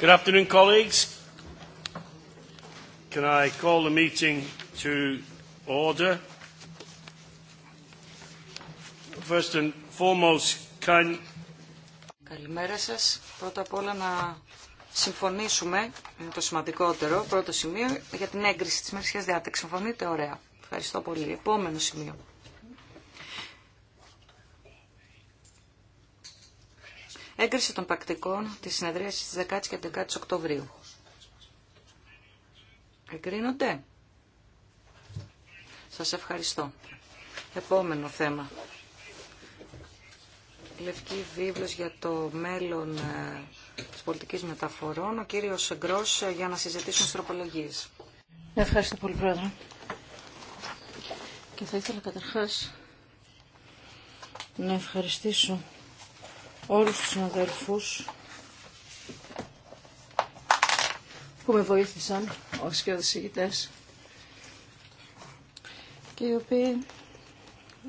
Good afternoon, colleagues. Can I call the meeting to order? First and foremost, Καλημέρα σας. Πρώτα απ' όλα να συμφωνήσουμε, είναι το σημαντικότερο, πρώτο σημείο, για την έγκριση της μερικής διάταξης. Συμφωνείτε, ωραία. Ευχαριστώ πολύ. Επόμενο σημείο. έγκριση των πρακτικών της συνεδρίασης της 10 και 11 Οκτωβρίου. Εγκρίνονται. Σας ευχαριστώ. Επόμενο θέμα. Λευκή βίβλος για το μέλλον ε, της πολιτικής μεταφορών. Ο κύριος Γκρός ε, για να συζητήσουν στροπολογίες. Ευχαριστώ πολύ, Πρόεδρε. Και θα ήθελα καταρχάς να ευχαριστήσω όλους τους συναδέλφους που με βοήθησαν ως και οδησηγητές και οι οποίοι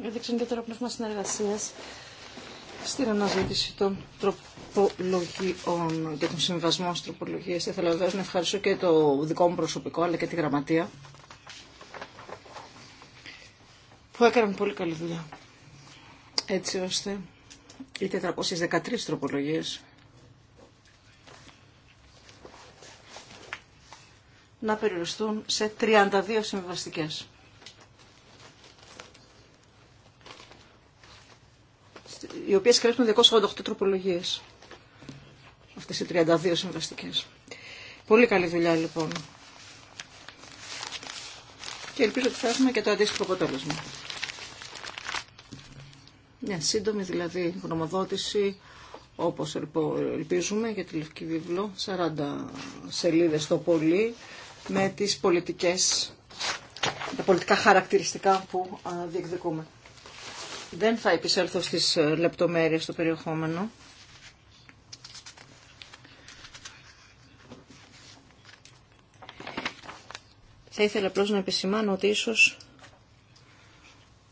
έδειξαν και τώρα πνεύμα συνεργασία στην αναζήτηση των τροπολογιών και των συμβασμών στις τροπολογίες. Θα ήθελα βέβαια να ευχαριστώ και το δικό μου προσωπικό αλλά και τη γραμματεία που έκαναν πολύ καλή δουλειά έτσι ώστε οι 413 τροπολογίες να περιοριστούν σε 32 συμβαστικές. οι οποίες καλύπτουν 288 τροπολογίες. Αυτές οι 32 συμβαστικές. Πολύ καλή δουλειά λοιπόν. Και ελπίζω ότι θα έχουμε και το αντίστοιχο αποτέλεσμα μια ναι, σύντομη δηλαδή γνωμοδότηση όπως ελπίζουμε για τη Λευκή Βίβλο, 40 σελίδες το πολύ, με τις πολιτικές, τα πολιτικά χαρακτηριστικά που διεκδικούμε. Δεν θα επισέλθω στις ε, λεπτομέρειες στο περιεχόμενο. Θα ήθελα απλώς να επισημάνω ότι ίσως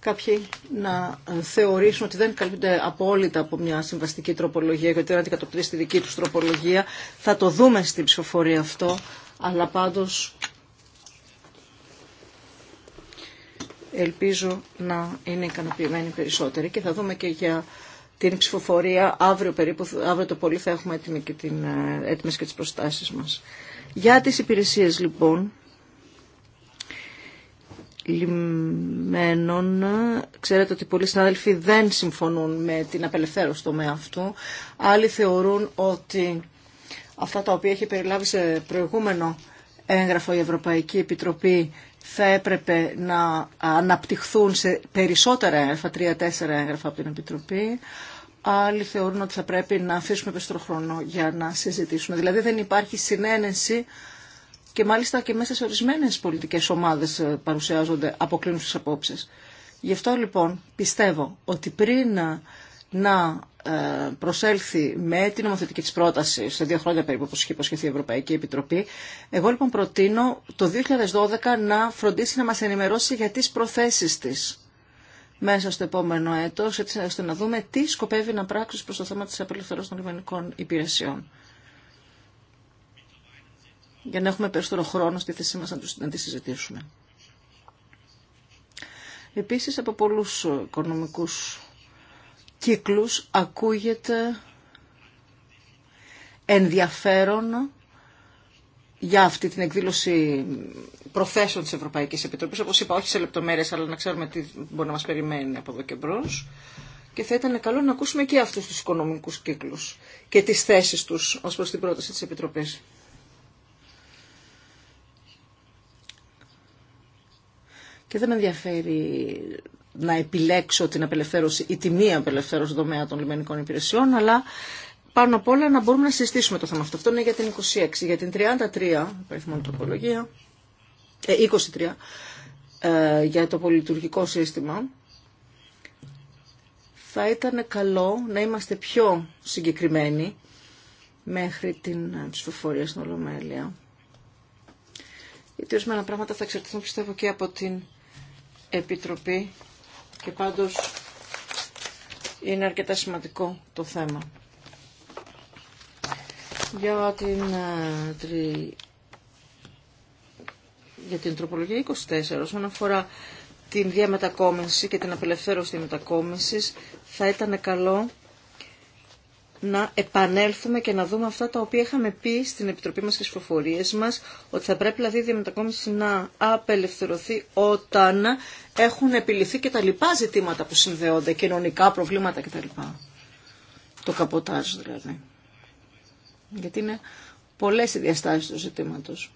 κάποιοι να ε, θεωρήσουν ότι δεν καλύπτονται απόλυτα από μια συμβαστική τροπολογία γιατί δεν αντικατοπτρίζει τη δική τους τροπολογία. Θα το δούμε στην ψηφοφορία αυτό, αλλά πάντως ελπίζω να είναι ικανοποιημένοι περισσότεροι και θα δούμε και για την ψηφοφορία αύριο περίπου, αύριο το πολύ θα έχουμε έτοιμη και την, ε, έτοιμες και τις προστάσεις μας. Για τις υπηρεσίες λοιπόν, λιμένων. Ξέρετε ότι πολλοί συνάδελφοι δεν συμφωνούν με την απελευθέρωση με αυτού. Άλλοι θεωρούν ότι αυτά τα οποία έχει περιλάβει σε προηγούμενο έγγραφο η Ευρωπαϊκή Επιτροπή θα έπρεπε να αναπτυχθούν σε περισσότερα έγγραφα, τρία-τέσσερα έγγραφα από την Επιτροπή. Άλλοι θεωρούν ότι θα πρέπει να αφήσουμε περισσότερο χρόνο για να συζητήσουμε. Δηλαδή δεν υπάρχει συνένεση και μάλιστα και μέσα σε ορισμένες πολιτικές ομάδες ε, παρουσιάζονται αποκλίνουσε απόψει. απόψεις. Γι' αυτό λοιπόν πιστεύω ότι πριν να ε, προσέλθει με την νομοθετική της πρόταση σε δύο χρόνια περίπου όπως είχε υποσχεθεί η Ευρωπαϊκή Επιτροπή. Εγώ λοιπόν προτείνω το 2012 να φροντίσει να μας ενημερώσει για τις προθέσεις της μέσα στο επόμενο έτος, έτσι ώστε να δούμε τι σκοπεύει να πράξει προς το θέμα της απελευθερώσεων των λιμενικών υπηρεσιών για να έχουμε περισσότερο χρόνο στη θέση μας να, τη συζητήσουμε. Επίσης από πολλούς οικονομικούς κύκλους ακούγεται ενδιαφέρον για αυτή την εκδήλωση προθέσεων της Ευρωπαϊκής Επιτροπής. Όπως είπα, όχι σε λεπτομέρειες, αλλά να ξέρουμε τι μπορεί να μας περιμένει από εδώ και μπρος. Και θα ήταν καλό να ακούσουμε και αυτούς τους οικονομικούς κύκλους και τις θέσεις τους ως προς την πρόταση της Επιτροπής. και δεν με ενδιαφέρει να επιλέξω την απελευθέρωση ή τη μία απελευθέρωση δομέα των λιμενικών υπηρεσιών, αλλά πάνω απ' όλα να μπορούμε να συζητήσουμε το θέμα αυτό. Αυτό είναι για την 26, για την 33, υπαριθμόν τροπολογία, ε, 23, ε, για το πολυλειτουργικό σύστημα. Θα ήταν καλό να είμαστε πιο συγκεκριμένοι μέχρι την ψηφοφορία στην Ολομέλεια. Γιατί ορισμένα πράγματα θα εξαρτηθούν πιστεύω και από την Επιτροπή και πάντως είναι αρκετά σημαντικό το θέμα. Για την, ε, για την τροπολογία 24, όσον αφορά την διαμετακόμιση και την απελευθέρωση της μετακόμισης, θα ήταν καλό να επανέλθουμε και να δούμε αυτά τα οποία είχαμε πει στην Επιτροπή μας και στις προφορίες μας, ότι θα πρέπει δηλαδή η διαμετακόμιση να απελευθερωθεί όταν έχουν επιληθεί και τα λοιπά ζητήματα που συνδέονται, κοινωνικά προβλήματα κτλ. Το καποτάζ δηλαδή. Γιατί είναι πολλές οι διαστάσεις του ζητήματος.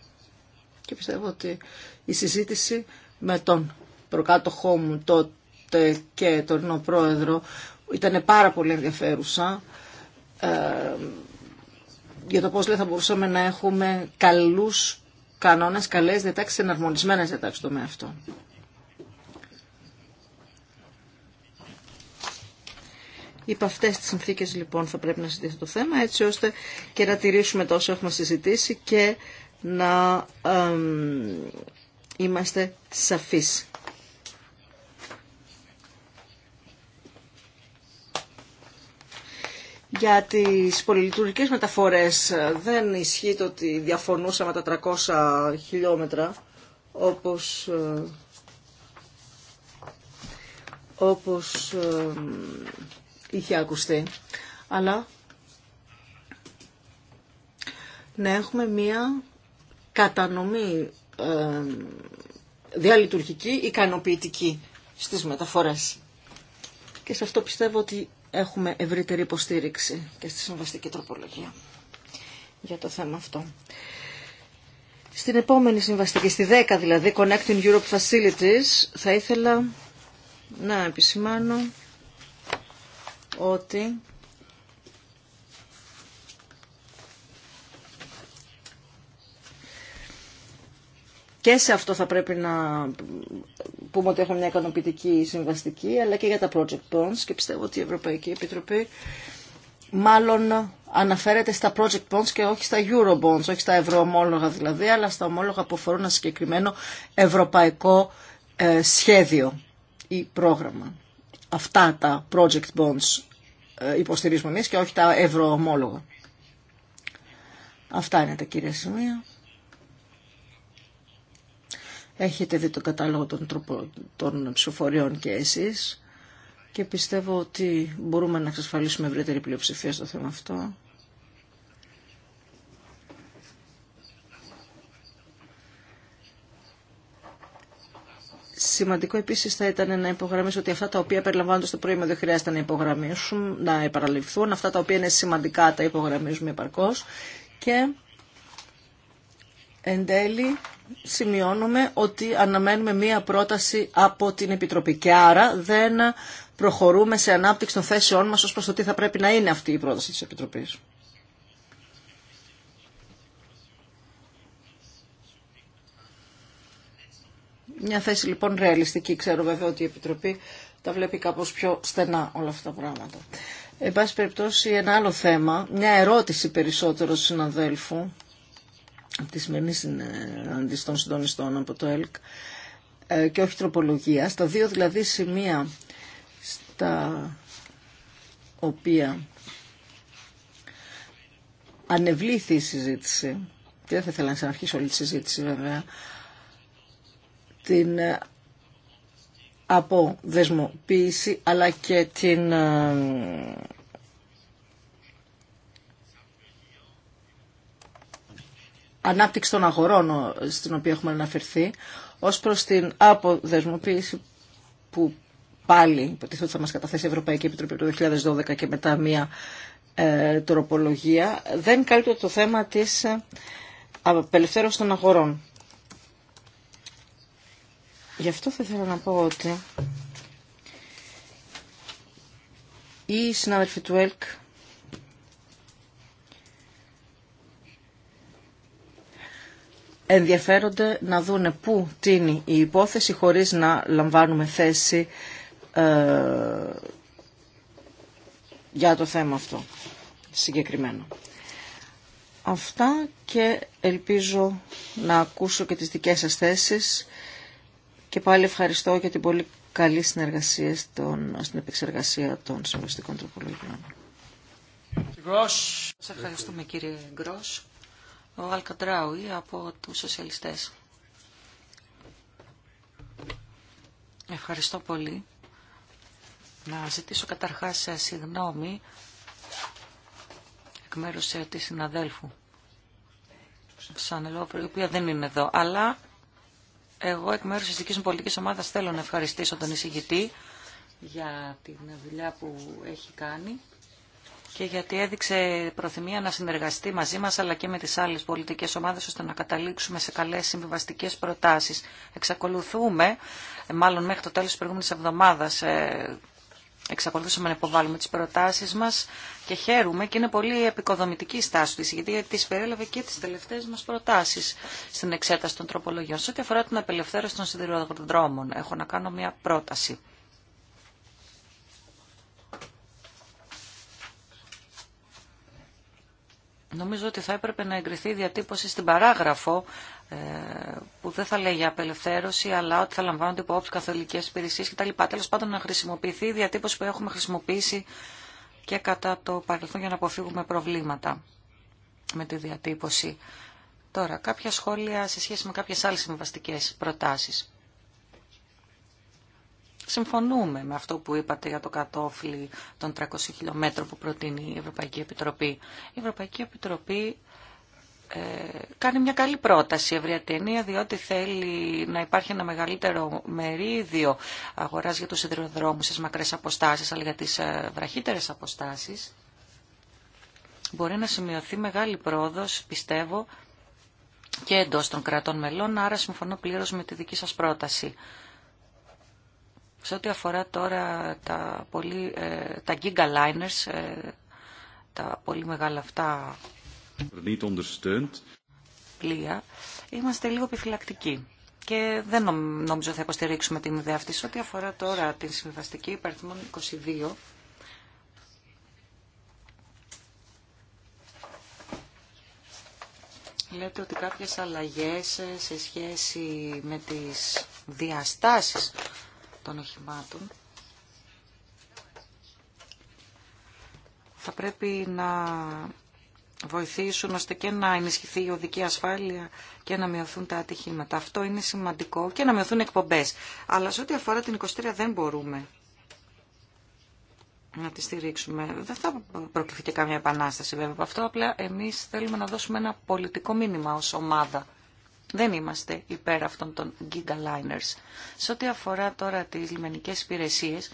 Και πιστεύω ότι η συζήτηση με τον προκάτοχό μου τότε και τον πρόεδρο ήταν πάρα πολύ ενδιαφέρουσα ε, για το πώς λέει, θα μπορούσαμε να έχουμε καλούς κανόνες, καλές διατάξεις, εναρμονισμένες διατάξεις στο με αυτό. Υπ' αυτέ τι συνθήκε λοιπόν θα πρέπει να συζητήσουμε το θέμα έτσι ώστε και να τηρήσουμε τόσο έχουμε συζητήσει και να είμαστε σαφείς. Για τις πολυλειτουργικές μεταφορές ε, δεν ισχύει το ότι διαφωνούσαμε τα 300 χιλιόμετρα όπως, ε, όπως ε, είχε ακουστεί. Αλλά να έχουμε μία κατανομή ε, διαλειτουργική, ικανοποιητική στις μεταφορές. Και σε αυτό πιστεύω ότι έχουμε ευρύτερη υποστήριξη και στη συμβαστική τροπολογία για το θέμα αυτό. Στην επόμενη συμβαστική, στη 10 δηλαδή, Connecting Europe Facilities, θα ήθελα να επισημάνω ότι Και σε αυτό θα πρέπει να πούμε ότι έχουμε μια ικανοποιητική συμβαστική, αλλά και για τα project bonds και πιστεύω ότι η Ευρωπαϊκή Επιτροπή μάλλον αναφέρεται στα project bonds και όχι στα euro bonds, όχι στα ευρωομόλογα δηλαδή, αλλά στα ομόλογα που αφορούν ένα συγκεκριμένο ευρωπαϊκό ε, σχέδιο ή πρόγραμμα. Αυτά τα project bonds ε, υποστηρίζουμε εμείς και όχι τα ευρωομόλογα. Αυτά είναι τα κύρια σημεία. Έχετε δει τον κατάλογο των, τροπο, των ψηφοφοριών και εσείς και πιστεύω ότι μπορούμε να εξασφαλίσουμε ευρύτερη πλειοψηφία στο θέμα αυτό. Σημαντικό επίση θα ήταν να υπογραμμίσω ότι αυτά τα οποία περιλαμβάνονται στο πρωί δεν χρειάζεται να υπογραμμίσουν, να επαραληφθούν. Αυτά τα οποία είναι σημαντικά τα υπογραμμίζουμε επαρκώ. Και Εν τέλει, σημειώνουμε ότι αναμένουμε μία πρόταση από την Επιτροπή και άρα δεν προχωρούμε σε ανάπτυξη των θέσεών μας ως προς το τι θα πρέπει να είναι αυτή η πρόταση της Επιτροπής. Μια θέση λοιπόν ρεαλιστική. Ξέρω βέβαια ότι η Επιτροπή τα βλέπει κάπως πιο στενά όλα αυτά τα πράγματα. Εν πάση περιπτώσει ένα άλλο θέμα, μια ερώτηση περισσότερο συναδέλφου τη σημερινή συνάντηση των συντονιστών από το ΕΛΚ ε, και όχι τροπολογία. Στα δύο δηλαδή σημεία στα οποία ανεβλήθη η συζήτηση και δεν θα ήθελα να ξαναρχίσω όλη τη συζήτηση βέβαια την ε, αποδεσμοποίηση αλλά και την ε, ανάπτυξη των αγορών στην οποία έχουμε αναφερθεί, ως προς την αποδεσμοποίηση που πάλι υποτίθεται ότι θα μας καταθέσει η Ευρωπαϊκή Επιτροπή το 2012 και μετά μία ε, τροπολογία, δεν καλύπτει το θέμα της ε, απελευθέρωσης των αγορών. Γι' αυτό θα ήθελα να πω ότι οι συνάδελφοι του ΕΛΚ ενδιαφέρονται να δούνε πού τίνει η υπόθεση χωρίς να λαμβάνουμε θέση ε, για το θέμα αυτό συγκεκριμένο. Αυτά και ελπίζω να ακούσω και τις δικές σας θέσεις και πάλι ευχαριστώ για την πολύ καλή συνεργασία στον, στην επεξεργασία των συμβαστικών τροπολογιών. Σας ευχαριστούμε κύριε Γκρός ο Αλκαντράουι από τους σοσιαλιστές. Ευχαριστώ πολύ. Να ζητήσω καταρχάς ε, συγγνώμη εκ μέρους ε, της συναδέλφου Σανελόπρου, η οποία δεν είναι εδώ. Αλλά εγώ εκ μέρους της δικής μου πολιτικής ομάδας θέλω να ευχαριστήσω τον εισηγητή για την δουλειά που έχει κάνει και γιατί έδειξε προθυμία να συνεργαστεί μαζί μας αλλά και με τις άλλες πολιτικές ομάδες ώστε να καταλήξουμε σε καλές συμβιβαστικέ προτάσεις. Εξακολουθούμε, μάλλον μέχρι το τέλος της προηγούμενης εβδομάδας, ε, εξακολουθούσαμε να υποβάλουμε τις προτάσεις μας και χαίρομαι και είναι πολύ επικοδομητική η στάση της, γιατί τις περιέλαβε και τις τελευταίες μας προτάσεις στην εξέταση των τροπολογιών. Σε ό,τι αφορά την απελευθέρωση των σιδηροδρόμων, έχω να κάνω μια πρόταση. Νομίζω ότι θα έπρεπε να εγκριθεί η διατύπωση στην παράγραφο ε, που δεν θα λέει για απελευθέρωση, αλλά ότι θα λαμβάνονται υπόψη καθολικέ υπηρεσίε κτλ. Τέλο πάντων, να χρησιμοποιηθεί η διατύπωση που έχουμε χρησιμοποιήσει και κατά το παρελθόν για να αποφύγουμε προβλήματα με τη διατύπωση. Τώρα, κάποια σχόλια σε σχέση με κάποιε άλλε συμβαστικέ προτάσει συμφωνούμε με αυτό που είπατε για το κατόφλι των 300 χιλιόμετρων που προτείνει η Ευρωπαϊκή Επιτροπή. Η Ευρωπαϊκή Επιτροπή ε, κάνει μια καλή πρόταση ευρυατενία διότι θέλει να υπάρχει ένα μεγαλύτερο μερίδιο αγοράς για τους σιδηροδρόμους στις μακρές αποστάσεις αλλά για τις ε, βραχύτερες αποστάσεις μπορεί να σημειωθεί μεγάλη πρόοδος πιστεύω και εντός των κρατών μελών άρα συμφωνώ πλήρως με τη δική σας πρόταση. Σε ό,τι αφορά τώρα τα, πολύ, ε, τα giga liners, ε, τα πολύ μεγάλα αυτά πλοία, είμαστε λίγο επιφυλακτικοί. Και δεν νομίζω θα υποστηρίξουμε την ιδέα αυτή. Σε ό,τι αφορά τώρα την συμβαστική υπαριθμών 22, Λέτε ότι κάποιες αλλαγές ε, σε σχέση με τις διαστάσεις των οχημάτων. Θα πρέπει να βοηθήσουν ώστε και να ενισχυθεί η οδική ασφάλεια και να μειωθούν τα ατυχήματα. Αυτό είναι σημαντικό και να μειωθούν εκπομπές. Αλλά σε ό,τι αφορά την 23 δεν μπορούμε να τη στηρίξουμε. Δεν θα προκληθεί και καμία επανάσταση βέβαια από αυτό, απλά εμείς θέλουμε να δώσουμε ένα πολιτικό μήνυμα ως ομάδα. Δεν είμαστε υπέρ αυτών των gigaliners. Σε ό,τι αφορά τώρα τις λιμενικές υπηρεσίες,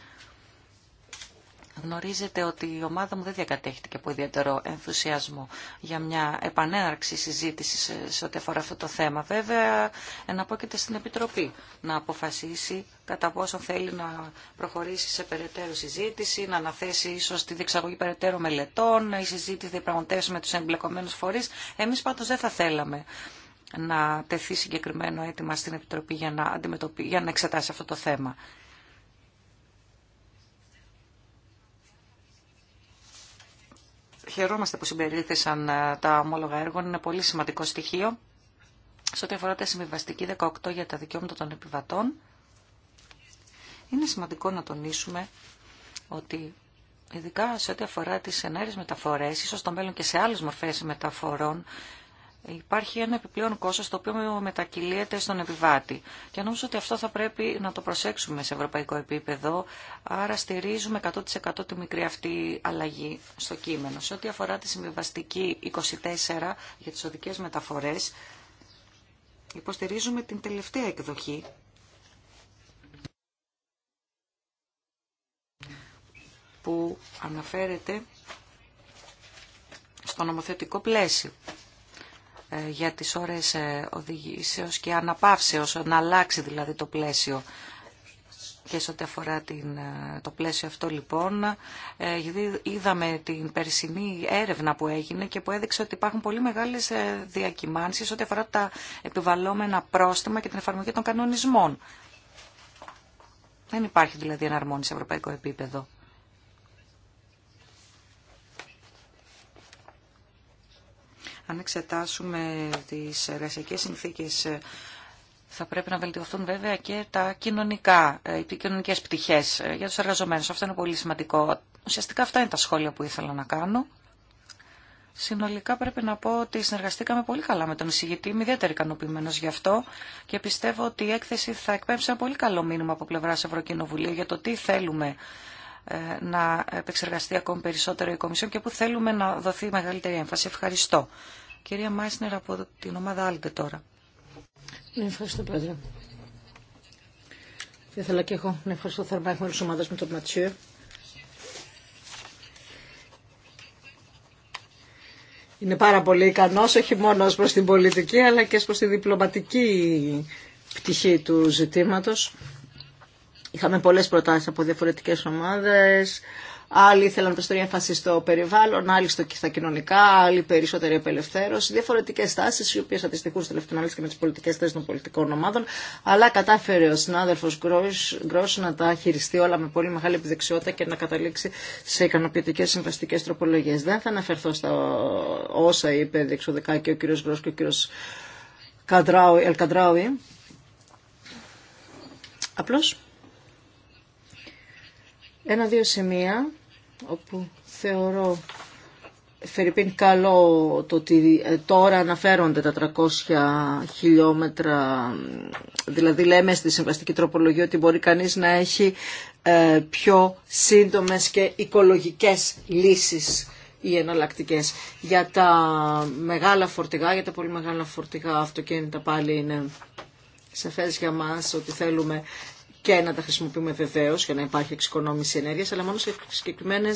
γνωρίζετε ότι η ομάδα μου δεν διακατέχτηκε από ιδιαίτερο ενθουσιασμό για μια επανέναρξη συζήτηση σε ό,τι αφορά αυτό το θέμα. Βέβαια, εναπόκειται στην Επιτροπή να αποφασίσει κατά πόσο θέλει να προχωρήσει σε περαιτέρω συζήτηση, να αναθέσει ίσω τη διεξαγωγή περαιτέρω μελετών, να η συζήτηση διαπραγματεύσει με του εμπλεκομένου φορεί. Εμεί πάντω δεν θα θέλαμε να τεθεί συγκεκριμένο αίτημα στην Επιτροπή για να, αντιμετωπι... για να εξετάσει αυτό το θέμα. Χαιρόμαστε που συμπερίληθησαν ε, τα ομόλογα έργων. Είναι πολύ σημαντικό στοιχείο. Σε ό,τι αφορά τα συμβιβαστική 18 για τα δικαιώματα των επιβατών, είναι σημαντικό να τονίσουμε ότι ειδικά σε ό,τι αφορά τις ενέργειες μεταφορές, ίσως το μέλλον και σε άλλες μορφές μεταφορών, Υπάρχει ένα επιπλέον κόστος το οποίο μετακυλείται στον επιβάτη. Και νομίζω ότι αυτό θα πρέπει να το προσέξουμε σε ευρωπαϊκό επίπεδο. Άρα στηρίζουμε 100% τη μικρή αυτή αλλαγή στο κείμενο. Σε ό,τι αφορά τη συμβιβαστική 24 για τις οδικές μεταφορές, υποστηρίζουμε την τελευταία εκδοχή που αναφέρεται στο νομοθετικό πλαίσιο. Ε, για τις ώρες ε, οδηγήσεως και αναπαύσεως, να αλλάξει δηλαδή το πλαίσιο. Και σε ό,τι αφορά την, ε, το πλαίσιο αυτό λοιπόν, είδαμε την περσινή έρευνα που έγινε και που έδειξε ότι υπάρχουν πολύ μεγάλες διακυμάνσεις ό,τι αφορά τα επιβαλλόμενα πρόστιμα και την εφαρμογή των κανονισμών. Δεν υπάρχει δηλαδή εναρμόνιση σε ευρωπαϊκό επίπεδο. Αν εξετάσουμε τις εργασιακές συνθήκες ε, θα πρέπει να βελτιωθούν βέβαια και τα κοινωνικά, ε, οι κοινωνικέ πτυχέ ε, για του εργαζομένου. Αυτό είναι πολύ σημαντικό. Ουσιαστικά αυτά είναι τα σχόλια που ήθελα να κάνω. Συνολικά πρέπει να πω ότι συνεργαστήκαμε πολύ καλά με τον εισηγητή. Είμαι ιδιαίτερα ικανοποιημένο γι' αυτό και πιστεύω ότι η έκθεση θα εκπέμψει ένα πολύ καλό μήνυμα από πλευρά Ευρωκοινοβουλίου για το τι θέλουμε ε, να επεξεργαστεί ακόμη περισσότερο η Κομισιόν και που θέλουμε να δοθεί μεγαλύτερη έμφαση. Ευχαριστώ. Κυρία Μάισνερ από την ομάδα Άλντε τώρα. Ναι, ευχαριστώ πρόεδρε. Θα ήθελα και εγώ να ευχαριστώ θερμά εκ μέρους ομάδας με τον Ματσίου. Είναι πάρα πολύ ικανός, όχι μόνο ως προς την πολιτική, αλλά και ως προς τη διπλωματική πτυχή του ζητήματος. Είχαμε πολλές προτάσεις από διαφορετικές ομάδες. Άλλοι ήθελαν περισσότερη έμφαση στο περιβάλλον, άλλοι στο, στα κοινωνικά, άλλοι περισσότερη απελευθέρωση. Διαφορετικέ τάσει, οι οποίε αντιστοιχούν τελευταίο και με τι πολιτικέ θέσει των πολιτικών ομάδων. Αλλά κατάφερε ο συνάδελφο Γκρό να τα χειριστεί όλα με πολύ μεγάλη επιδεξιότητα και να καταλήξει σε ικανοποιητικέ συμβαστικέ τροπολογίε. Δεν θα αναφερθώ στα όσα είπε διεξοδικά και ο κύριο Γκρό και ο κύριο Ελκαντράουι. Απλώ ένα-δύο σημεία όπου θεωρώ Φερρυπίν καλό το ότι ε, τώρα αναφέρονται τα 300 χιλιόμετρα, δηλαδή λέμε στη συμβαστική τροπολογία ότι μπορεί κανείς να έχει ε, πιο σύντομες και οικολογικές λύσεις ή εναλλακτικέ. Για τα μεγάλα φορτηγά, για τα πολύ μεγάλα φορτηγά αυτοκίνητα πάλι είναι σαφές για μας ότι θέλουμε και να τα χρησιμοποιούμε βεβαίω για να υπάρχει εξοικονόμηση ενέργεια, αλλά μόνο σε συγκεκριμένε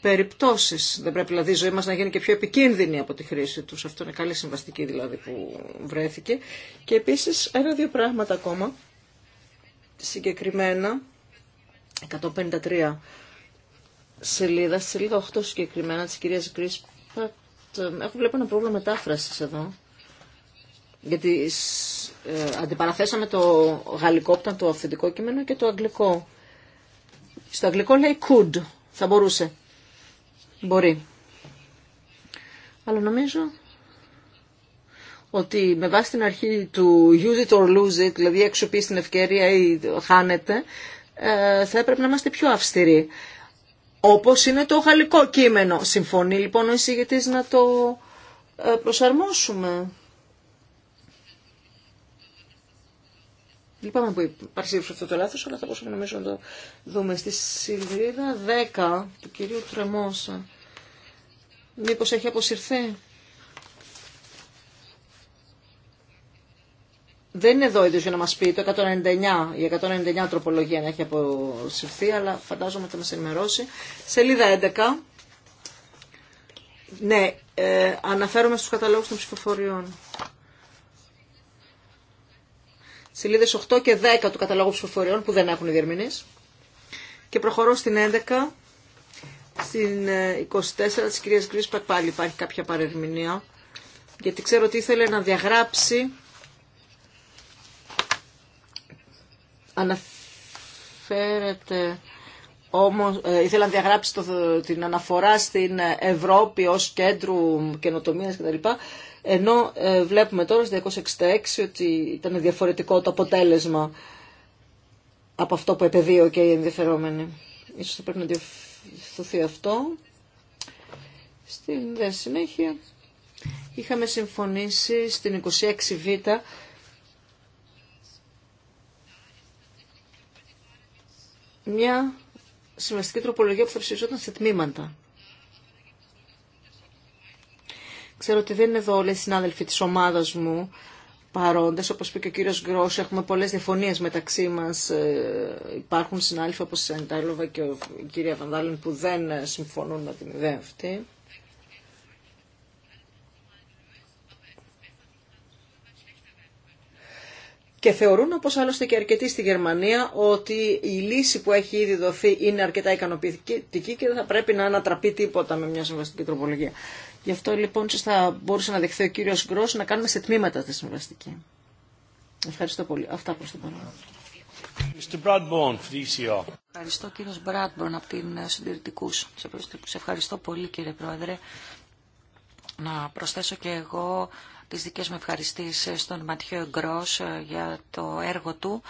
περιπτώσει. Δεν πρέπει δηλαδή η ζωή μα να γίνει και πιο επικίνδυνη από τη χρήση του. Αυτό είναι καλή συμβαστική δηλαδή που βρέθηκε. Και επίση ένα-δύο πράγματα ακόμα συγκεκριμένα. 153 σελίδα, σελίδα 8 συγκεκριμένα τη κυρία Γκρίσπατ. Ε, έχω βλέπω ένα πρόβλημα μετάφραση εδώ. Γιατί ε, αντιπαραθέσαμε το γαλλικό που το αυθεντικό κείμενο και το αγγλικό. Στο αγγλικό λέει could, θα μπορούσε. Μπορεί. Αλλά νομίζω ότι με βάση την αρχή του use it or lose it, δηλαδή πει την ευκαιρία ή χάνεται, ε, θα έπρεπε να είμαστε πιο αυστηροί. Όπως είναι το γαλλικό κείμενο. Συμφωνεί λοιπόν ο εισηγητής να το ε, προσαρμόσουμε. Λυπάμαι που υπαρξήφισε αυτό το λάθος, αλλά θα μπορούσαμε νομίζω να το δούμε. Στη σελίδα 10 του κυρίου Τρεμόσα. Μήπως έχει αποσυρθεί. Δεν είναι εδώ ίδιος για να μας πει το 199, η 199 τροπολογία να έχει αποσυρθεί, αλλά φαντάζομαι θα μας ενημερώσει. Σελίδα 11. Ναι, ε, αναφέρομαι στους καταλόγους των ψηφοφοριών. σελίδε 8 και 10 του καταλόγου ψηφοφοριών που δεν έχουν διερμηνεί. Και προχωρώ στην 11. Στην 24 τη κυρία Γκρίσπακ πάλι υπάρχει κάποια παρερμηνία. Γιατί ξέρω ότι ήθελε να διαγράψει αναφέρεται όμως, ε, ήθελα να διαγράψει το, την αναφορά στην Ευρώπη ως κέντρου καινοτομίας κτλ. Ενώ ε, βλέπουμε τώρα στο 266 ότι ήταν διαφορετικό το αποτέλεσμα από αυτό που επεδίωκε οι ενδιαφερόμενοι. Ίσως θα πρέπει να διευθυνθεί αυτό. Στην δε συνέχεια είχαμε συμφωνήσει στην 26Β μια σημαντική τροπολογία που θα ψηφιζόταν σε τμήματα. Ξέρω ότι δεν είναι εδώ όλοι οι συνάδελφοι της ομάδας μου παρόντες. Όπως είπε και ο κύριος Γκρός, έχουμε πολλές διαφωνίες μεταξύ μας. Ε, υπάρχουν συνάδελφοι όπως η και ο, η κυρία που δεν ε, συμφωνούν με την ιδέα αυτή. Και θεωρούν, όπως άλλωστε και αρκετοί στη Γερμανία, ότι η λύση που έχει ήδη δοθεί είναι αρκετά ικανοποιητική και δεν θα πρέπει να ανατραπεί τίποτα με μια συμβαστική τροπολογία. Γι' αυτό λοιπόν σας θα μπορούσε να δεχθεί ο κύριος Γκρός να κάνουμε σε τμήματα τη συμβαστική. Ευχαριστώ πολύ. Αυτά προς το παρόν. E ευχαριστώ κύριο Μπράτμπορν από την ε, Συντηρητικού. Σε ευχαριστώ πολύ κύριε Πρόεδρε. Να προσθέσω και εγώ τις δικές μου ευχαριστήσεις στον Ματιό Γκρός ε, για το έργο του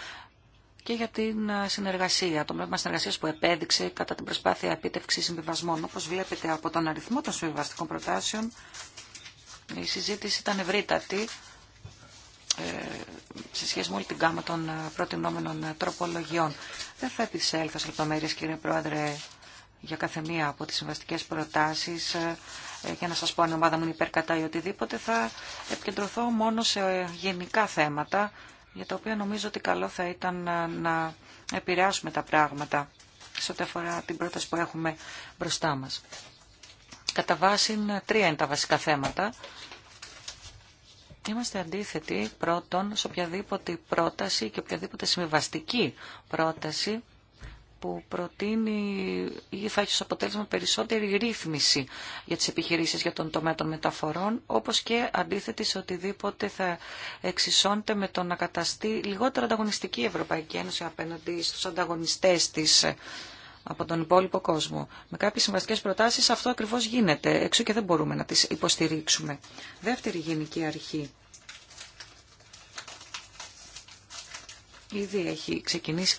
και για την ε, συνεργασία, το πνεύμα συνεργασία που επέδειξε κατά την προσπάθεια επίτευξη συμβιβασμών. Όπω βλέπετε από τον αριθμό των συμβιβαστικών προτάσεων, η συζήτηση ήταν ευρύτατη ε, σε σχέση με όλη την κάμα των ε, προτινόμενων τροπολογιών. Δεν θα επισέλθω σε λεπτομέρειε, κύριε Πρόεδρε, για κάθε μία από τι συμβαστικέ προτάσει για να σα πω αν η ομάδα μου είναι υπερκατά ή οτιδήποτε, θα επικεντρωθώ μόνο σε γενικά θέματα για τα οποία νομίζω ότι καλό θα ήταν ε, να, επηρεάσουμε τα πράγματα σε ό,τι αφορά την πρόταση που έχουμε μπροστά μας. Κατά βάση ε, τρία είναι τα βασικά θέματα. Είμαστε αντίθετοι πρώτον σε οποιαδήποτε πρόταση και οποιαδήποτε συμβιβαστική πρόταση που προτείνει ή θα έχει ως αποτέλεσμα περισσότερη ρύθμιση για τις επιχειρήσεις για τον τομέα των μεταφορών, όπως και αντίθετη σε οτιδήποτε θα εξισώνεται με το να καταστεί λιγότερο ανταγωνιστική η Ευρωπαϊκή Ένωση απέναντι στους ανταγωνιστές της ε, από τον υπόλοιπο κόσμο. Με κάποιες συμβαστικές προτάσεις αυτό ακριβώς γίνεται. έξω και δεν μπορούμε να τις υποστηρίξουμε. Δεύτερη γενική αρχή. Ήδη έχει ξεκινήσει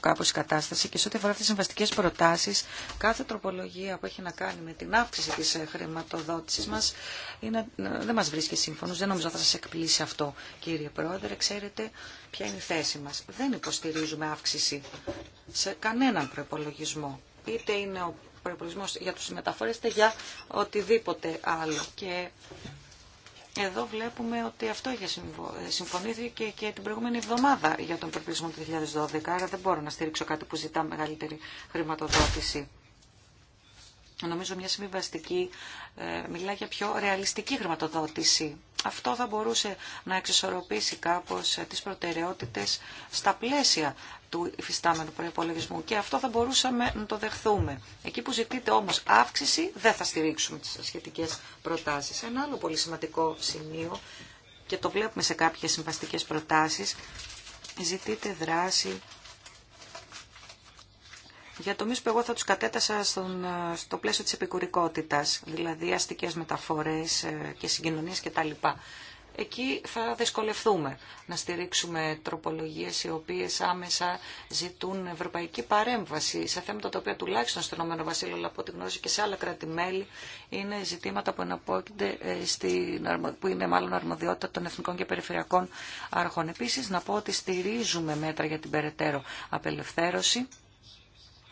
κάπως η κατάσταση και σε ό,τι αφορά τις συμβαστικές προτάσεις, κάθε τροπολογία που έχει να κάνει με την αύξηση της ε, χρηματοδότησης μας είναι, ε, δεν μας βρίσκει σύμφωνος. Δεν νομίζω θα σας εκπλήσει αυτό, κύριε Πρόεδρε. Ξέρετε ποια είναι η θέση μας. Δεν υποστηρίζουμε αύξηση σε κανέναν προπολογισμό. Είτε είναι ο προπολογισμό για τους μεταφορές, είτε για οτιδήποτε άλλο. Και εδώ βλέπουμε ότι αυτό είχε ε, συμφωνήθηκε και την προηγούμενη εβδομάδα για τον προπλησμό του 2012, άρα δεν μπορώ να στηρίξω κάτι που ζητά μεγαλύτερη χρηματοδότηση. Νομίζω μια συμβιβαστική ε, μιλά για πιο ρεαλιστική χρηματοδότηση. Αυτό θα μπορούσε να εξισορροπήσει κάπως ε, τις προτεραιότητες στα πλαίσια του υφιστάμενου προπολογισμού και αυτό θα μπορούσαμε να το δεχθούμε. Εκεί που ζητείτε όμως αύξηση δεν θα στηρίξουμε τις σχετικές προτάσεις. Ένα άλλο πολύ σημαντικό σημείο και το βλέπουμε σε κάποιες συμβαστικέ προτάσεις ζητείτε δράση για τομείς που εγώ θα τους κατέτασα στον, ε, στο πλαίσιο της επικουρικότητας, δηλαδή αστικές μεταφορές ε, και συγκοινωνίες κτλ εκεί θα δυσκολευτούμε να στηρίξουμε τροπολογίες οι οποίες άμεσα ζητούν ευρωπαϊκή παρέμβαση σε θέματα τα οποία τουλάχιστον στον Ηνωμένο Βασίλειο, αλλά από τη γνώση και σε άλλα κράτη-μέλη, είναι ζητήματα που εναπόκεινται ε, που είναι μάλλον αρμοδιότητα των εθνικών και περιφερειακών αρχών. Επίσης, να πω ότι στηρίζουμε μέτρα για την περαιτέρω απελευθέρωση.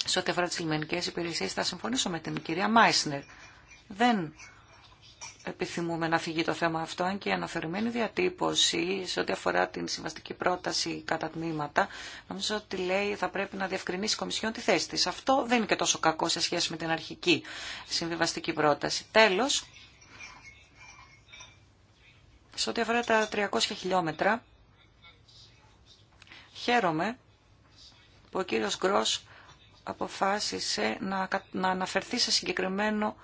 Σε ό,τι αφορά τι λιμενικές υπηρεσίε, θα συμφωνήσω με την κυρία Μάισνερ. Δεν επιθυμούμε να φύγει το θέμα αυτό, αν και η αναφερμένη διατύπωση σε ό,τι αφορά την συμβαστική πρόταση κατά τμήματα, νομίζω ότι λέει θα πρέπει να διευκρινίσει η Κομισιόν τη θέση της. Αυτό δεν είναι και τόσο κακό σε σχέση με την αρχική συμβιβαστική πρόταση. Τέλος, σε ό,τι αφορά τα 300 χιλιόμετρα, χαίρομαι που ο κύριος Γκρός αποφάσισε να αναφερθεί σε συγκεκριμένο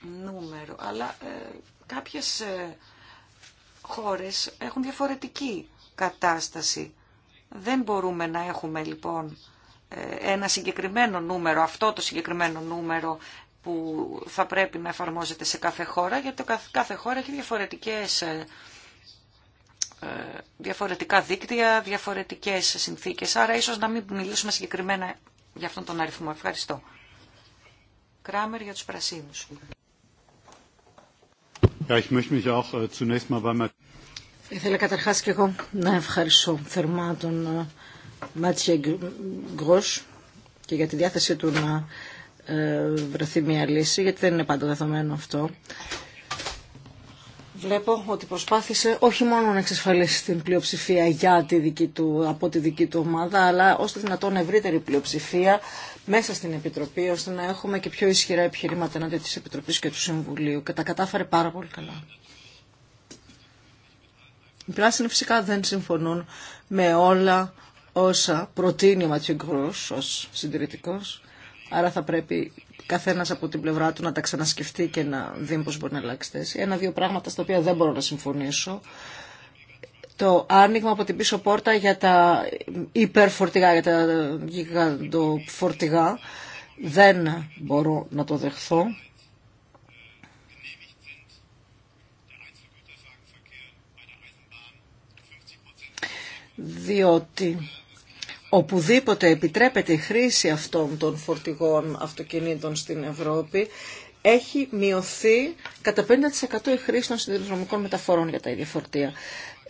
νούμερο, αλλά ε, κάποιες ε, χώρες έχουν διαφορετική κατάσταση. Δεν μπορούμε να έχουμε λοιπόν ε, ένα συγκεκριμένο νούμερο, αυτό το συγκεκριμένο νούμερο που θα πρέπει να εφαρμόζεται σε κάθε χώρα, γιατί κάθε χώρα έχει διαφορετικές, ε, διαφορετικά δίκτυα, διαφορετικές συνθήκες. Άρα ίσως να μην μιλήσουμε συγκεκριμένα για αυτόν τον αριθμό. Ευχαριστώ. Κράμερ για τους πρασίνους. Ja, Ήθελα καταρχάς και εγώ να ευχαριστώ θερμά τον ε, Μάτσε Γκρός και για τη διάθεση του να ε, βρεθεί μια λύση, γιατί δεν είναι πάντα δεδομένο αυτό. Βλέπω ότι προσπάθησε όχι μόνο να εξασφαλίσει την πλειοψηφία για τη δική του, από τη δική του ομάδα, αλλά ώστε δυνατόν ευρύτερη πλειοψηφία μέσα στην Επιτροπή, ώστε να έχουμε και πιο ισχυρά επιχειρήματα ενάντια της Επιτροπής και του Συμβουλίου. Και τα κατάφερε πάρα πολύ καλά. Οι πράσινοι φυσικά δεν συμφωνούν με όλα όσα προτείνει ο Ματιού ως συντηρητικός. Άρα θα πρέπει καθένα από την πλευρά του να τα ξανασκεφτεί και να δει πώ μπορεί να αλλάξει θέση. Ένα-δύο πράγματα στα οποία δεν μπορώ να συμφωνήσω το άνοιγμα από την πίσω πόρτα για τα υπερφορτηγά, για τα γιγαντοφορτηγά. Δεν μπορώ να το δεχθώ. διότι οπουδήποτε επιτρέπεται η χρήση αυτών των φορτηγών αυτοκινήτων στην Ευρώπη, έχει μειωθεί κατά 50% η χρήση των συνδυασμικών μεταφορών για τα ίδια φορτία.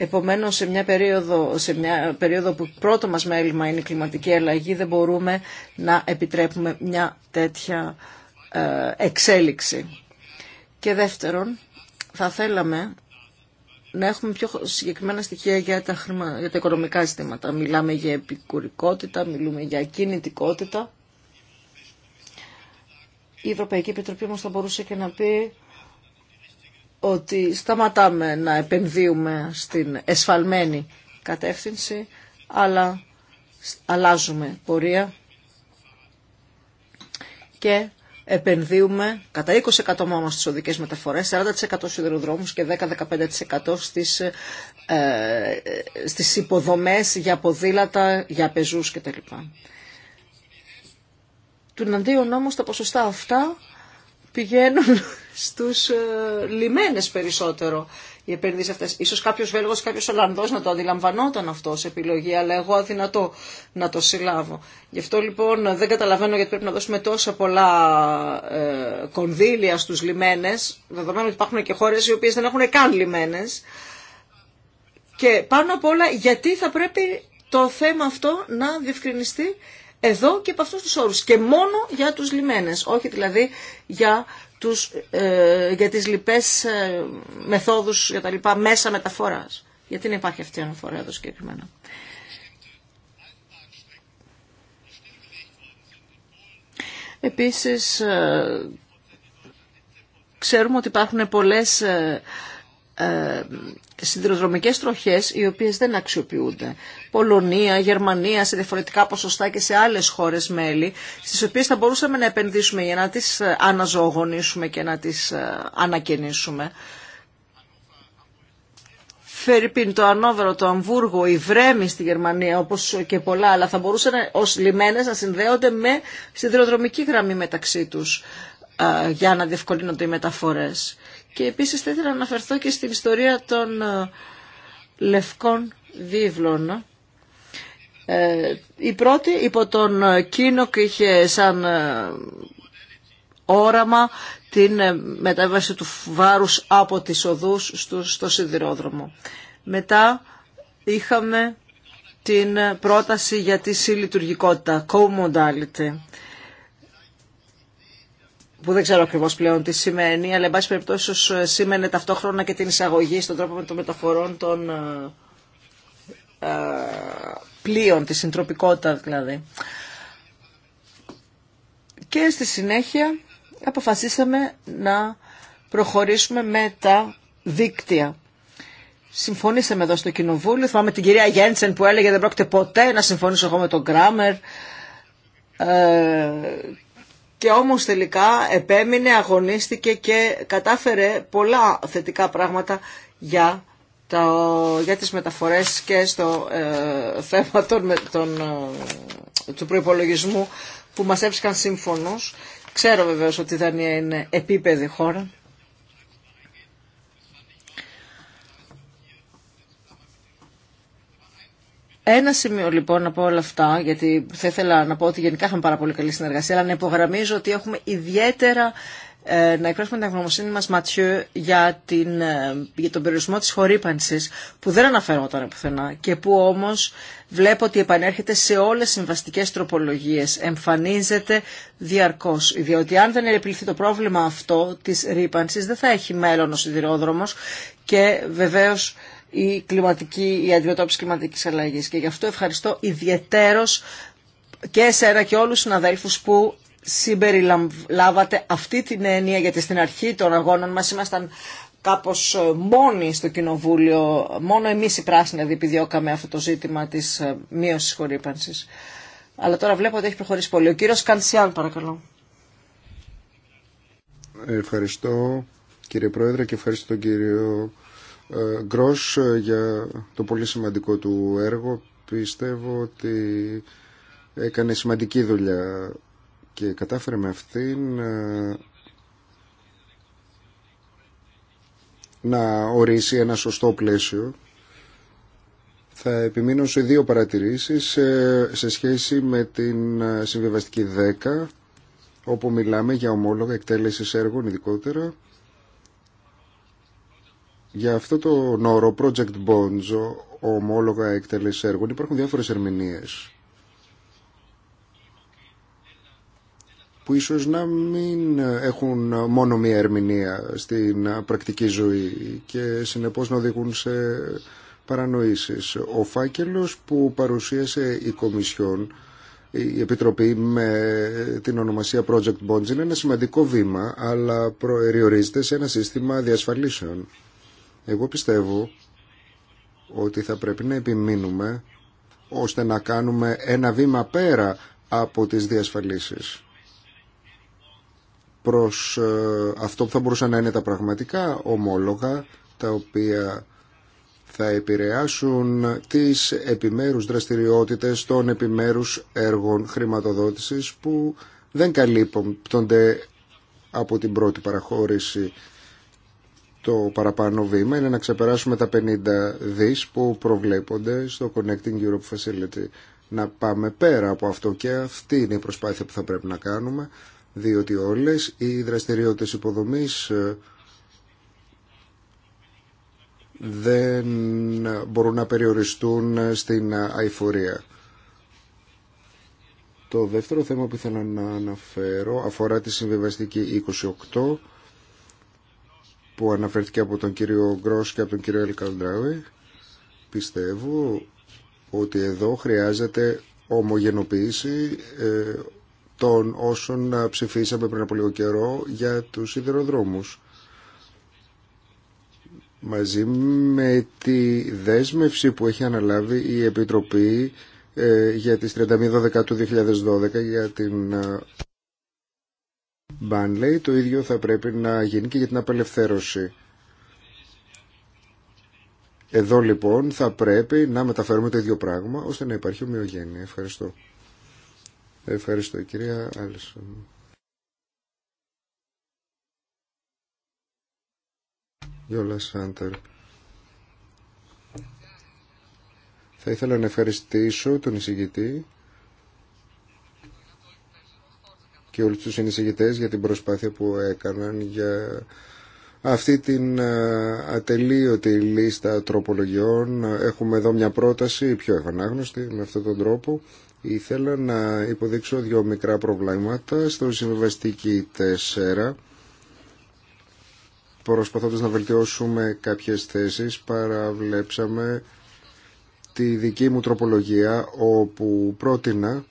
Επομένως, σε μια περίοδο, σε μια περίοδο που πρώτο μας μέλημα είναι η κλιματική αλλαγή, δεν μπορούμε να επιτρέπουμε μια τέτοια ε, εξέλιξη. Και δεύτερον, θα θέλαμε να έχουμε πιο συγκεκριμένα στοιχεία για τα, χρημα... για τα οικονομικά ζητήματα. Μιλάμε για επικουρικότητα, μιλούμε για κινητικότητα. Η Ευρωπαϊκή Επιτροπή όμω θα μπορούσε και να πει ότι σταματάμε να επενδύουμε στην εσφαλμένη κατεύθυνση, αλλά αλλάζουμε πορεία και επενδύουμε κατά 20% μόνο στις οδικές μεταφορές, 40% στους σιδηροδρόμους και 10-15% στις, ε, στις υποδομές για ποδήλατα, για πεζούς κτλ. Του όμως τα ποσοστά αυτά πηγαίνουν στους ε, λιμένες περισσότερο οι επενδύσει αυτέ. Ίσως κάποιο Βέλγο ή κάποιο Ολλανδό να το αντιλαμβανόταν αυτό σε επιλογή, αλλά εγώ αδυνατό να το συλλάβω. Γι' αυτό λοιπόν δεν καταλαβαίνω γιατί πρέπει να δώσουμε τόσα πολλά ε, κονδύλια στου λιμένε, δεδομένου ότι υπάρχουν και χώρε οι οποίε δεν έχουν καν λιμένε. Και πάνω απ' όλα, γιατί θα πρέπει το θέμα αυτό να διευκρινιστεί εδώ και από αυτούς τους όρους και μόνο για τους λιμένες, όχι δηλαδή για, τους, ε, για τις λοιπές ε, μεθόδους για τα λοιπά μέσα μεταφοράς. Γιατί δεν υπάρχει αυτή η αναφορά εδώ συγκεκριμένα. Επίσης, ε, ξέρουμε ότι υπάρχουν πολλές ε, ε, σιδηροδρομικές τροχές οι οποίες δεν αξιοποιούνται. Πολωνία, Γερμανία, σε διαφορετικά ποσοστά και σε άλλες χώρες μέλη, στις οποίες θα μπορούσαμε να επενδύσουμε για να τις ε, αναζωογονήσουμε και να τις ε, ανακαινήσουμε. Φερρυπίν, το Ανόβερο, το Αμβούργο, η Βρέμη στη Γερμανία, όπως και πολλά άλλα, θα μπορούσαν ως λιμένες να συνδέονται με συνδυοδρομική γραμμή μεταξύ τους για να διευκολύνονται οι μεταφορές. Και επίσης θα ήθελα να αναφερθώ και στην ιστορία των ε, λευκών βίβλων. Ε, η πρώτη υπό τον ε, Κίνοκ είχε σαν όραμα την μετάβαση του βάρους από τις οδούς στο σιδηρόδρομο. Μετά είχαμε την πρόταση για τη συλλειτουργικότητα, co-modality που δεν ξέρω ακριβώ πλέον τι σημαίνει, αλλά εν πάση περιπτώσει ε, σήμαινε ταυτόχρονα και την εισαγωγή στον τρόπο με το μεταφορών των ε, ε, πλοίων, τη συντροπικότητα δηλαδή. Και στη συνέχεια αποφασίσαμε να προχωρήσουμε με τα δίκτυα. Συμφωνήσαμε εδώ στο Κοινοβούλιο, θυμάμαι την κυρία Γέντσεν που έλεγε δεν πρόκειται ποτέ να συμφωνήσω εγώ με τον Γκράμερ» και όμως τελικά επέμεινε, αγωνίστηκε και κατάφερε πολλά θετικά πράγματα για, το, για τις μεταφορές και στο ε, θέμα των, ε, του προϋπολογισμού που μας έψηκαν σύμφωνος. Ξέρω βεβαίως ότι η Δανία είναι επίπεδη χώρα. Ένα σημείο λοιπόν από όλα αυτά, γιατί θα ήθελα να πω ότι γενικά είχαμε πάρα πολύ καλή συνεργασία, αλλά να υπογραμμίζω ότι έχουμε ιδιαίτερα ε, να εκπρέσουμε την ευγνωμοσύνη μας, Ματιού, για, την, ε, για τον περιορισμό της χορύπανσης, που δεν τώρα πουθενά και που όμως βλέπω ότι επανέρχεται σε όλες τις συμβαστικές τροπολογίες, εμφανίζεται διαρκώς. Διότι αν δεν επιληθεί το πρόβλημα αυτό της ρήπανσης, δεν θα έχει μέλλον ο σιδηρόδρομος και βεβαίως η, κλιματική, η αντιμετώπιση κλιματικής αλλαγής. Και γι' αυτό ευχαριστώ ιδιαιτέρως και εσένα και όλους τους συναδέλφου που συμπεριλάβατε αυτή την έννοια γιατί στην αρχή των αγώνων μας ήμασταν κάπως ε, μόνοι στο Κοινοβούλιο, μόνο εμείς οι πράσινοι επιδιώκαμε αυτό το ζήτημα της ε, μείωσης χορύπανσης. Αλλά τώρα βλέπω ότι έχει προχωρήσει πολύ. Ο κύριος Κανσιάν παρακαλώ. Ευχαριστώ κύριε Πρόεδρε και ευχαριστώ τον κύριο Γκρός ε, για το πολύ σημαντικό του έργο. Πιστεύω ότι έκανε σημαντική δουλειά και κατάφερε με αυτήν ε, να ορίσει ένα σωστό πλαίσιο. Θα επιμείνω σε δύο παρατηρήσεις σε σχέση με την ε, συμβιβαστική 10 όπου μιλάμε για ομόλογα εκτέλεση έργων ειδικότερα για αυτό το όρο Project Bonzo, ομόλογα εκτέλεση έργων, υπάρχουν διάφορες ερμηνείες που ίσως να μην έχουν μόνο μία ερμηνεία στην πρακτική ζωή και συνεπώς να οδηγούν σε παρανοήσεις. Ο φάκελος που παρουσίασε η Κομισιόν, η Επιτροπή με την ονομασία Project Bonds είναι ένα σημαντικό βήμα, αλλά προεριορίζεται σε ένα σύστημα διασφαλίσεων. Εγώ πιστεύω ότι θα πρέπει να επιμείνουμε ώστε να κάνουμε ένα βήμα πέρα από τις διασφαλίσεις προς ε, αυτό που θα μπορούσαν να είναι τα πραγματικά ομόλογα τα οποία θα επηρεάσουν τις επιμέρους δραστηριότητες των επιμέρους έργων χρηματοδότησης που δεν καλύπτονται από την πρώτη παραχώρηση το παραπάνω βήμα είναι να ξεπεράσουμε τα 50 δις που προβλέπονται στο Connecting Europe Facility. Να πάμε πέρα από αυτό και αυτή είναι η προσπάθεια που θα πρέπει να κάνουμε, διότι όλες οι δραστηριότητες υποδομής ε, δεν μπορούν να περιοριστούν στην αηφορία. Το δεύτερο θέμα που ήθελα να αναφέρω αφορά τη συμβιβαστική 28 που αναφέρθηκε από τον κύριο Γκρός και από τον κύριο Ελκαλντράουι. Πιστεύω ότι εδώ χρειάζεται ομογενοποίηση ε, των όσων ψηφίσαμε πριν από λίγο καιρό για τους σιδηροδρόμους. Μαζί με τη δέσμευση που έχει αναλάβει η Επιτροπή ε, για τις 31 2012 για την ε, Μπαν λέει το ίδιο θα πρέπει να γίνει και για την απελευθέρωση. Εδώ λοιπόν θα πρέπει να μεταφέρουμε το ίδιο πράγμα ώστε να υπάρχει ομοιογένεια. Ευχαριστώ. Ευχαριστώ κυρία Άλισον. Γιώλα Σάντερ. Θα ήθελα να ευχαριστήσω τον εισηγητή και όλους τους συνεισηγητές για την προσπάθεια που έκαναν για αυτή την ε, ατελείωτη λίστα τροπολογιών. Έχουμε εδώ μια πρόταση πιο ευανάγνωστη με αυτόν τον τρόπο. Ήθελα να υποδείξω δύο μικρά προβλήματα στο συμβαστική 4 προσπαθώντας να βελτιώσουμε κάποιες θέσεις παραβλέψαμε τη δική μου τροπολογία όπου πρότεινα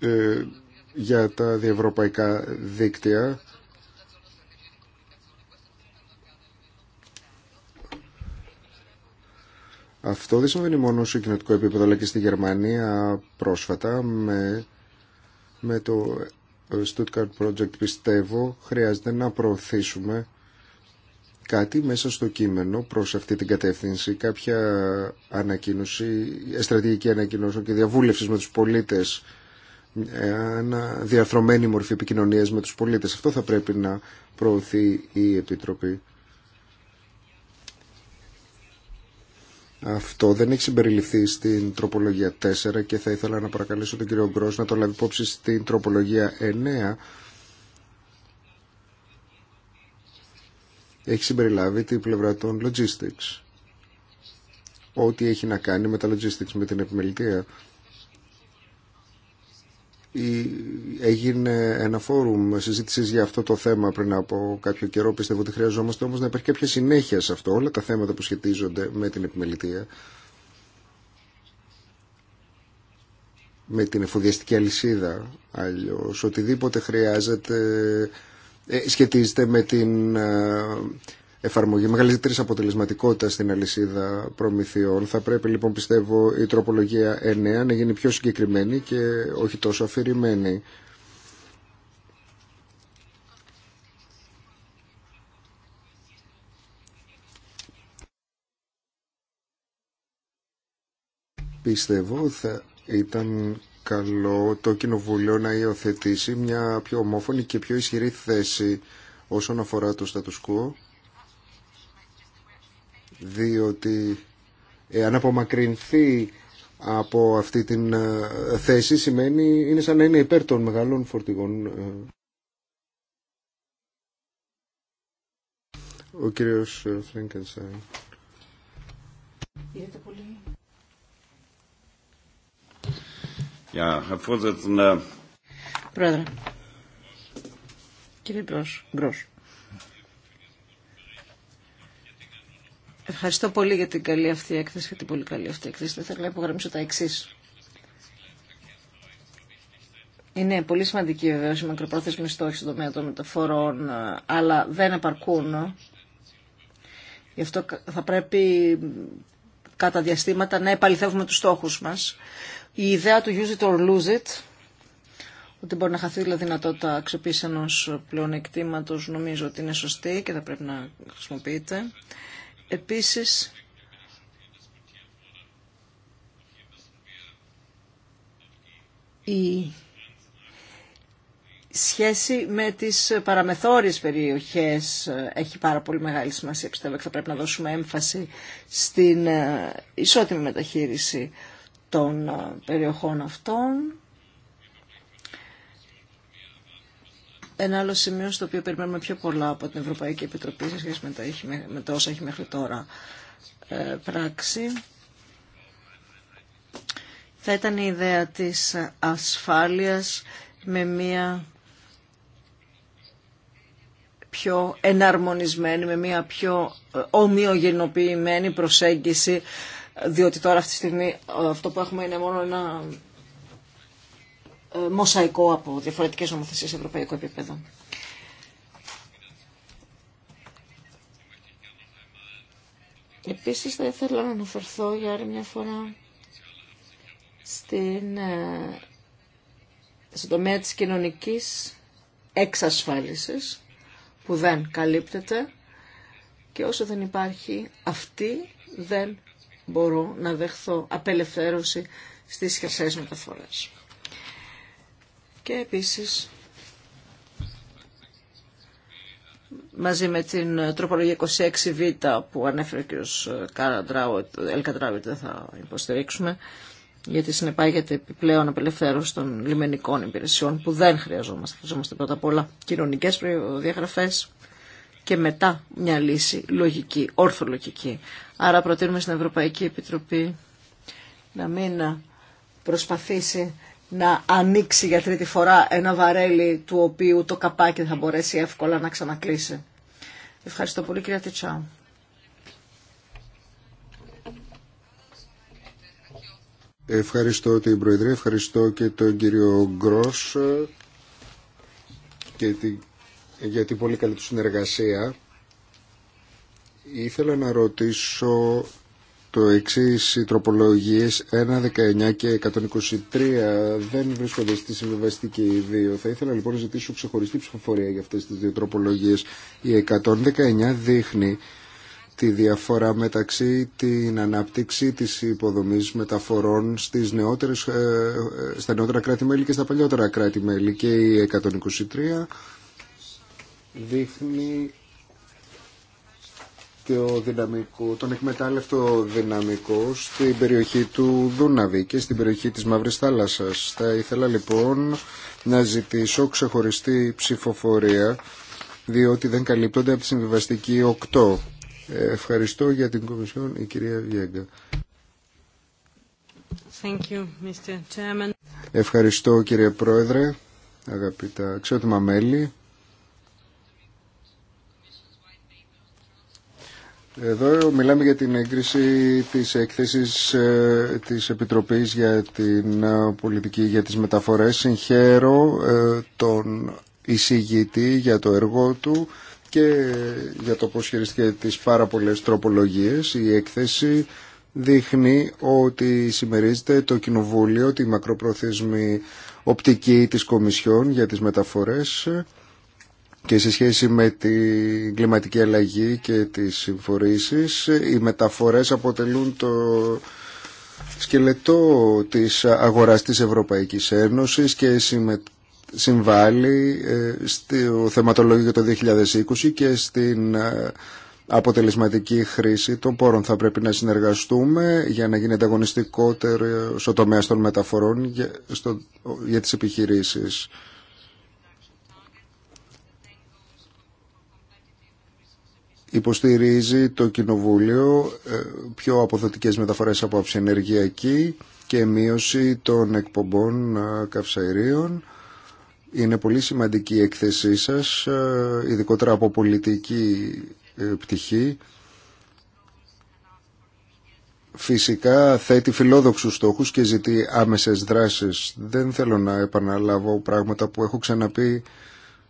Ε, για τα διευρωπαϊκά δίκτυα. Αυτό δεν συμβαίνει μόνο σε κοινωτικό επίπεδο, αλλά και στη Γερμανία πρόσφατα με, με το Stuttgart Project πιστεύω χρειάζεται να προωθήσουμε κάτι μέσα στο κείμενο προς αυτή την κατεύθυνση, κάποια ανακοίνωση, ε, στρατηγική ανακοίνωση και διαβούλευση με τους πολίτες ένα διαρθρωμένη μορφή επικοινωνίας με τους πολίτες. Αυτό θα πρέπει να προωθεί η Επιτροπή. Αυτό δεν έχει συμπεριληφθεί στην τροπολογία 4 και θα ήθελα να παρακαλέσω τον κύριο Γκρός να το λάβει υπόψη στην τροπολογία 9 έχει συμπεριλάβει την πλευρά των logistics. Ό,τι έχει να κάνει με τα logistics, με την επιμελητία έγινε ένα φόρουμ συζήτηση για αυτό το θέμα πριν από κάποιο καιρό. Πιστεύω ότι χρειαζόμαστε όμως να υπάρχει κάποια συνέχεια σε αυτό, όλα τα θέματα που σχετίζονται με την επιμελητία, με την εφοδιαστική αλυσίδα, αλλιώ. οτιδήποτε χρειάζεται, ε, σχετίζεται με την ε, εφαρμογή μεγαλύτερης αποτελεσματικότητα στην αλυσίδα προμηθειών. Θα πρέπει λοιπόν πιστεύω η τροπολογία 9 να γίνει πιο συγκεκριμένη και όχι τόσο αφηρημένη. Πιστεύω θα ήταν καλό το Κοινοβουλίο να υιοθετήσει μια πιο ομόφωνη και πιο ισχυρή θέση όσον αφορά το status διότι εάν απομακρυνθεί από αυτή την ε, θέση σημαίνει είναι σαν να είναι υπέρ των μεγάλων φορτηγών. Ε. Ο κύριος Φλέγκενσάιν. Ε, πολύ. Πρόεδρε, κύριε Μπρος, Μπρος. Ευχαριστώ πολύ για την καλή αυτή έκθεση και την πολύ καλή αυτή έκθεση. Θα ήθελα να υπογραμμίσω τα εξή. Είναι πολύ σημαντική βεβαίω η μακροπρόθεσμη στόχη στον τομέα των μεταφορών, αλλά δεν επαρκούν. Γι' αυτό θα πρέπει κατά διαστήματα να επαληθεύουμε τους στόχους μας. Η ιδέα του use it or lose it, ότι μπορεί να χαθεί δηλαδή δυνατότητα αξιοποίηση ενό πλεονεκτήματο, νομίζω ότι είναι σωστή και θα πρέπει να χρησιμοποιείται. Επίσης, η σχέση με τις παραμεθόριες περιοχές έχει πάρα πολύ μεγάλη σημασία. Πιστεύω ότι θα πρέπει να δώσουμε έμφαση στην ε, ισότιμη μεταχείριση των ε, περιοχών αυτών. Ένα άλλο σημείο στο οποίο περιμένουμε πιο πολλά από την Ευρωπαϊκή Επιτροπή σε σχέση με τα, με όσα έχει μέχρι τώρα ε, πράξη θα ήταν η ιδέα της ασφάλειας με μία πιο εναρμονισμένη, με μία πιο ε, ομοιογενοποιημένη προσέγγιση, διότι τώρα αυτή τη στιγμή αυτό που έχουμε είναι μόνο ένα ε, μοσαϊκό από διαφορετικές νομοθεσίες σε ευρωπαϊκό επίπεδο. Επίσης θα ήθελα να αναφερθώ για άλλη μια φορά στην, ε, στον τομέα της κοινωνικής εξασφάλισης που δεν καλύπτεται και όσο δεν υπάρχει αυτή δεν μπορώ να δεχθώ απελευθέρωση στις χερσαίες μεταφορές και επίσης μαζί με την τροπολογία 26β που ανέφερε ο κ. Ελκατράου ότι δεν θα υποστηρίξουμε γιατί συνεπάγεται επιπλέον απελευθέρωση των λιμενικών υπηρεσιών που δεν χρειαζόμαστε. Χρειαζόμαστε πρώτα απ' όλα κοινωνικές διαγραφές και μετά μια λύση λογική, ορθολογική. Άρα προτείνουμε στην Ευρωπαϊκή Επιτροπή να μην προσπαθήσει να ανοίξει για τρίτη φορά ένα βαρέλι του οποίου το καπάκι θα μπορέσει εύκολα να ξανακλείσει. Ευχαριστώ πολύ κυρία Τιτσάου. Ευχαριστώ την Προεδρία, ευχαριστώ και τον κύριο Γκρός και για την πολύ καλή του συνεργασία. Ήθελα να ρωτήσω το εξή. Οι τροπολογίε 1, 19 και 123 δεν βρίσκονται στη συμβιβαστική ιδίω. Θα ήθελα λοιπόν να ζητήσω ξεχωριστή ψηφοφορία για αυτέ τι δύο τροπολογίε. Η 119 δείχνει τη διαφορά μεταξύ την ανάπτυξη της υποδομής μεταφορών στις νεότερες, ε, ε, στα νεότερα κράτη-μέλη και στα παλιότερα κράτη-μέλη και η 123 δείχνει το δυναμικό, τον εκμετάλλευτο δυναμικό στην περιοχή του Δούναβη και στην περιοχή της Μαύρης Θάλασσας. Θα ήθελα λοιπόν να ζητήσω ξεχωριστή ψηφοφορία διότι δεν καλύπτονται από τη συμβιβαστική 8. Ε, ευχαριστώ για την Κομισιόν η κυρία Βιέγκα. Thank you, Mr. Ευχαριστώ κύριε Πρόεδρε, αγαπητά αξιότιμα μέλη. Εδώ μιλάμε για την έγκριση της έκθεσης ε, της Επιτροπής για την ε, πολιτική για τις μεταφορές. Συγχαίρω ε, τον εισηγητή για το έργο του και για το πώς χειριστήκε τις πάρα πολλές τροπολογίες. Η έκθεση δείχνει ότι συμμερίζεται το Κοινοβούλιο, τη μακροπροθεσμή οπτική της Κομισιόν για τις μεταφορές και σε σχέση με την κλιματική αλλαγή και τις συμφορήσεις οι μεταφορές αποτελούν το σκελετό της αγοράς της Ευρωπαϊκής Ένωσης και συμβάλλει ε, στο θεματολόγιο το 2020 και στην ε, αποτελεσματική χρήση των πόρων. Θα πρέπει να συνεργαστούμε για να γίνει αγωνιστικότερο στο τομέα των μεταφορών για, στο, για τις επιχειρήσεις. υποστηρίζει το Κοινοβούλιο ε, πιο αποδοτικές μεταφορές από ενεργειακή και μείωση των εκπομπών ε, καυσαερίων. Είναι πολύ σημαντική η εκθέσή σας, ε, ειδικότερα από πολιτική πτυχή. Φυσικά θέτει φιλόδοξους στόχους και ζητεί άμεσες δράσεις. Δεν θέλω να επαναλάβω πράγματα που έχω ξαναπεί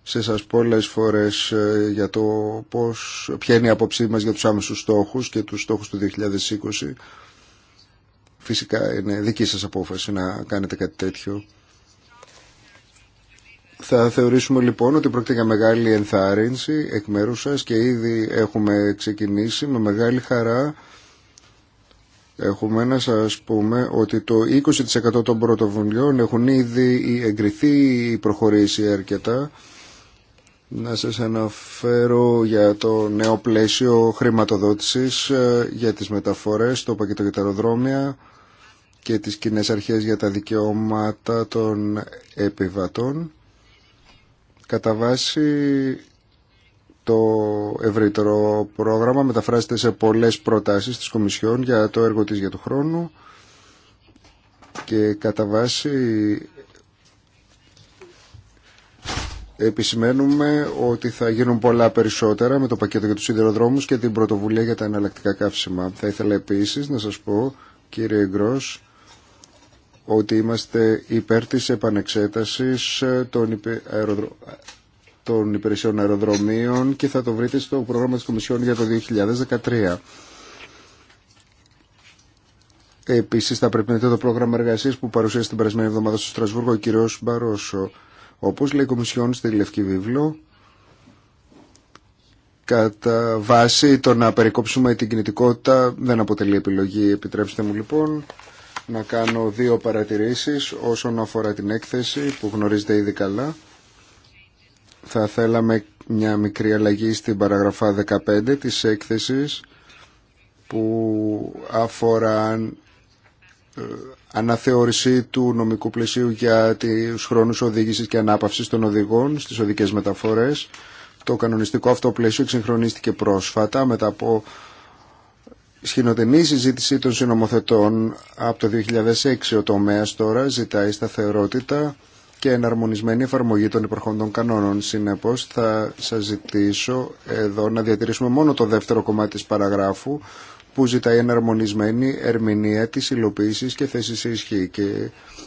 σε σας πολλές φορές ε, για το πώς, ποια είναι η άποψή μας για τους άμεσους στόχους και τους στόχους του 2020. Φυσικά είναι δική σας απόφαση να κάνετε κάτι τέτοιο. Θα θεωρήσουμε λοιπόν ότι πρόκειται για μεγάλη ενθάρρυνση εκ μέρους και ήδη έχουμε ξεκινήσει με μεγάλη χαρά. Έχουμε να σας πούμε ότι το 20% των πρωτοβουλειών έχουν ήδη εγκριθεί ή προχωρήσει αρκετά. Να σας αναφέρω για το νέο πλαίσιο χρηματοδότησης ε, για τις μεταφορές, το πακέτο για τα αεροδρόμια και τις κοινέ αρχές για τα δικαιώματα των επιβατών. Κατά βάση το ευρύτερο πρόγραμμα μεταφράζεται σε πολλές προτάσεις της Κομισιόν για το έργο της για του χρόνου και κατά βάση επισημαίνουμε ότι θα γίνουν πολλά περισσότερα με το πακέτο για τους σιδηροδρόμους και την πρωτοβουλία για τα εναλλακτικά καύσιμα. Θα ήθελα επίσης να σας πω, κύριε Γκρός, ότι είμαστε υπέρ της επανεξέτασης των, αεροδρο... των υπηρεσιών αεροδρομίων και θα το βρείτε στο πρόγραμμα της Κομισιόν για το 2013. Επίσης θα πρέπει να δείτε το πρόγραμμα εργασίας που παρουσίασε την περασμένη εβδομάδα στο Στρασβούργο ο κύριος Μπαρόσο. Όπως λέει η Κομισιόν στη Λευκή Βίβλο, κατά βάση το να περικόψουμε την κινητικότητα δεν αποτελεί επιλογή. Επιτρέψτε μου λοιπόν να κάνω δύο παρατηρήσεις όσον αφορά την έκθεση που γνωρίζετε ήδη καλά. Θα θέλαμε μια μικρή αλλαγή στην παραγραφά 15 της έκθεσης που αφορά ε, αναθεώρηση του νομικού πλαισίου για τους χρόνους οδήγησης και ανάπαυσης των οδηγών στις οδικές μεταφορές. Το κανονιστικό αυτό πλαίσιο εξυγχρονίστηκε πρόσφατα μετά από σχηνοτενή συζήτηση των συνομοθετών από το 2006. Ο τομέας τώρα ζητάει σταθερότητα και εναρμονισμένη εφαρμογή των υπερχόντων κανόνων. Συνεπώς θα σας ζητήσω εδώ να διατηρήσουμε μόνο το δεύτερο κομμάτι της παραγράφου που ζητάει εναρμονισμένη ερμηνεία της υλοποίησης και θέση σε ισχύ. Και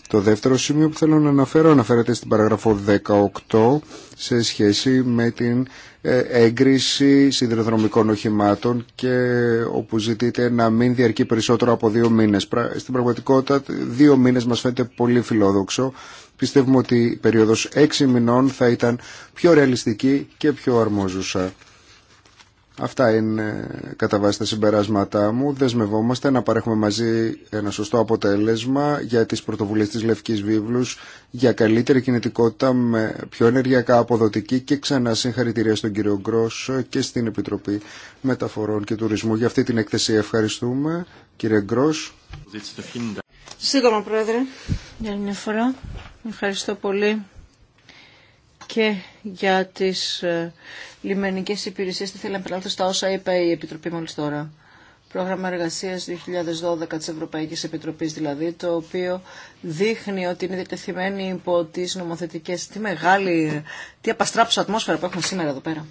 το δεύτερο σημείο που θέλω να αναφέρω αναφέρεται στην παραγραφό 18 σε σχέση με την ε, έγκριση σιδηροδρομικών οχημάτων και όπου ζητείται να μην διαρκεί περισσότερο από δύο μήνες. Στην πραγματικότητα δύο μήνες μας φαίνεται πολύ φιλόδοξο. Πιστεύουμε ότι η περίοδος έξι μηνών θα ήταν πιο ρεαλιστική και πιο αρμόζουσα. Αυτά είναι κατά βάση τα συμπεράσματά μου. Δεσμευόμαστε να παρέχουμε μαζί ένα σωστό αποτέλεσμα για τις πρωτοβουλίες της Λευκής Βίβλους, για καλύτερη κινητικότητα με πιο ενεργειακά αποδοτική και ξανά συγχαρητήρια στον κύριο Γκρός και στην Επιτροπή Μεταφορών και Τουρισμού. Για αυτή την έκθεση ευχαριστούμε. Κύριε Γκρός. Σύντομα Πρόεδρε, για μια φορά. Ευχαριστώ πολύ και για τις ε, λιμενικές υπηρεσίε, Δεν ήθελα να περάσω στα όσα είπε η Επιτροπή μόλι τώρα. Πρόγραμμα εργασία 2012 τη Ευρωπαϊκή Επιτροπή, δηλαδή, το οποίο δείχνει ότι είναι διατεθειμένη υπό τι νομοθετικέ, Τι μεγάλη, τι απαστράψω ατμόσφαιρα που έχουμε σήμερα εδώ πέρα.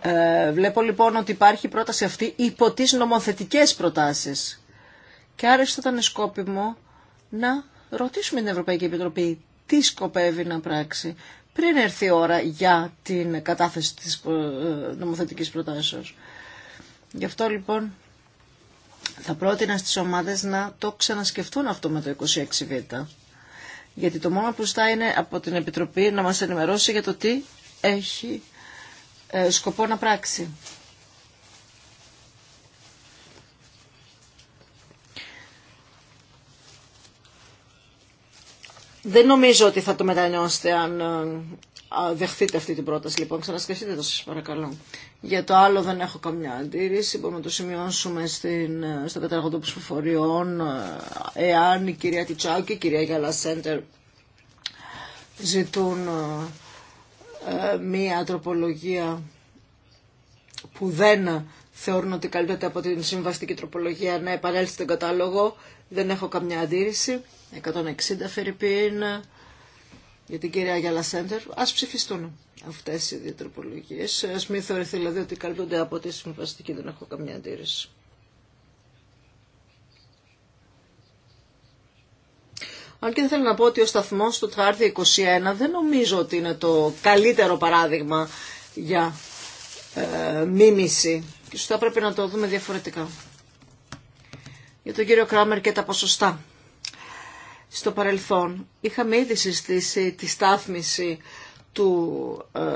Ε, βλέπω λοιπόν ότι υπάρχει πρόταση αυτή υπό τι νομοθετικέ προτάσει. Και άρεσε ήταν σκόπιμο να ρωτήσουμε την Ευρωπαϊκή Επιτροπή τι σκοπεύει να πράξει πριν έρθει η ώρα για την κατάθεση της ε, νομοθετικής προτάσεως. Γι' αυτό λοιπόν θα πρότεινα στις ομάδες να το ξανασκεφτούν αυτό με το 26Β. Γιατί το μόνο που στάει είναι από την Επιτροπή να μας ενημερώσει για το τι έχει ε, σκοπό να πράξει. Δεν νομίζω ότι θα το μετανιώσετε αν ε, δεχθείτε αυτή την πρόταση. Λοιπόν, ξανασκεφτείτε το σας παρακαλώ. Για το άλλο δεν έχω καμιά αντίρρηση. Μπορούμε να το σημειώσουμε στην, ε, στο κατάργο των ψηφοφοριών ε, εάν η κυρία Τιτσάκη, και η κυρία Γιάλα Σέντερ ζητούν μία τροπολογία που δεν θεωρούν ότι καλύπτεται από την συμβαστική τροπολογία να επανέλθει στον κατάλογο δεν έχω καμιά αντίρρηση. 160 Φερρυπίν για την κυρία Γιάλα Σέντερ. Ας ψηφιστούν αυτές οι δύο τροπολογίε. Ας μην θεωρηθεί δηλαδή ότι καλούνται από τη συμβαστική. Δεν έχω καμιά αντίρρηση. Αν και δεν θέλω να πω ότι ο σταθμό του Τχάρτη 21 δεν νομίζω ότι είναι το καλύτερο παράδειγμα για ε, μίμηση. Και θα πρέπει να το δούμε διαφορετικά για τον κύριο Κράμερ και τα ποσοστά. Στο παρελθόν είχαμε ήδη συστήσει τη στάθμιση του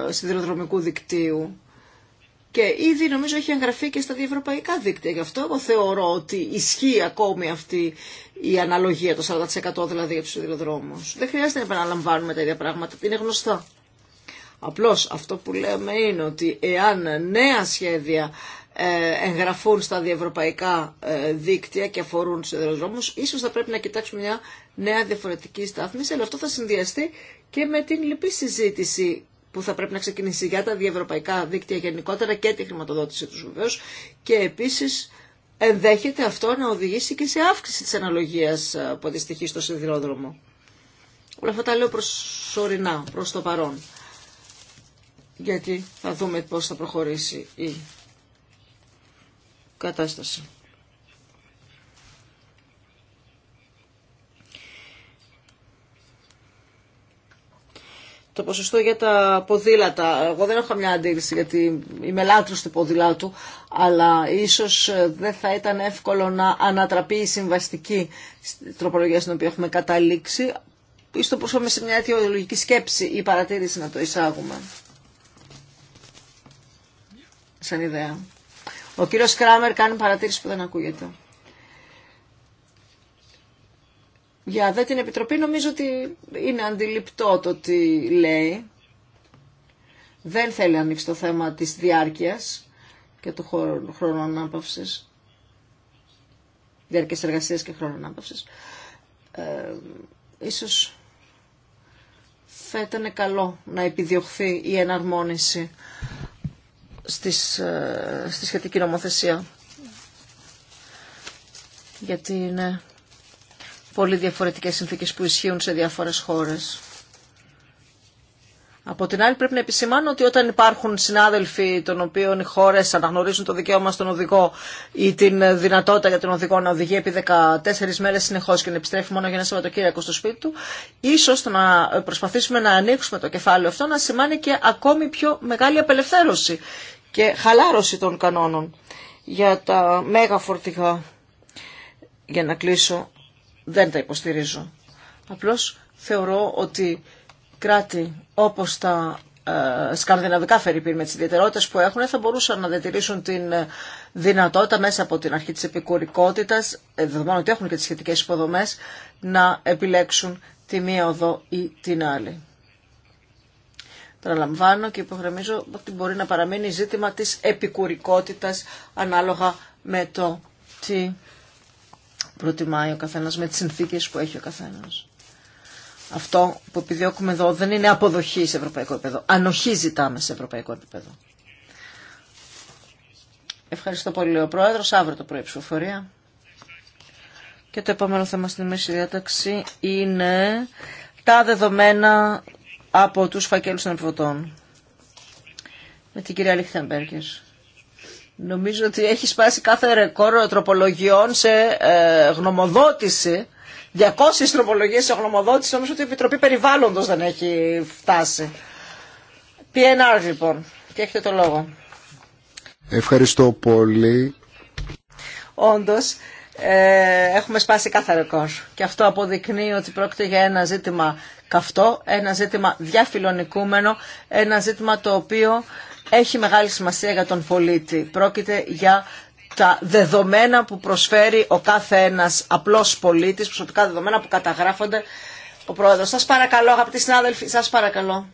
ε, σιδηροδρομικού δικτύου και ήδη νομίζω έχει εγγραφεί και στα διευρωπαϊκά δίκτυα. Γι' αυτό εγώ θεωρώ ότι ισχύει ακόμη αυτή η αναλογία, το 40% δηλαδή για τους σιδηροδρόμους. Δεν χρειάζεται να επαναλαμβάνουμε τα ίδια πράγματα, είναι γνωστά. Απλώς αυτό που λέμε είναι ότι εάν νέα σχέδια ε, εγγραφούν στα διευρωπαϊκά ε, δίκτυα και αφορούν του σιδηροδρόμους, ίσως θα πρέπει να κοιτάξουμε μια νέα διαφορετική στάθμιση, αλλά αυτό θα συνδυαστεί και με την λυπή συζήτηση που θα πρέπει να ξεκινήσει για τα διευρωπαϊκά δίκτυα γενικότερα και τη χρηματοδότησή του βεβαίω. και επίση ενδέχεται αυτό να οδηγήσει και σε αύξηση τη αναλογία ε, που αντιστοιχεί στο σιδηρόδρομο. Όλα αυτά τα λέω προσωρινά, προς το παρόν. Γιατί θα δούμε πώ θα προχωρήσει η κατάσταση. το ποσοστό για τα ποδήλατα. Εγώ δεν έχω μια αντίληση γιατί είμαι λάτρος του ποδηλάτου, αλλά ίσως δεν θα ήταν εύκολο να ανατραπεί η συμβαστική τροπολογία στην οποία έχουμε καταλήξει. Ίσως το είμαι σε μια αιτιολογική σκέψη ή παρατήρηση να το εισάγουμε. Σαν ιδέα. Ο κύριος Κράμερ κάνει παρατήρηση που δεν ακούγεται. Για δε την Επιτροπή νομίζω ότι είναι αντιληπτό το τι λέει. Δεν θέλει να ανοίξει το θέμα της διάρκειας και του χρόνου ανάπαυσης. Διάρκειας εργασίας και χρόνου ανάπαυσης. Ε, ίσως θα ήταν καλό να επιδιωχθεί η εναρμόνιση στις, ε, στη σχετική νομοθεσία. Γιατί είναι πολύ διαφορετικές συνθήκες που ισχύουν σε διάφορες χώρες. Από την άλλη πρέπει να επισημάνω ότι όταν υπάρχουν συνάδελφοι των οποίων οι χώρες αναγνωρίζουν το δικαίωμα στον οδηγό ή την δυνατότητα για τον οδηγό να οδηγεί επί 14 μέρες συνεχώς και να επιστρέφει μόνο για ένα Σαββατοκύριακο στο σπίτι του, ίσως το να προσπαθήσουμε να ανοίξουμε το κεφάλαιο αυτό να σημάνει και ακόμη πιο μεγάλη απελευθέρωση και χαλάρωση των κανόνων για τα μέγα φορτηγά. Για να κλείσω, δεν τα υποστηρίζω. Απλώς θεωρώ ότι κράτη όπως τα ε, σκανδιναβικά φερρυπίν με τις ιδιαιτερότητες που έχουν θα μπορούσαν να διατηρήσουν την ε, δυνατότητα μέσα από την αρχή της επικουρικότητας, δεδομένου ότι έχουν και τις σχετικές υποδομές, να επιλέξουν τη μία οδό ή την άλλη. Παραλαμβάνω και υπογραμμίζω ότι μπορεί να παραμείνει ζήτημα της επικουρικότητας ανάλογα με το τι προτιμάει ο καθένας, με τις συνθήκες που έχει ο καθένας. Αυτό που επιδιώκουμε εδώ δεν είναι αποδοχή σε ευρωπαϊκό επίπεδο. Ανοχή ζητάμε σε ευρωπαϊκό επίπεδο. Ευχαριστώ πολύ ο Πρόεδρος. Αύριο το πρωί ψηφοφορία. Και το επόμενο θέμα στην μέση διάταξη είναι τα δεδομένα από τους φακέλους των εμφωτών. Με την κυρία Λίχτεμπεργκερ. Νομίζω ότι έχει σπάσει κάθε ρεκόρ τροπολογιών σε ε, γνωμοδότηση. 200 τροπολογίες σε γνωμοδότηση, όμως ότι η Επιτροπή Περιβάλλοντος δεν έχει φτάσει. PNR λοιπόν. Και έχετε το λόγο. Ευχαριστώ πολύ. Όντως, ε, έχουμε σπάσει κάθε ρεκόρ. Και αυτό αποδεικνύει ότι πρόκειται για ένα ζήτημα καυτό, ένα ζήτημα διαφιλονικούμενο, ένα ζήτημα το οποίο έχει μεγάλη σημασία για τον πολίτη. Πρόκειται για τα δεδομένα που προσφέρει ο κάθε ένας απλός πολίτης, προσωπικά δεδομένα που καταγράφονται. Ο Πρόεδρος, σας παρακαλώ αγαπητοί συνάδελφοι, σας παρακαλώ.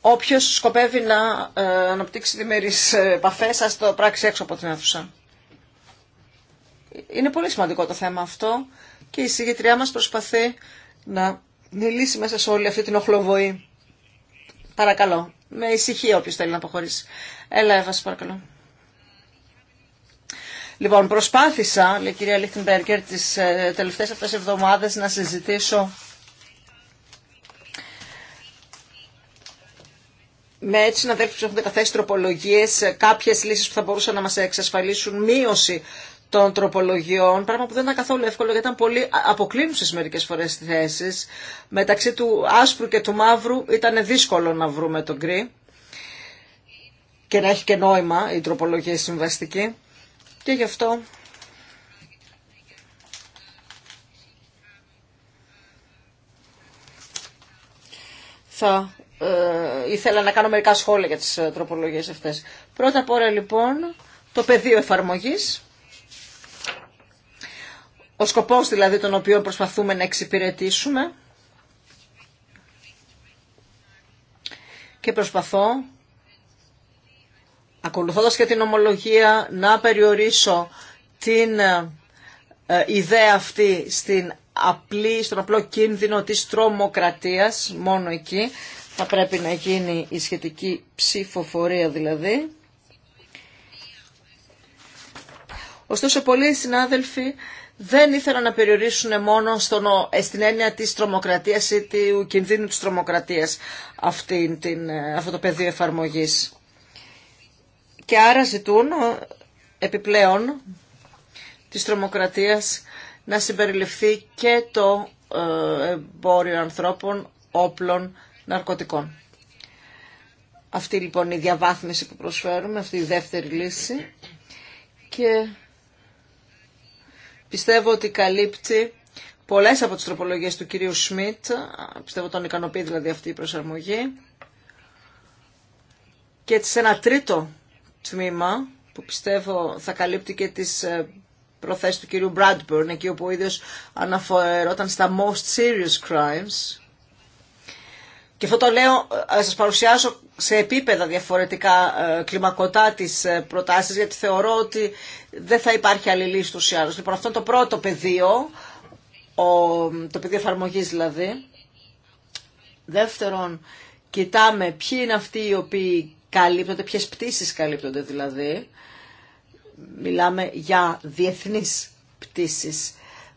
Όποιος σκοπεύει να ε, αναπτύξει διμερείς ε, επαφές, σας το πράξει έξω από την αίθουσα. Είναι πολύ σημαντικό το θέμα αυτό και η συγγετριά μας προσπαθεί να μιλήσει μέσα σε όλη αυτή την οχλοβοή. Παρακαλώ. Με ησυχία όποιος θέλει να αποχωρήσει. Έλα Εύα, παρακαλώ. Λοιπόν, προσπάθησα, λέει η κυρία Λίχτενμπεργκερ, τις ε, τελευταίες αυτές εβδομάδες να συζητήσω με έτσι να που έχουν καταθέσει τροπολογίε, κάποιε λύσει που θα μπορούσαν να μας εξασφαλίσουν μείωση των τροπολογιών, πράγμα που δεν ήταν καθόλου εύκολο γιατί ήταν πολύ αποκλίνουσες μερικές φορές θέσεις. Μεταξύ του άσπρου και του μαύρου ήταν δύσκολο να βρούμε τον γκρι και να έχει και νόημα η τροπολογία συμβαστική και γι' αυτό θα ε, ήθελα να κάνω μερικά σχόλια για τις ε, τροπολογίες αυτές. Πρώτα απ' όλα λοιπόν το πεδίο εφαρμογής ο σκοπός δηλαδή τον οποίο προσπαθούμε να εξυπηρετήσουμε και προσπαθώ ακολουθώντας και την ομολογία να περιορίσω την ε, ιδέα αυτή στην απλή, στον απλό κίνδυνο της τρομοκρατίας, μόνο εκεί θα πρέπει να γίνει η σχετική ψηφοφορία δηλαδή. Ωστόσο πολλοί συνάδελφοι δεν ήθελαν να περιορίσουν μόνο στον, ε, στην έννοια της τρομοκρατίας ή του κινδύνου της τρομοκρατίας την, ε, αυτό το πεδίο εφαρμογής. Και άρα ζητούν επιπλέον της τρομοκρατίας να συμπεριληφθεί και το ε, εμπόριο ανθρώπων, όπλων, ναρκωτικών. Αυτή λοιπόν η διαβάθμιση που προσφέρουμε, αυτή η δεύτερη λύση και Πιστεύω ότι καλύπτει πολλές από τις τροπολογίες του κυρίου Σμιτ, πιστεύω τον ικανοποιεί δηλαδή αυτή η προσαρμογή. Και έτσι σε ένα τρίτο τμήμα που πιστεύω θα καλύπτει και τις ε, προθέσεις του κυρίου Bradburn, εκεί όπου ο ίδιος αναφερόταν στα most serious crimes, και αυτό το λέω, ε, σας παρουσιάσω σε επίπεδα διαφορετικά ε, κλιμακωτά τι ε, προτάσει, γιατί θεωρώ ότι δεν θα υπάρχει άλλη λύση του ή Λοιπόν, αυτό είναι το πρώτο πεδίο, το πεδίο εφαρμογή δηλαδή. Δεύτερον, κοιτάμε ποιοι είναι αυτοί οι οποίοι καλύπτονται, ποιε πτήσει καλύπτονται δηλαδή. Μιλάμε για διεθνεί πτήσεις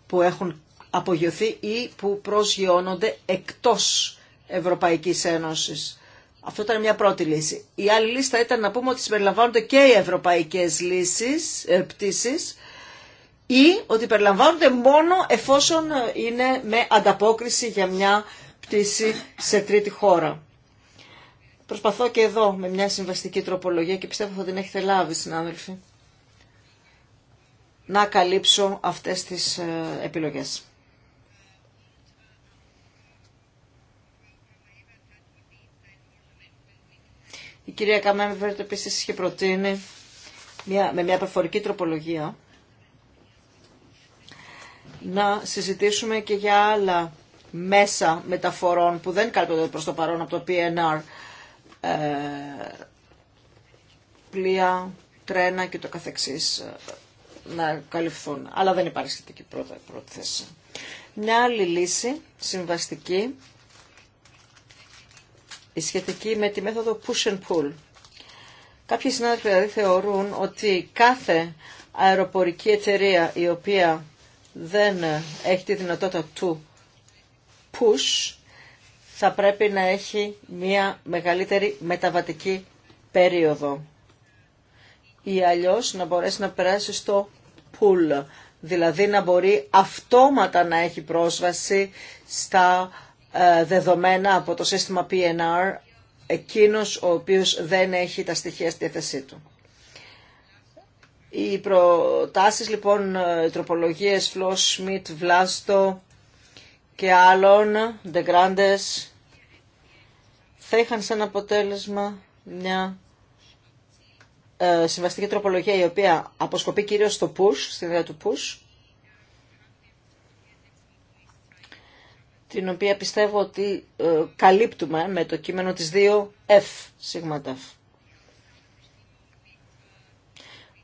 που έχουν απογειωθεί ή που προσγειώνονται εκτός Ευρωπαϊκής Ένωσης. Αυτό ήταν μια πρώτη λύση. Η άλλη λύση ήταν να πούμε ότι συμπεριλαμβάνονται και οι ευρωπαϊκές λύσεις, ε, πτήσεις ή ότι περιλαμβάνονται μόνο εφόσον είναι με ανταπόκριση για μια πτήση σε τρίτη χώρα. Προσπαθώ και εδώ με μια συμβαστική τροπολογία και πιστεύω θα την έχετε λάβει συνάδελφοι να καλύψω αυτές τις ε, επιλογές. Η κυρία Καμέμβερτ επίση είχε προτείνει μια, με μια προφορική τροπολογία να συζητήσουμε και για άλλα μέσα μεταφορών που δεν καλύπτονται προς το παρόν από το PNR ε, πλοία, τρένα και το καθεξής ε, να καλυφθούν. Αλλά δεν υπάρχει σχετική πρόθεση. Μια άλλη λύση συμβαστική σχετική με τη μέθοδο push and pull. Κάποιοι συνάδελφοι δηλαδή θεωρούν ότι κάθε αεροπορική εταιρεία η οποία δεν έχει τη δυνατότητα του push θα πρέπει να έχει μια μεγαλύτερη μεταβατική περίοδο ή αλλιώς να μπορέσει να περάσει στο pull, δηλαδή να μπορεί αυτόματα να έχει πρόσβαση στα ε, δεδομένα από το σύστημα PNR εκείνος ο οποίος δεν έχει τα στοιχεία στη θέση του. Οι προτάσεις λοιπόν, ε, οι τροπολογίες Φλό, Σμιτ, Βλάστο και άλλων, Grandes, θα είχαν σαν αποτέλεσμα μια ε, συμβαστική τροπολογία η οποία αποσκοπεί κυρίως στο push, στην ιδέα του push, την οποία πιστεύω ότι ε, καλύπτουμε με το κείμενο της 2F, σίγματα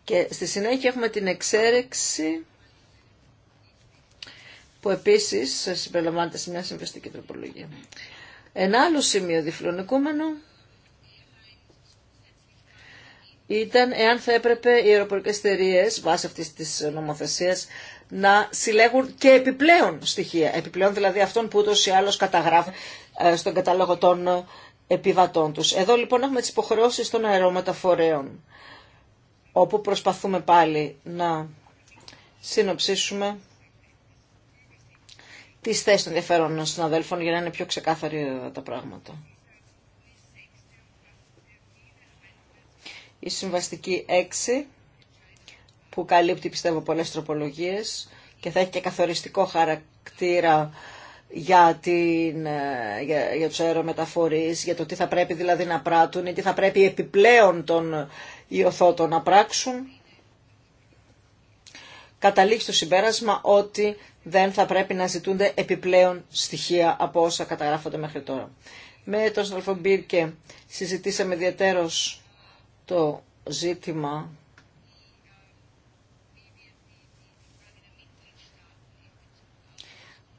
Και στη συνέχεια έχουμε την εξέρεξη που επίσης συμπεριλαμβάνεται σε μια συμβεστική τροπολογία. Ένα άλλο σημείο διφλονικούμενο ήταν εάν θα έπρεπε οι αεροπορικές εταιρείε βάσει αυτής της νομοθεσίας να συλλέγουν και επιπλέον στοιχεία. Επιπλέον δηλαδή αυτών που ούτως ή άλλως καταγράφουν ε, στον κατάλογο των ε, επιβατών τους. Εδώ λοιπόν έχουμε τις υποχρεώσεις των αερομεταφορέων, όπου προσπαθούμε πάλι να συνοψίσουμε τις θέσεις των ενδιαφέρων συναδέλφων για να είναι πιο ξεκάθαρη ε, τα πράγματα. Η συμβαστική 6 που καλύπτει πιστεύω πολλές τροπολογίες και θα έχει και καθοριστικό χαρακτήρα για, την, ε, για, για τους αερομεταφορείς, για το τι θα πρέπει δηλαδή να πράττουν ή τι θα πρέπει επιπλέον των ιωθώτων να πράξουν. Καταλήξει το συμπέρασμα ότι δεν θα πρέπει να ζητούνται επιπλέον στοιχεία από όσα καταγράφονται μέχρι τώρα. Με τον Σαλφομπίρκε συζητήσαμε ιδιαίτερος το ζήτημα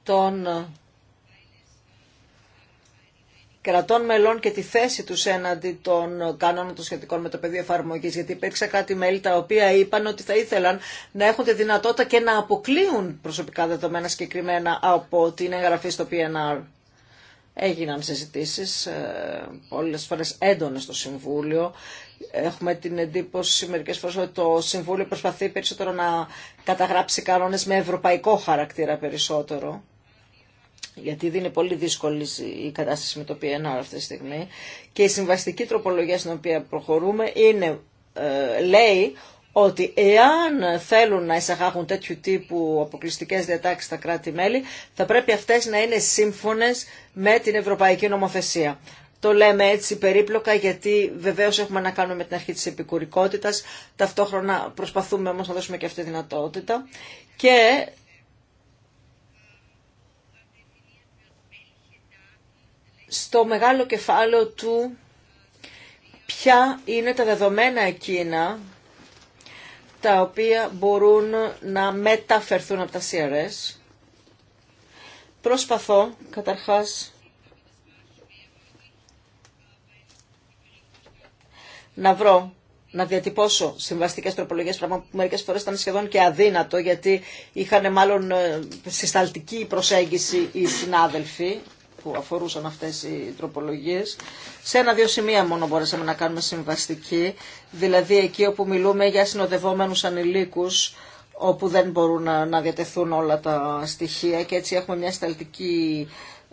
των κρατών μελών και τη θέση τους έναντι των κανόνων των σχετικών με το πεδίο εφαρμογή. Γιατί υπήρξε κάτι μέλη τα οποία είπαν ότι θα ήθελαν να έχουν τη δυνατότητα και να αποκλείουν προσωπικά δεδομένα συγκεκριμένα από την εγγραφή στο PNR. Έγιναν συζητήσει. Ε, πολλέ φορέ έντονες στο Συμβούλιο. Έχουμε την εντύπωση μερικέ φορέ ότι το Συμβούλιο προσπαθεί περισσότερο να καταγράψει κανόνε με ευρωπαϊκό χαρακτήρα περισσότερο γιατί δεν είναι πολύ δύσκολη η κατάσταση με το PNR αυτή τη στιγμή και η συμβαστική τροπολογία στην οποία προχωρούμε είναι, ε, λέει ότι εάν θέλουν να εισαγάγουν τέτοιου τύπου αποκλειστικέ διατάξει στα κράτη-μέλη, θα πρέπει αυτέ να είναι σύμφωνε με την ευρωπαϊκή νομοθεσία. Το λέμε έτσι περίπλοκα γιατί βεβαίως έχουμε να κάνουμε με την αρχή της επικουρικότητας. Ταυτόχρονα προσπαθούμε όμως να δώσουμε και αυτή τη δυνατότητα. Και στο μεγάλο κεφάλαιο του ποια είναι τα δεδομένα εκείνα τα οποία μπορούν να μεταφερθούν από τα CRS. Προσπαθώ καταρχάς να βρω να διατυπώσω συμβαστικέ τροπολογίε, πράγμα που μερικέ φορέ ήταν σχεδόν και αδύνατο, γιατί είχαν μάλλον ε, συσταλτική προσέγγιση οι συνάδελφοι που αφορούσαν αυτές οι τροπολογίες. Σε ένα-δύο σημεία μόνο μπορέσαμε να κάνουμε συμβαστική, δηλαδή εκεί όπου μιλούμε για συνοδευόμενους ανηλίκους, όπου δεν μπορούν να διατεθούν όλα τα στοιχεία και έτσι έχουμε μια σταλτική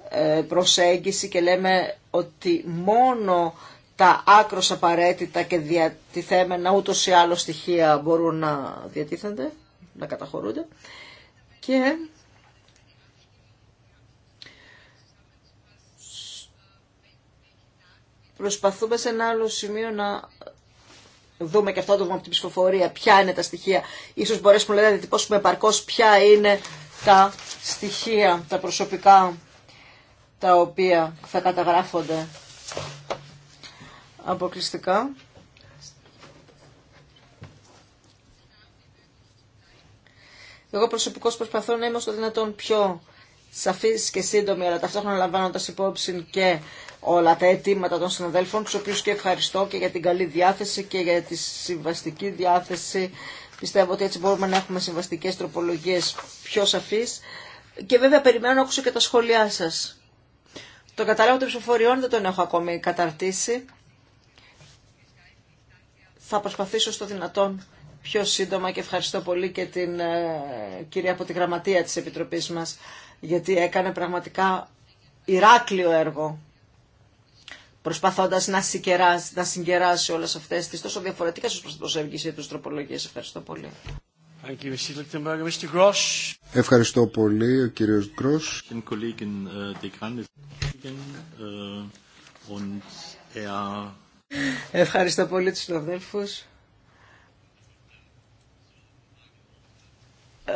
ε, προσέγγιση και λέμε ότι μόνο τα άκρος απαραίτητα και διατηθέμενα ούτως ή άλλως στοιχεία μπορούν να διατίθενται, να καταχωρούνται. Και Προσπαθούμε σε ένα άλλο σημείο να δούμε και αυτό το δούμε από την ψηφοφορία, ποια είναι τα στοιχεία. Ίσως μπορέσουμε να διατυπώσουμε επαρκώς ποια είναι τα στοιχεία, τα προσωπικά, τα οποία θα καταγράφονται αποκλειστικά. Εγώ προσωπικώς προσπαθώ να είμαι στο δυνατόν πιο σαφής και σύντομη, αλλά ταυτόχρονα λαμβάνοντας υπόψη και όλα τα αιτήματα των συναδέλφων, του οποίου και ευχαριστώ και για την καλή διάθεση και για τη συμβαστική διάθεση. Πιστεύω ότι έτσι μπορούμε να έχουμε συμβαστικές τροπολογίες πιο σαφείς. Και βέβαια περιμένω να ακούσω και τα σχόλιά σας. Το κατάλογο των ψηφοφοριών δεν τον έχω ακόμη καταρτήσει. Θα προσπαθήσω στο δυνατόν πιο σύντομα και ευχαριστώ πολύ και την ε, κυρία από τη γραμματεία της Επιτροπής μας γιατί έκανε πραγματικά Ηράκλειο έργο Προσπαθώντα να, συγκεράσει, να συγκεράσει όλες αυτές τις τόσο διαφορετικές ω την προσέγγιση του τροπολογίες. Ευχαριστώ πολύ. Ευχαριστώ πολύ ο κύριος Γκρός. Ε, ε, er- Ευχαριστώ πολύ τους συναδέλφους. Ε,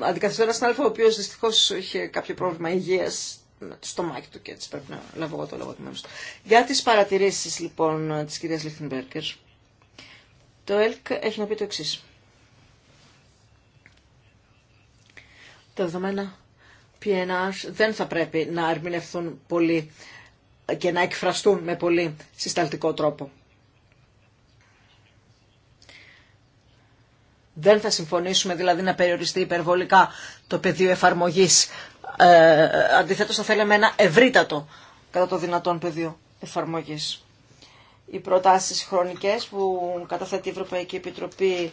Αντικαθιστώ ένα συνάδελφο ο οποίος δυστυχώς είχε κάποιο πρόβλημα υγείας στο μάκι του και έτσι πρέπει να λάβω εγώ το λόγο του Για τις παρατηρήσεις λοιπόν της κυρίας Λίχτενμπέρκερ, το ΕΛΚ έχει να πει το εξή. Τα δεδομένα PNR δεν θα πρέπει να ερμηνευθούν πολύ και να εκφραστούν με πολύ συσταλτικό τρόπο. Δεν θα συμφωνήσουμε δηλαδή να περιοριστεί υπερβολικά το πεδίο εφαρμογής. Ε, αντιθέτως θα θέλαμε ένα ευρύτατο κατά το δυνατόν πεδίο εφαρμογής. Οι προτάσεις χρονικές που καταθέτει η Ευρωπαϊκή Επιτροπή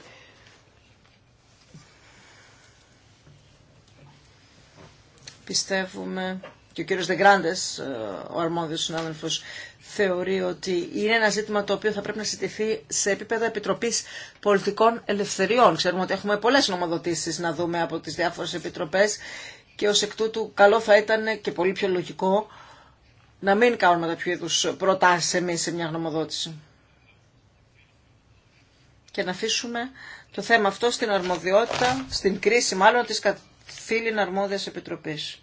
πιστεύουμε και ο κύριος Δεγκράντες, ε, ο αρμόδιος συνάδελφος, θεωρεί ότι είναι ένα ζήτημα το οποίο θα πρέπει να συζητηθεί σε επίπεδο Επιτροπής Πολιτικών Ελευθεριών. Ξέρουμε ότι έχουμε πολλές νομοδοτήσεις να δούμε από τις διάφορες επιτροπές και ως εκ τούτου καλό θα ήταν και πολύ πιο λογικό να μην κάνουμε τέτοιου είδου προτάσεις εμείς σε μια γνωμοδότηση. Και να αφήσουμε το θέμα αυτό στην αρμοδιότητα, στην κρίση μάλλον της καθήλυνα αρμόδιας επιτροπής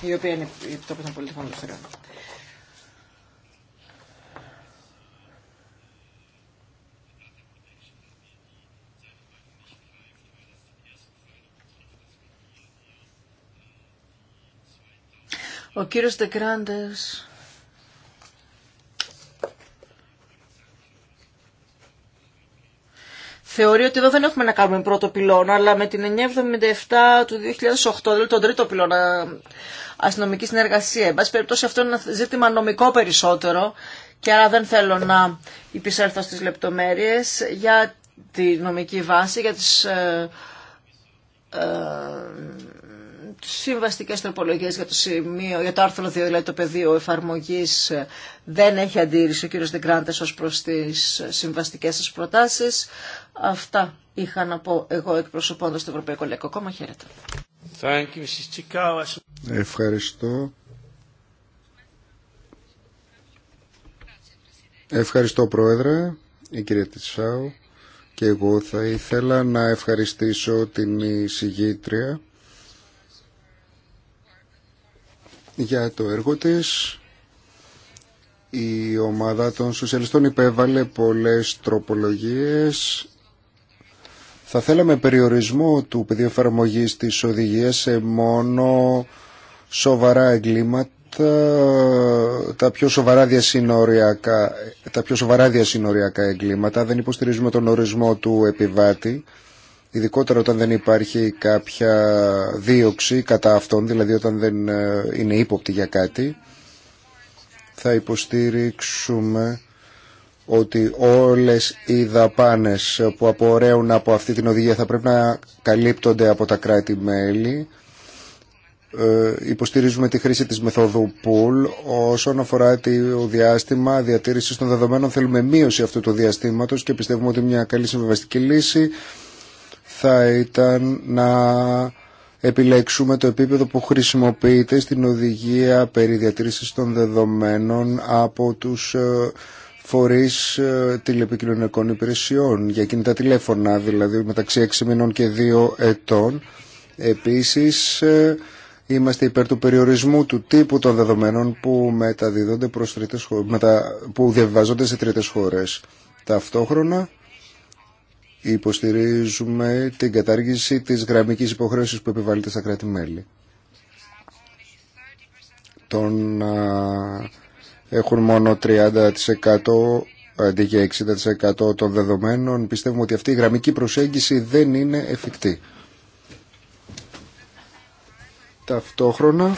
η οποία είναι η Επιτροπή των Πολιτικών Ελευθεριών. Ο κύριος Δεκράντες θεωρεί ότι εδώ δεν έχουμε να κάνουμε πρώτο πυλώνα, αλλά με την 977 του 2008, δηλαδή τον τρίτο πυλώνα αστυνομική συνεργασία. Εν πάση περιπτώσει αυτό είναι ένα ζήτημα νομικό περισσότερο και άρα δεν θέλω να υπησέλθω στις λεπτομέρειες για τη νομική βάση, για τις ε, ε, συμβαστικέ τροπολογίε για το σημείο, για το άρθρο 2, δηλαδή το πεδίο εφαρμογή, ε, δεν έχει αντίρρηση ο κ. Δεγκράντε ω προ τι ε, συμβαστικέ σα προτάσει. Αυτά είχα να πω εγώ εκπροσωπώντα το Ευρωπαϊκό Λαϊκό Κόμμα. Χαίρετε. Ευχαριστώ. Ευχαριστώ Πρόεδρε, η κυρία Τισάου και εγώ θα ήθελα να ευχαριστήσω την εισηγήτρια για το έργο της. Η ομάδα των σοσιαλιστών υπέβαλε πολλές τροπολογίες. Θα θέλαμε περιορισμό του πεδίου εφαρμογή της οδηγίας σε μόνο σοβαρά εγκλήματα, τα πιο σοβαρά διασυνοριακά, τα πιο σοβαρά διασυνοριακά εγκλήματα. Δεν υποστηρίζουμε τον ορισμό του επιβάτη ειδικότερα όταν δεν υπάρχει κάποια δίωξη κατά αυτόν, δηλαδή όταν δεν ε, είναι ύποπτη για κάτι, θα υποστήριξουμε ότι όλες οι δαπάνες που απορρέουν από αυτή την οδηγία θα πρέπει να καλύπτονται από τα κράτη-μέλη. Ε, υποστηρίζουμε τη χρήση της μεθόδου pool. Όσον αφορά το διάστημα διατήρησης των δεδομένων θέλουμε μείωση αυτού του διαστήματος και πιστεύουμε ότι μια καλή συμβιβαστική λύση θα ήταν να επιλέξουμε το επίπεδο που χρησιμοποιείται στην οδηγία περί διατήρησης των δεδομένων από τους ε, φορείς ε, τηλεπικοινωνικών υπηρεσιών για κινητά τηλέφωνα, δηλαδή μεταξύ 6 μηνών και 2 ετών. Επίσης, ε, είμαστε υπέρ του περιορισμού του τύπου των δεδομένων που, μεταδίδονται προς τρίτες, που διαβιβάζονται σε τρίτες χώρες. Ταυτόχρονα, Υποστηρίζουμε την κατάργηση της γραμμικής υποχρέωσης που επιβάλλεται στα κράτη-μέλη. τον έχουν μόνο 30% αντί για 60% των δεδομένων, πιστεύουμε ότι αυτή η γραμμική προσέγγιση δεν είναι εφικτή. Ταυτόχρονα,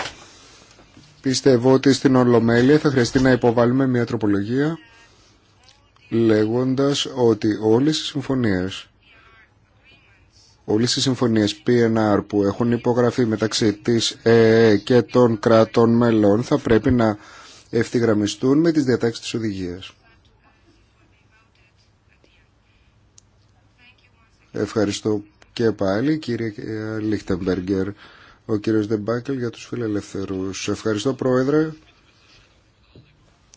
πιστεύω ότι στην Ολομέλεια θα χρειαστεί να υποβάλουμε μια τροπολογία λέγοντας ότι όλες οι συμφωνίες όλες οι συμφωνίες PNR που έχουν υπογραφεί μεταξύ της ΕΕ και των κρατών μελών θα πρέπει να ευθυγραμμιστούν με τις διατάξεις της οδηγίας. Ευχαριστώ και πάλι κύριε Λίχτεμπεργκερ, ο κύριος Δεμπάκελ για τους φιλελευθερούς. Ευχαριστώ πρόεδρε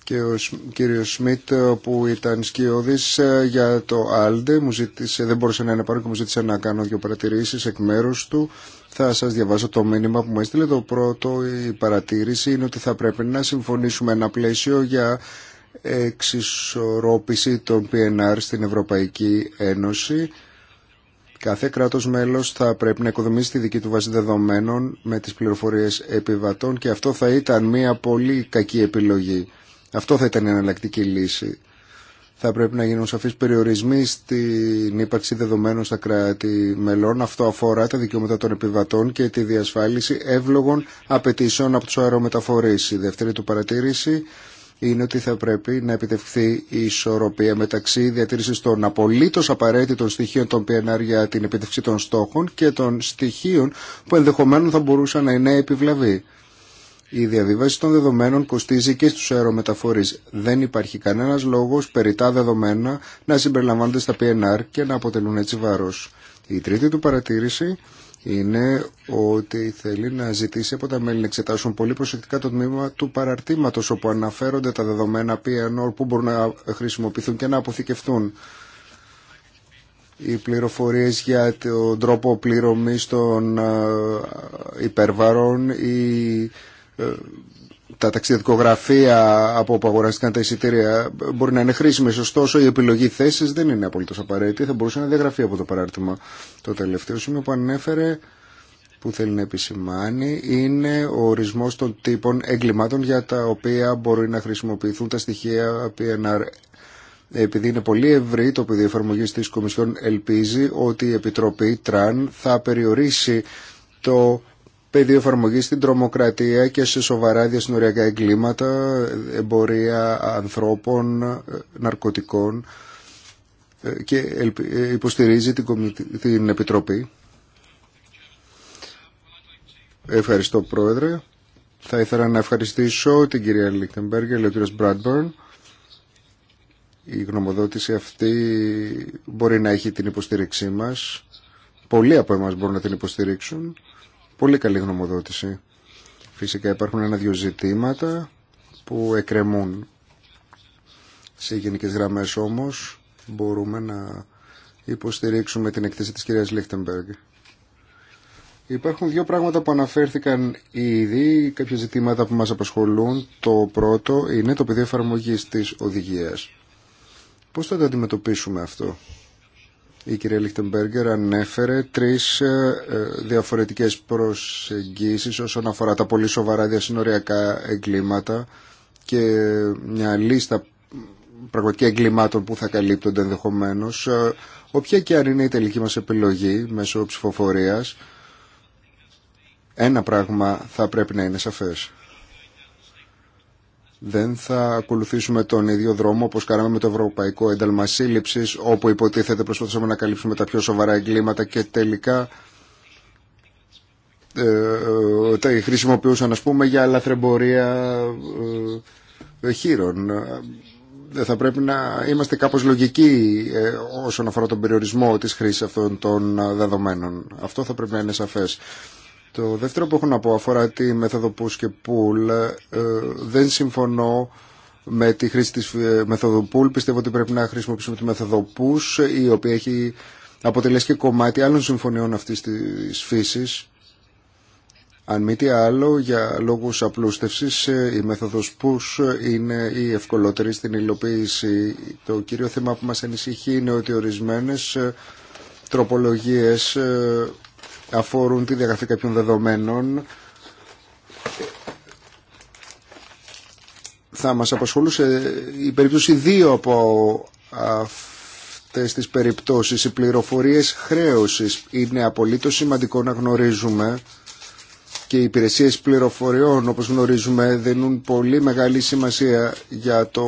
και ο κύριο Σμιτ που ήταν σκιώδης ε, για το Άλντε μου ζήτησε, δεν μπορούσε να είναι παρόν και μου ζήτησε να κάνω δύο παρατηρήσεις εκ μέρους του θα σας διαβάσω το μήνυμα που μου έστειλε το πρώτο η παρατήρηση είναι ότι θα πρέπει να συμφωνήσουμε ένα πλαίσιο για εξισορρόπηση των PNR στην Ευρωπαϊκή Ένωση Κάθε κράτος μέλος θα πρέπει να οικοδομήσει τη δική του βάση δεδομένων με τις πληροφορίες επιβατών και αυτό θα ήταν μια πολύ κακή επιλογή αυτό θα ήταν η εναλλακτική λύση. Θα πρέπει να γίνουν σαφεί περιορισμοί στην ύπαρξη δεδομένων στα κράτη μελών. Αυτό αφορά τα δικαιώματα των επιβατών και τη διασφάλιση εύλογων απαιτήσεων από του αερομεταφορές. Η δεύτερη του παρατήρηση είναι ότι θα πρέπει να επιτευχθεί η ισορροπία μεταξύ διατήρηση των απολύτω απαραίτητων στοιχείων των PNR για την επιτευχή των στόχων και των στοιχείων που ενδεχομένω θα μπορούσαν να είναι επιβλαβή. Η διαβίβαση των δεδομένων κοστίζει και στους αερομεταφορείς. Δεν υπάρχει κανένας λόγος περί τα δεδομένα να συμπεριλαμβάνονται στα PNR και να αποτελούν έτσι βάρος. Η τρίτη του παρατήρηση είναι ότι θέλει να ζητήσει από τα μέλη να εξετάσουν πολύ προσεκτικά το τμήμα του παραρτήματος όπου αναφέρονται τα δεδομένα PNR που μπορούν να χρησιμοποιηθούν και να αποθηκευτούν. Οι πληροφορίες για τον τρόπο πληρωμής των ε, υπερβαρών, ε, τα ταξιδικογραφία από όπου αγοράστηκαν τα εισιτήρια μπορεί να είναι χρήσιμε. Ωστόσο, η επιλογή θέση δεν είναι απολύτω απαραίτητη. Θα μπορούσε να διαγραφεί από το παράρτημα. Το τελευταίο σημείο που ανέφερε, που θέλει να επισημάνει, είναι ο ορισμό των τύπων εγκλημάτων για τα οποία μπορεί να χρησιμοποιηθούν τα στοιχεία PNR. Επειδή είναι πολύ ευρύ το πεδίο εφαρμογή τη Κομισιόν, ελπίζει ότι η Επιτροπή Τραν θα περιορίσει το πεδίο εφαρμογή στην τρομοκρατία και σε σοβαρά διασυνοριακά εγκλήματα, εμπορία ανθρώπων, ε, ναρκωτικών ε, και ε, υποστηρίζει την Επιτροπή. Ευχαριστώ Πρόεδρε. Θα ήθελα να ευχαριστήσω την κυρία Λίχτεμπεργκερ και ο κύριο Μπράντμπερν. Η γνωμοδότηση αυτή μπορεί να έχει την υποστήριξή μας. Πολλοί από εμάς μπορούν να την υποστηρίξουν. Πολύ καλή γνωμοδότηση. Φυσικά υπάρχουν ένα-δυο ζητήματα που εκκρεμούν. Σε γενικές γραμμές όμως μπορούμε να υποστηρίξουμε την εκθέση της κυρίας Λίχτεμπεργκ. Υπάρχουν δύο πράγματα που αναφέρθηκαν ήδη, κάποια ζητήματα που μας απασχολούν. Το πρώτο είναι το πεδίο εφαρμογή της οδηγίας. Πώς θα το αντιμετωπίσουμε αυτό η κυρία Λιχτεμπέργκερ ανέφερε τρεις ε, ε, διαφορετικές προσεγγίσεις όσον αφορά τα πολύ σοβαρά διασυνοριακά εγκλήματα και μια λίστα πραγματικά εγκλημάτων που θα καλύπτονται ενδεχομένω. Ε, όποια και αν είναι η τελική μας επιλογή μέσω ψηφοφορίας, ένα πράγμα θα πρέπει να είναι σαφές δεν θα ακολουθήσουμε τον ίδιο δρόμο όπω κάναμε με το Ευρωπαϊκό Ένταλμα όπου υποτίθεται προσπαθούσαμε να καλύψουμε τα πιο σοβαρά εγκλήματα και τελικά ε, ε τα χρησιμοποιούσαν α πούμε για λαθρεμπορία ε, χείρων. Ε, θα πρέπει να είμαστε κάπως λογικοί ε, όσον αφορά τον περιορισμό της χρήσης αυτών των δεδομένων. Αυτό θα πρέπει να είναι σαφές. Το δεύτερο που έχω να πω αφορά τη μέθοδο push και pull. Ε, δεν συμφωνώ με τη χρήση της ε, μέθοδο pull. Πιστεύω ότι πρέπει να χρησιμοποιήσουμε τη μέθοδο push, η οποία έχει αποτελέσει και κομμάτι άλλων συμφωνιών αυτής της φύσης. Αν μη τι άλλο, για λόγους απλούστευσης, ε, η μέθοδος push είναι η ευκολότερη στην υλοποίηση. Το κύριο θέμα που μας ανησυχεί είναι ότι ορισμένες τροπολογίες αφορούν τη διαγραφή κάποιων δεδομένων θα μας απασχολούσε η περίπτωση δύο από αυτές τις περιπτώσεις οι πληροφορίες χρέωσης είναι απολύτως σημαντικό να γνωρίζουμε και οι υπηρεσίες πληροφοριών όπως γνωρίζουμε δίνουν πολύ μεγάλη σημασία για το,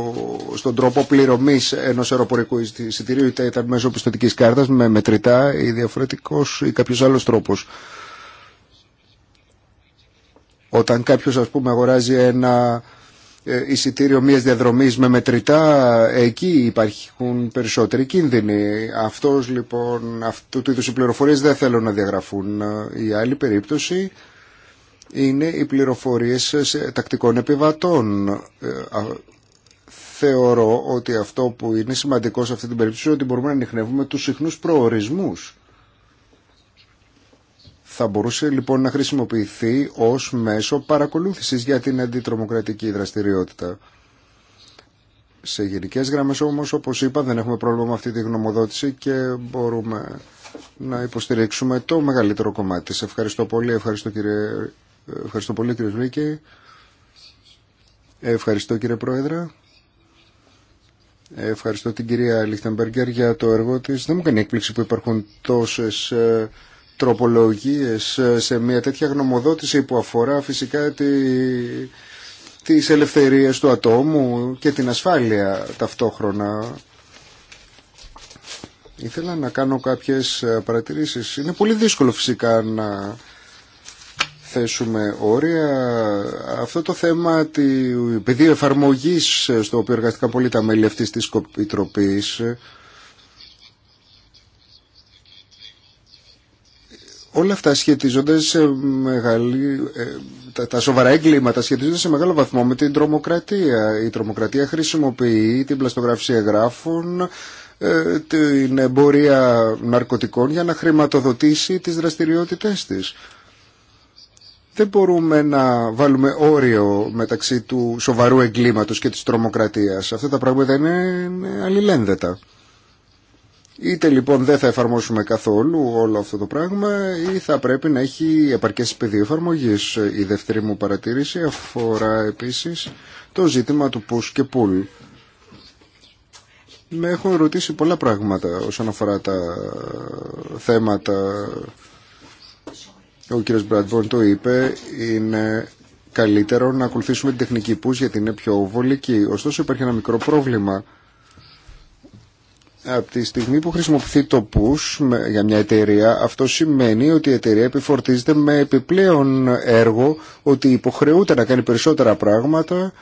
στον τρόπο πληρωμής ενός αεροπορικού εισιτηρίου είτε ήταν μέσω πιστοτικής κάρτας με μετρητά ή διαφορετικός ή κάποιος άλλος τρόπος. Όταν κάποιος ας πούμε αγοράζει ένα ε, εισιτήριο μιας διαδρομής με μετρητά, εκεί υπάρχουν περισσότεροι κίνδυνοι. Αυτός λοιπόν, αυτού του είδους οι πληροφορίες δεν θέλουν να διαγραφούν. Η άλλη περίπτωση είναι οι πληροφορίες τακτικών επιβατών. Ε, θεωρώ ότι αυτό που είναι σημαντικό σε αυτή την περίπτωση είναι ότι μπορούμε να ανοιχνεύουμε τους συχνούς προορισμούς. Θα μπορούσε λοιπόν να χρησιμοποιηθεί ως μέσο παρακολούθησης για την αντιτρομοκρατική δραστηριότητα. Σε γενικέ γραμμέ όμω, όπω είπα, δεν έχουμε πρόβλημα με αυτή τη γνωμοδότηση και μπορούμε να υποστηρίξουμε το μεγαλύτερο κομμάτι. Σε ευχαριστώ πολύ. Ευχαριστώ κύριε Ευχαριστώ πολύ κύριε Σβίκη. Ευχαριστώ κύριε Πρόεδρε. Ευχαριστώ την κυρία Λιχτεμπεργκέρ για το έργο της. Δεν μου κάνει έκπληξη που υπάρχουν τόσες ε, τροπολογίες ε, σε μια τέτοια γνωμοδότηση που αφορά φυσικά τη, τις ελευθερίες του ατόμου και την ασφάλεια ταυτόχρονα. Ήθελα να κάνω κάποιες ε, παρατηρήσεις. Είναι πολύ δύσκολο φυσικά να θέσουμε όρια. Αυτό το θέμα τη πεδίου εφαρμογή στο οποίο εργαστήκαν πολύ τα μέλη αυτή τη Επιτροπή. Όλα αυτά σχετίζονται σε μεγάλη, ε, τα, τα σοβαρά εγκλήματα σχετίζονται σε μεγάλο βαθμό με την τρομοκρατία. Η τρομοκρατία χρησιμοποιεί την πλαστογράφηση εγγράφων, ε, την εμπορία ναρκωτικών για να χρηματοδοτήσει τις δραστηριότητές της δεν μπορούμε να βάλουμε όριο μεταξύ του σοβαρού εγκλήματος και της τρομοκρατίας. Αυτά τα πράγματα είναι αλληλένδετα. Είτε λοιπόν δεν θα εφαρμόσουμε καθόλου όλο αυτό το πράγμα ή θα πρέπει να έχει επαρκές πεδίο εφαρμογή. Η δεύτερη μου παρατήρηση αφορά επίσης το ζήτημα του push και pull. Με έχουν ρωτήσει πολλά πράγματα όσον αφορά τα θέματα ο κ. Μπραντβόν το είπε, είναι καλύτερο να ακολουθήσουμε την τεχνική πούς γιατί είναι πιο βολική. Ωστόσο υπάρχει ένα μικρό πρόβλημα. Από τη στιγμή που χρησιμοποιεί το push για μια εταιρεία, αυτό σημαίνει ότι η εταιρεία επιφορτίζεται με επιπλέον έργο, ότι υποχρεούται να κάνει περισσότερα πράγματα,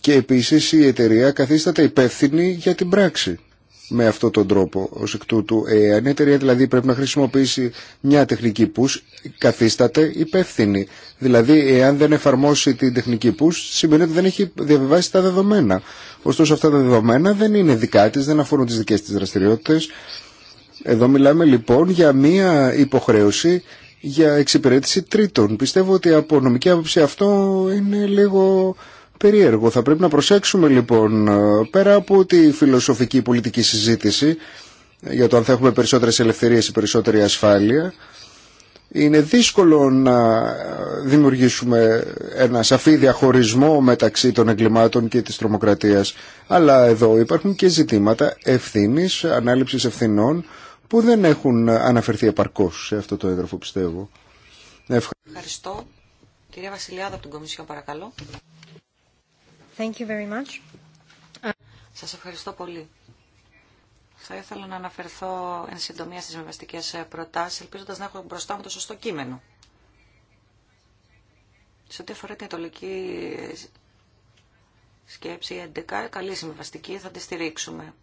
και επίσης η εταιρεία καθίσταται υπεύθυνη για την πράξη με αυτόν τον τρόπο ω εκ τούτου. Εάν η εταιρεία δηλαδή πρέπει να χρησιμοποιήσει μια τεχνική push, καθίσταται υπεύθυνη. Δηλαδή, εάν δεν εφαρμόσει την τεχνική push, σημαίνει ότι δεν έχει διαβιβάσει τα δεδομένα. Ωστόσο, αυτά τα δεδομένα δεν είναι δικά τη, δεν αφορούν τι δικέ τη δραστηριότητε. Εδώ μιλάμε λοιπόν για μια υποχρέωση για εξυπηρέτηση τρίτων. Πιστεύω ότι από νομική άποψη αυτό είναι λίγο περίεργο. Θα πρέπει να προσέξουμε λοιπόν πέρα από τη φιλοσοφική πολιτική συζήτηση για το αν θα έχουμε περισσότερες ελευθερίες ή περισσότερη ασφάλεια είναι δύσκολο να δημιουργήσουμε ένα σαφή διαχωρισμό μεταξύ των εγκλημάτων και της τρομοκρατίας. Αλλά εδώ υπάρχουν και ζητήματα ευθύνης, ανάληψης ευθυνών που δεν έχουν αναφερθεί επαρκώς σε αυτό το έγγραφο πιστεύω. Ευχαριστώ. Κυρία Βασιλιάδα από την Κομισιόν παρακαλώ. Thank Σας ευχαριστώ πολύ. Θα ήθελα να αναφερθώ εν συντομία στις μεμβαστικές ε, προτάσεις, ελπίζοντας να έχω μπροστά μου το σωστό κείμενο. Σε ό,τι αφορά την ατολική σκέψη 11, καλή συμβαστική, θα τη στηρίξουμε.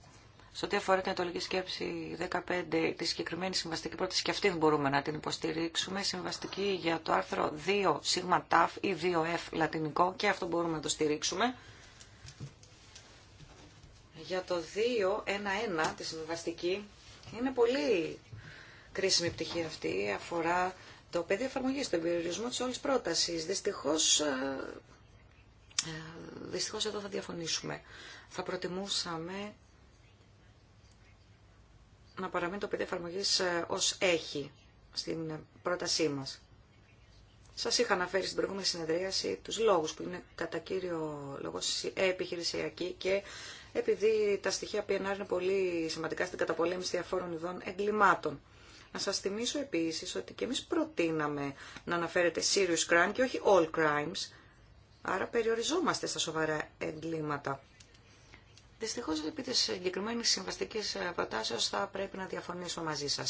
Σε ό,τι αφορά την ατολική Σκέψη 15, τη συγκεκριμένη συμβαστική πρόταση, και αυτή μπορούμε να την υποστηρίξουμε. Συμβαστική για το άρθρο 2 σίγμα ταφ ή 2F λατινικό και αυτό μπορούμε να το στηρίξουμε. Για το 2-1-1 τη συμβαστική είναι πολύ κρίσιμη πτυχή αυτή. Αφορά το πεδίο εφαρμογή, τον περιορισμό τη όλη πρόταση. Δυστυχώ. Ε, ε, δυστυχώς εδώ θα διαφωνήσουμε. Θα προτιμούσαμε να παραμείνει το πεδίο εφαρμογή ε, ως έχει στην πρότασή μα. Σας είχα αναφέρει στην προηγούμενη συνεδρίαση του λόγους που είναι κατά κύριο λόγο ε, επιχειρησιακοί και επειδή τα στοιχεία PNR είναι πολύ σημαντικά στην καταπολέμηση διαφόρων ειδών εγκλημάτων. Να σας θυμίσω επίσης ότι και εμείς προτείναμε να αναφέρετε serious crime και όχι all crimes, άρα περιοριζόμαστε στα σοβαρά εγκλήματα. Δυστυχώ επί τη συγκεκριμένη συμβαστική ε, προτάσεω θα πρέπει να διαφωνήσω μαζί σα.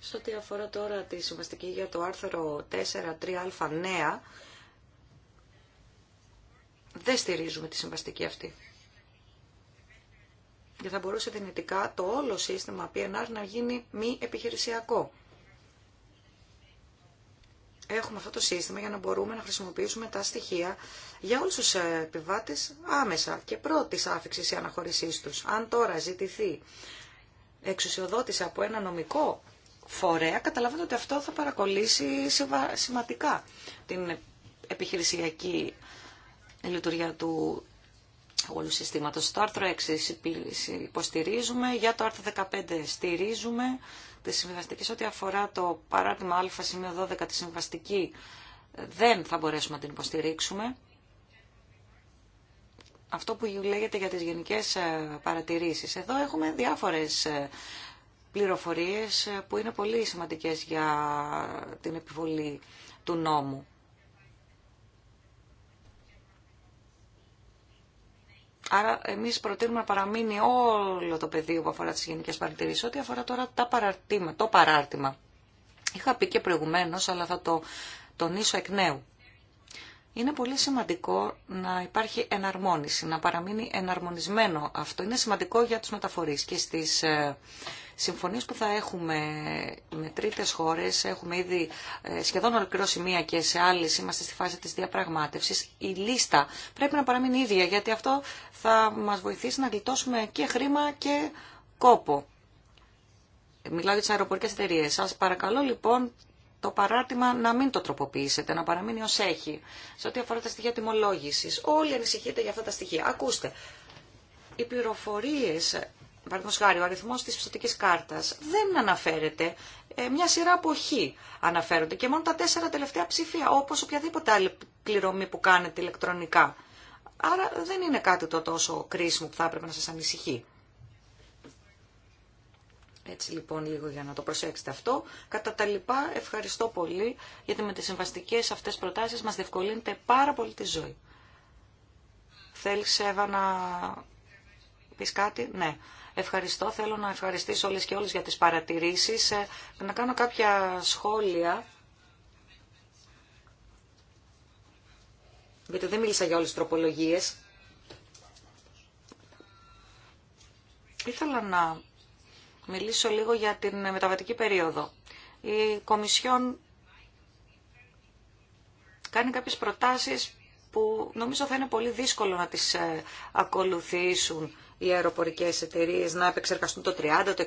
Σε ό,τι αφορά τώρα τη συμβαστική για το άρθρο 4.3α νέα, δεν στηρίζουμε τη συμβαστική αυτή. Γιατί θα μπορούσε δυνητικά το όλο σύστημα PNR να γίνει μη επιχειρησιακό έχουμε αυτό το σύστημα για να μπορούμε να χρησιμοποιήσουμε τα στοιχεία για όλους τους ε, επιβάτες άμεσα και πρώτης άφηξης ή αναχωρησής τους. Αν τώρα ζητηθεί εξουσιοδότηση από ένα νομικό φορέα, καταλαβαίνετε ότι αυτό θα παρακολύσει σημαντικά την επιχειρησιακή λειτουργία του όλου συστήματος. Το άρθρο 6 υποστηρίζουμε, για το άρθρο 15 στηρίζουμε τις συμβαστική ό,τι αφορά το παράδειγμα α σημείο 12 τη συμβαστική δεν θα μπορέσουμε να την υποστηρίξουμε. Αυτό που λέγεται για τις γενικές ε, παρατηρήσεις. Εδώ έχουμε διάφορες ε, πληροφορίες ε, που είναι πολύ σημαντικές για την επιβολή του νόμου. Άρα εμείς προτείνουμε να παραμείνει όλο το πεδίο που αφορά τις γενικές παρατηρήσεις, ό,τι αφορά τώρα τα παραρτήμα, το παράρτημα. Είχα πει και προηγουμένως, αλλά θα το τονίσω εκ νέου. Είναι πολύ σημαντικό να υπάρχει εναρμόνιση, να παραμείνει εναρμονισμένο αυτό. Είναι σημαντικό για τους μεταφορείς και στις ε, συμφωνίες που θα έχουμε με τρίτες χώρες, έχουμε ήδη ε, σχεδόν ολοκληρώσει σημεία και σε άλλες είμαστε στη φάση της διαπραγμάτευσης, η λίστα πρέπει να παραμείνει ίδια γιατί αυτό θα μας βοηθήσει να γλιτώσουμε και χρήμα και κόπο. Μιλάω για τι αεροπορικέ εταιρείε. Σα παρακαλώ λοιπόν το παράρτημα να μην το τροποποιήσετε, να παραμείνει ως έχει. Σε ό,τι αφορά τα στοιχεία τιμολόγησης, όλοι ανησυχείτε για αυτά τα στοιχεία. Ακούστε, οι πληροφορίες, παραδείγματος χάρη, ο αριθμός της πιστοτικής κάρτας δεν αναφέρεται, ε, μια σειρά από χ αναφέρονται και μόνο τα τέσσερα τελευταία ψηφία, όπως οποιαδήποτε άλλη πληρωμή που κάνετε ηλεκτρονικά. Άρα δεν είναι κάτι το τόσο κρίσιμο που θα έπρεπε να σας ανησυχεί. Έτσι λοιπόν λίγο για να το προσέξετε αυτό. Κατά τα λοιπά ευχαριστώ πολύ γιατί με τις συμβαστικές αυτές προτάσεις μας διευκολύνεται πάρα πολύ τη ζωή. Θέλεις Εύα να πεις κάτι. Ναι. Ευχαριστώ. Θέλω να ευχαριστήσω όλες και όλες για τις παρατηρήσεις. Ε, να κάνω κάποια σχόλια. Γιατί δεν μίλησα για όλες τις τροπολογίες. Ήθελα να μιλήσω λίγο για την μεταβατική περίοδο. Η Κομισιόν κάνει κάποιες προτάσεις που νομίζω θα είναι πολύ δύσκολο να τις ε, ακολουθήσουν οι αεροπορικές εταιρείες, να επεξεργαστούν το 30, το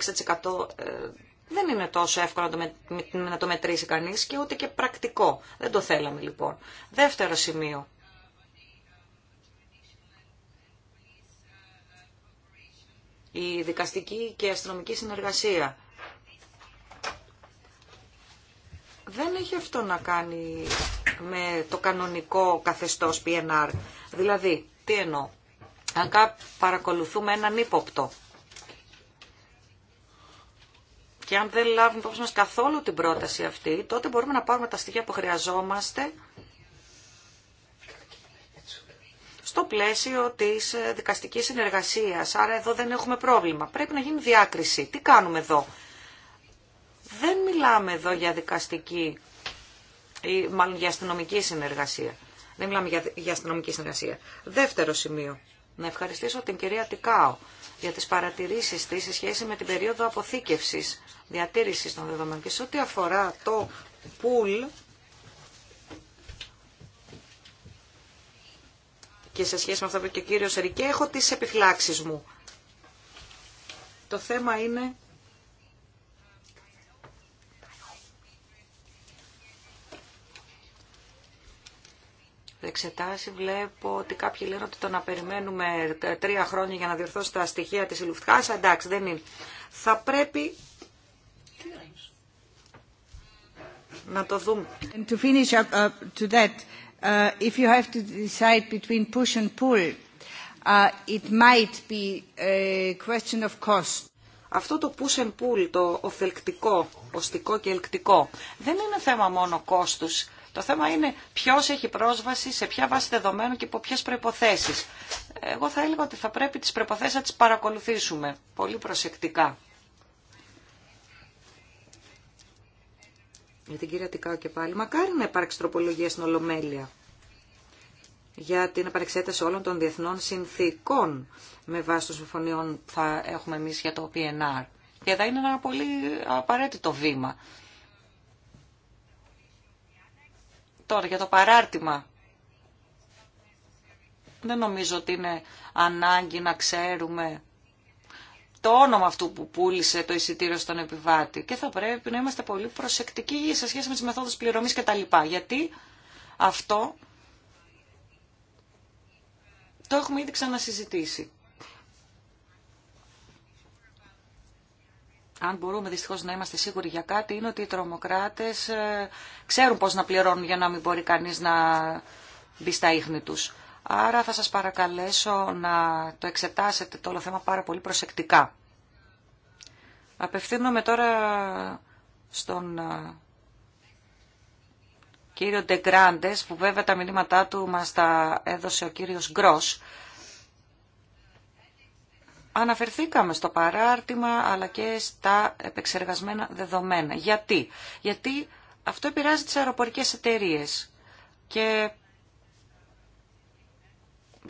60%. Ε, δεν είναι τόσο εύκολο να το μετρήσει κανείς και ούτε και πρακτικό. Δεν το θέλαμε λοιπόν. Δεύτερο σημείο η δικαστική και η αστυνομική συνεργασία. Δεν έχει αυτό να κάνει με το κανονικό καθεστώς PNR. Δηλαδή, τι εννοώ. Αν παρακολουθούμε έναν ύποπτο και αν δεν λάβουμε υπόψη μας καθόλου την πρόταση αυτή, τότε μπορούμε να πάρουμε τα στοιχεία που χρειαζόμαστε στο πλαίσιο της ε, δικαστικής συνεργασίας. Άρα εδώ δεν έχουμε πρόβλημα. Πρέπει να γίνει διάκριση. Τι κάνουμε εδώ. Δεν μιλάμε εδώ για δικαστική ή μάλλον για αστυνομική συνεργασία. Δεν μιλάμε για, για αστυνομική συνεργασία. Δεύτερο σημείο. Να ευχαριστήσω την κυρία Τικάο για τις παρατηρήσεις της σε σχέση με την περίοδο αποθήκευσης, διατήρησης των δεδομένων και σε ό,τι αφορά το pool και σε σχέση με αυτό που είπε και ο κύριος Ερικέ, έχω τις επιφυλάξει μου. Το θέμα είναι εξετάσει βλέπω ότι κάποιοι λένε ότι το να περιμένουμε τρία χρόνια για να διορθώσει τα στοιχεία της Λουφτχάς, εντάξει δεν είναι. Θα πρέπει να το δούμε. Uh, if you have to decide between push and pull, uh, it might be a question of Αυτό το push and pull, το οθελκτικό, οστικό και ελκτικό, δεν είναι θέμα μόνο κόστους. Το θέμα είναι ποιος έχει πρόσβαση, σε ποια βάση δεδομένων και υπό ποιες προϋποθέσεις. Εγώ θα έλεγα ότι θα πρέπει τις προϋποθέσεις να τι παρακολουθήσουμε πολύ προσεκτικά. για την κυρία Τικάου και πάλι, μακάρι να υπάρξει τροπολογία στην Ολομέλεια για την επανεξέταση όλων των διεθνών συνθήκων με βάση των συμφωνιών που θα έχουμε εμείς για το PNR. Και θα είναι ένα πολύ απαραίτητο βήμα. Τώρα για το παράρτημα. Δεν νομίζω ότι είναι ανάγκη να ξέρουμε το όνομα αυτού που πούλησε το εισιτήριο στον επιβάτη και θα πρέπει να είμαστε πολύ προσεκτικοί σε σχέση με τις μεθόδους πληρωμής λοιπά. Γιατί αυτό το έχουμε ήδη ξανασυζητήσει. αν μπορούμε δυστυχώ να είμαστε σίγουροι για κάτι, είναι ότι οι τρομοκράτε ε, ξέρουν πώ να πληρώνουν για να μην μπορεί κανεί να μπει στα ίχνη του. Άρα θα σας παρακαλέσω να το εξετάσετε το όλο θέμα πάρα πολύ προσεκτικά. Απευθύνομαι τώρα στον ε, κύριο Ντεγκράντες, που βέβαια τα μηνύματά του μας τα έδωσε ο κύριος Γκρός. Αναφερθήκαμε στο παράρτημα αλλά και στα επεξεργασμένα δεδομένα. Γιατί? Γιατί αυτό επηρεάζει τις αεροπορικές εταιρείες και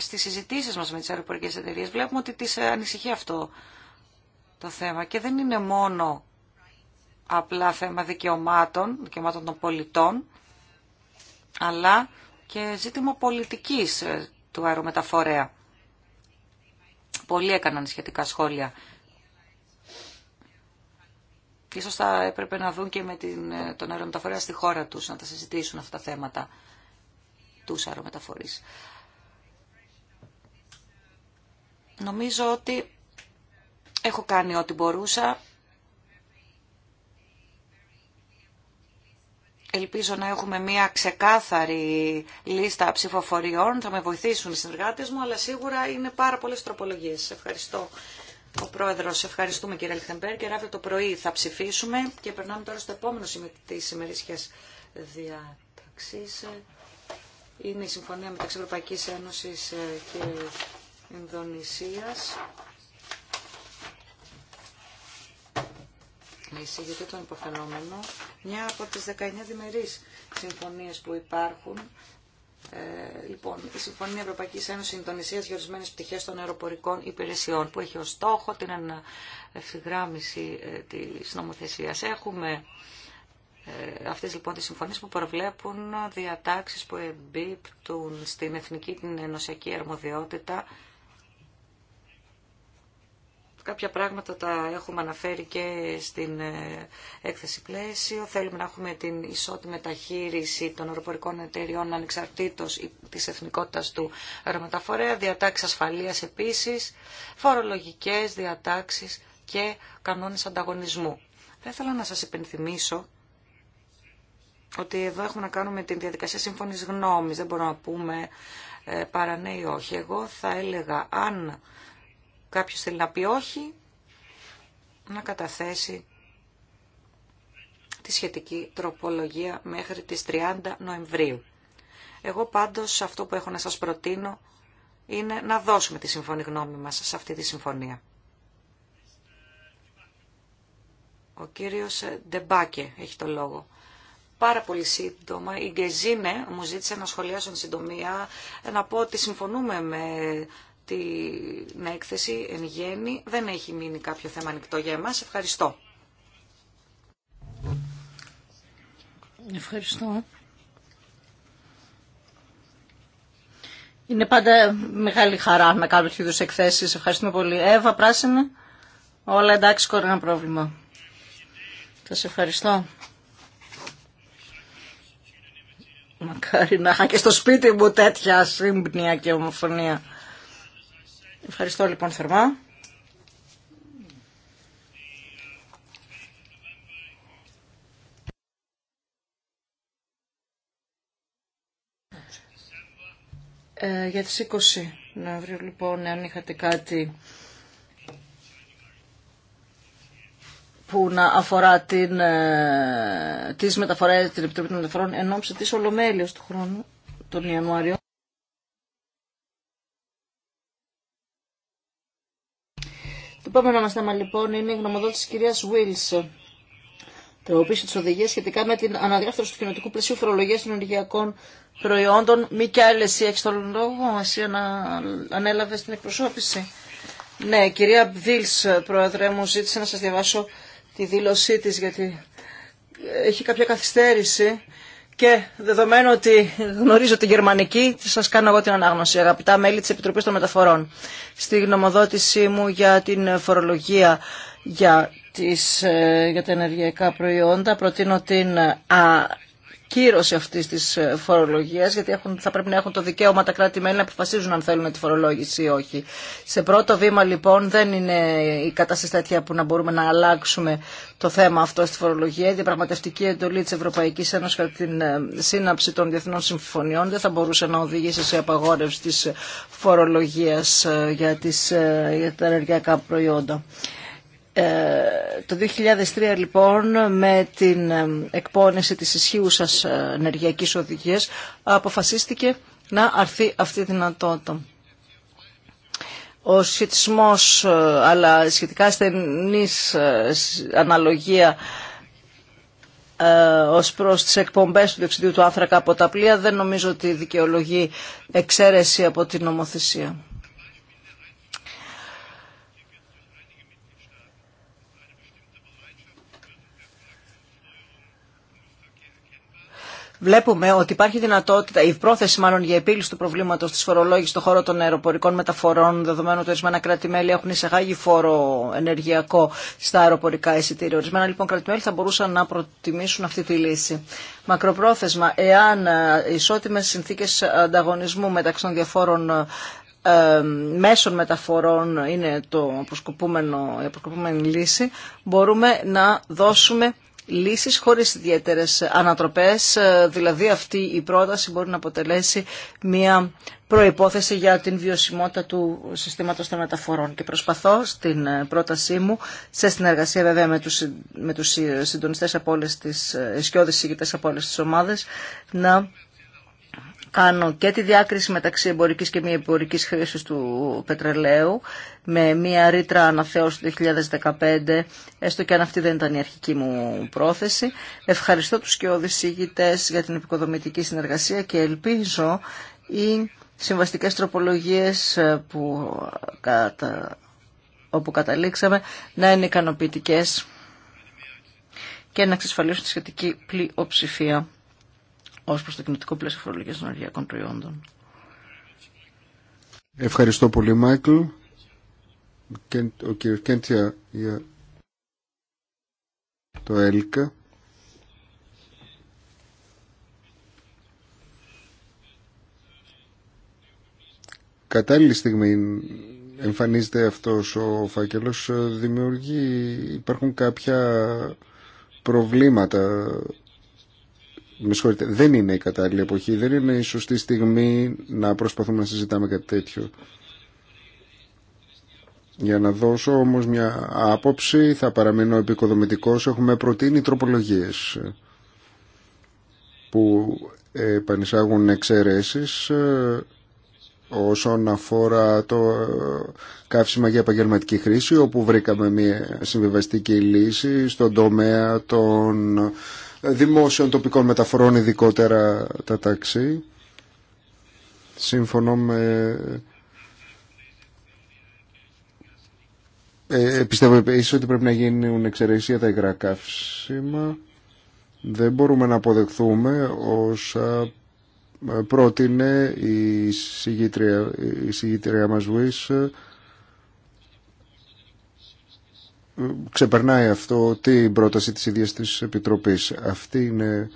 Στι συζητήσει μας με τις αεροπορικέ εταιρείε, βλέπουμε ότι τι ε, ανησυχεί αυτό το θέμα και δεν είναι μόνο απλά θέμα δικαιωμάτων, δικαιωμάτων των πολιτών, αλλά και ζήτημα πολιτικής ε, του αερομεταφορέα. Πολλοί έκαναν σχετικά σχόλια. Ίσως θα έπρεπε να δουν και με την, ε, τον αερομεταφορέα στη χώρα τους, να τα συζητήσουν αυτά τα θέματα του αερομεταφορείς. Νομίζω ότι έχω κάνει ό,τι μπορούσα. Ελπίζω να έχουμε μια ξεκάθαρη λίστα ψηφοφοριών. Θα με βοηθήσουν οι συνεργάτες μου, αλλά σίγουρα είναι πάρα πολλές τροπολογίες. Ευχαριστώ. Ο πρόεδρος, ευχαριστούμε κύριε Και Αύριο το πρωί θα ψηφίσουμε και περνάμε τώρα στο επόμενο σημείο της ημερήσιας διάταξης. Είναι η συμφωνία μεταξύ Ευρωπαϊκής Ένωσης ε, και Ινδονησίας. εισηγητή τον υποφαινόμενο, μια από τις 19 διμερείς συμφωνίες που υπάρχουν. Ε, λοιπόν, η Συμφωνία Ευρωπαϊκή Ένωση Ινδονησία για ορισμένε πτυχέ των αεροπορικών υπηρεσιών που έχει ω στόχο την ευθυγράμμιση ε, τη νομοθεσία. Έχουμε ε, αυτέ λοιπόν τι συμφωνίε που προβλέπουν διατάξει που εμπίπτουν στην εθνική την ενωσιακή αρμοδιότητα Κάποια πράγματα τα έχουμε αναφέρει και στην ε, έκθεση πλαίσιο. Θέλουμε να έχουμε την ισότιμη μεταχείριση των αεροπορικών εταιριών ανεξαρτήτως της εθνικότητας του αερομεταφορέα, διατάξεις ασφαλείας επίσης, φορολογικές διατάξεις και κανόνες ανταγωνισμού. Θα ήθελα να σας υπενθυμίσω ότι εδώ έχουμε να κάνουμε την διαδικασία σύμφωνης γνώμης. Δεν μπορούμε να πούμε ε, παρά ναι όχι. Εγώ θα έλεγα αν κάποιος θέλει να πει όχι, να καταθέσει τη σχετική τροπολογία μέχρι τις 30 Νοεμβρίου. Εγώ πάντως αυτό που έχω να σας προτείνω είναι να δώσουμε τη συμφωνή γνώμη μας σε αυτή τη συμφωνία. Ο κύριος Ντεμπάκε έχει το λόγο. Πάρα πολύ σύντομα. Η Γκεζίνε μου ζήτησε να σχολιάσω την συντομία να πω ότι συμφωνούμε με την έκθεση εν γέννη. Δεν έχει μείνει κάποιο θέμα ανοιχτό για εμάς. Ευχαριστώ. Ευχαριστώ. Είναι πάντα μεγάλη χαρά με κάνω εκθέσεις. εκθέσει. Ευχαριστούμε πολύ. Εύα, πράσινα. Όλα εντάξει, κορίνα πρόβλημα. Σα ευχαριστώ. Μακάρι να είχα και στο σπίτι μου τέτοια σύμπνοια και ομοφωνία. Ευχαριστώ λοιπόν θερμά. Ε, για τις 20 Νοεμβρίου λοιπόν, αν είχατε κάτι που να αφορά την, ε, τις μεταφορές, την Επιτροπή των Μεταφορών εν ψητής της του χρόνου, τον Ιανουάριο. Το επόμενο μας θέμα λοιπόν είναι η γνωμοδότηση της κυρίας Wills. Τροποποίηση τη οδηγία σχετικά με την αναδιάρθρωση του κοινοτικού πλαισίου φορολογία των ενεργειακών προϊόντων. άλλε, εσύ έχει τον λόγο, εσύ ανέλαβε την εκπροσώπηση. Ναι, κυρία Βίλ, πρόεδρε, μου ζήτησε να σα διαβάσω τη δήλωσή τη, γιατί έχει κάποια καθυστέρηση και δεδομένου ότι γνωρίζω τη γερμανική, σας κάνω εγώ την ανάγνωση, αγαπητά μέλη της Επιτροπής των Μεταφορών. Στη γνωμοδότησή μου για την φορολογία για, τις, ε, για τα ενεργειακά προϊόντα προτείνω την α, κύρωση αυτή τη ε, φορολογία, γιατί έχουν, θα πρέπει να έχουν το δικαίωμα τα κράτη-μέλη να αποφασίζουν αν θέλουν τη φορολόγηση ή όχι. Σε πρώτο βήμα, λοιπόν, δεν είναι η κατάσταση τέτοια που να μπορούμε να αλλάξουμε το θέμα αυτό στη φορολογία. Η διαπραγματευτική εντολή τη Ευρωπαϊκή Ένωση κατά την ε, σύναψη των διεθνών συμφωνιών δεν θα μπορούσε να οδηγήσει σε απαγόρευση τη φορολογία ε, για, για τα ενεργειακά προϊόντα. Ε, το 2003 λοιπόν με την ε, εκπόνηση της ισχύουσας ε, ενεργειακής οδηγίας αποφασίστηκε να αρθεί αυτή η δυνατότητα. Ο σχετισμός αλλά σχετικά στενής αναλογία ως προς τις εκπομπές του διοξιδίου του άνθρακα από τα πλοία δεν νομίζω ότι δικαιολογεί εξαίρεση από την νομοθεσία. βλέπουμε ότι υπάρχει δυνατότητα, η πρόθεση μάλλον για επίλυση του προβλήματο τη φορολόγηση στον χώρο των αεροπορικών μεταφορών, δεδομένου ότι ορισμένα κράτη-μέλη έχουν εισαγάγει φόρο ενεργειακό στα αεροπορικά εισιτήρια. Ορισμένα λοιπόν κράτη-μέλη θα μπορούσαν να προτιμήσουν αυτή τη λύση. Μακροπρόθεσμα, εάν ε, ισότιμε συνθήκε ανταγωνισμού μεταξύ των διαφόρων ε, μέσων μεταφορών είναι το αποσκοπούμενο, η αποσκοπούμενη λύση, μπορούμε να δώσουμε λύσεις χωρίς ιδιαίτερες ανατροπές, ε, δηλαδή αυτή η πρόταση μπορεί να αποτελέσει μια προϋπόθεση για την βιωσιμότητα του συστήματος των μεταφορών. Και προσπαθώ στην ε, πρότασή μου, σε συνεργασία βέβαια με τους, με τους συντονιστές από όλες τις, ε, από όλες τις ομάδες, να κάνω και τη διάκριση μεταξύ εμπορικής και μη εμπορικής χρήσης του πετρελαίου με μια ρήτρα αναθέωση του 2015, έστω και αν αυτή δεν ήταν η αρχική μου πρόθεση. Ευχαριστώ τους και οδησίγητες για την επικοδομητική συνεργασία και ελπίζω οι συμβαστικές τροπολογίες ε, που όπου καταλήξαμε να είναι ικανοποιητικέ και να εξασφαλίσουν τη σχετική πλειοψηφία. Ω προ το κοινωτικό πλαίσιο φορολογία των ενεργειακών προϊόντων. Ευχαριστώ πολύ Μάικλ. Ο κ. Κέντια για το ΕΛΚΑ. Κατάλληλη στιγμή εμφανίζεται αυτός ο φάκελος, δημιουργεί, υπάρχουν κάποια προβλήματα με δεν είναι η κατάλληλη εποχή, δεν είναι η σωστή στιγμή να προσπαθούμε να συζητάμε κάτι τέτοιο. Για να δώσω όμως μια άποψη, θα παραμείνω επικοδομητικός, έχουμε προτείνει τροπολογίες που επανεισάγουν εξαιρέσεις ε, όσον αφορά το ε, καύσιμα για επαγγελματική χρήση, όπου βρήκαμε μια συμβιβαστική λύση στον τομέα των δημόσιων τοπικών μεταφορών, ειδικότερα τα ταξί. Σύμφωνο με... Ε, πιστεύω επίσης ότι πρέπει να γίνουν εξαιρεσία τα υγρά καύσιμα. Δεν μπορούμε να αποδεχθούμε όσα πρότεινε η συγγήτρια, η συγγήτρια μας Βουίσσα ξεπερνάει αυτό την πρόταση της ίδιας της Επιτροπής. Αυτή είναι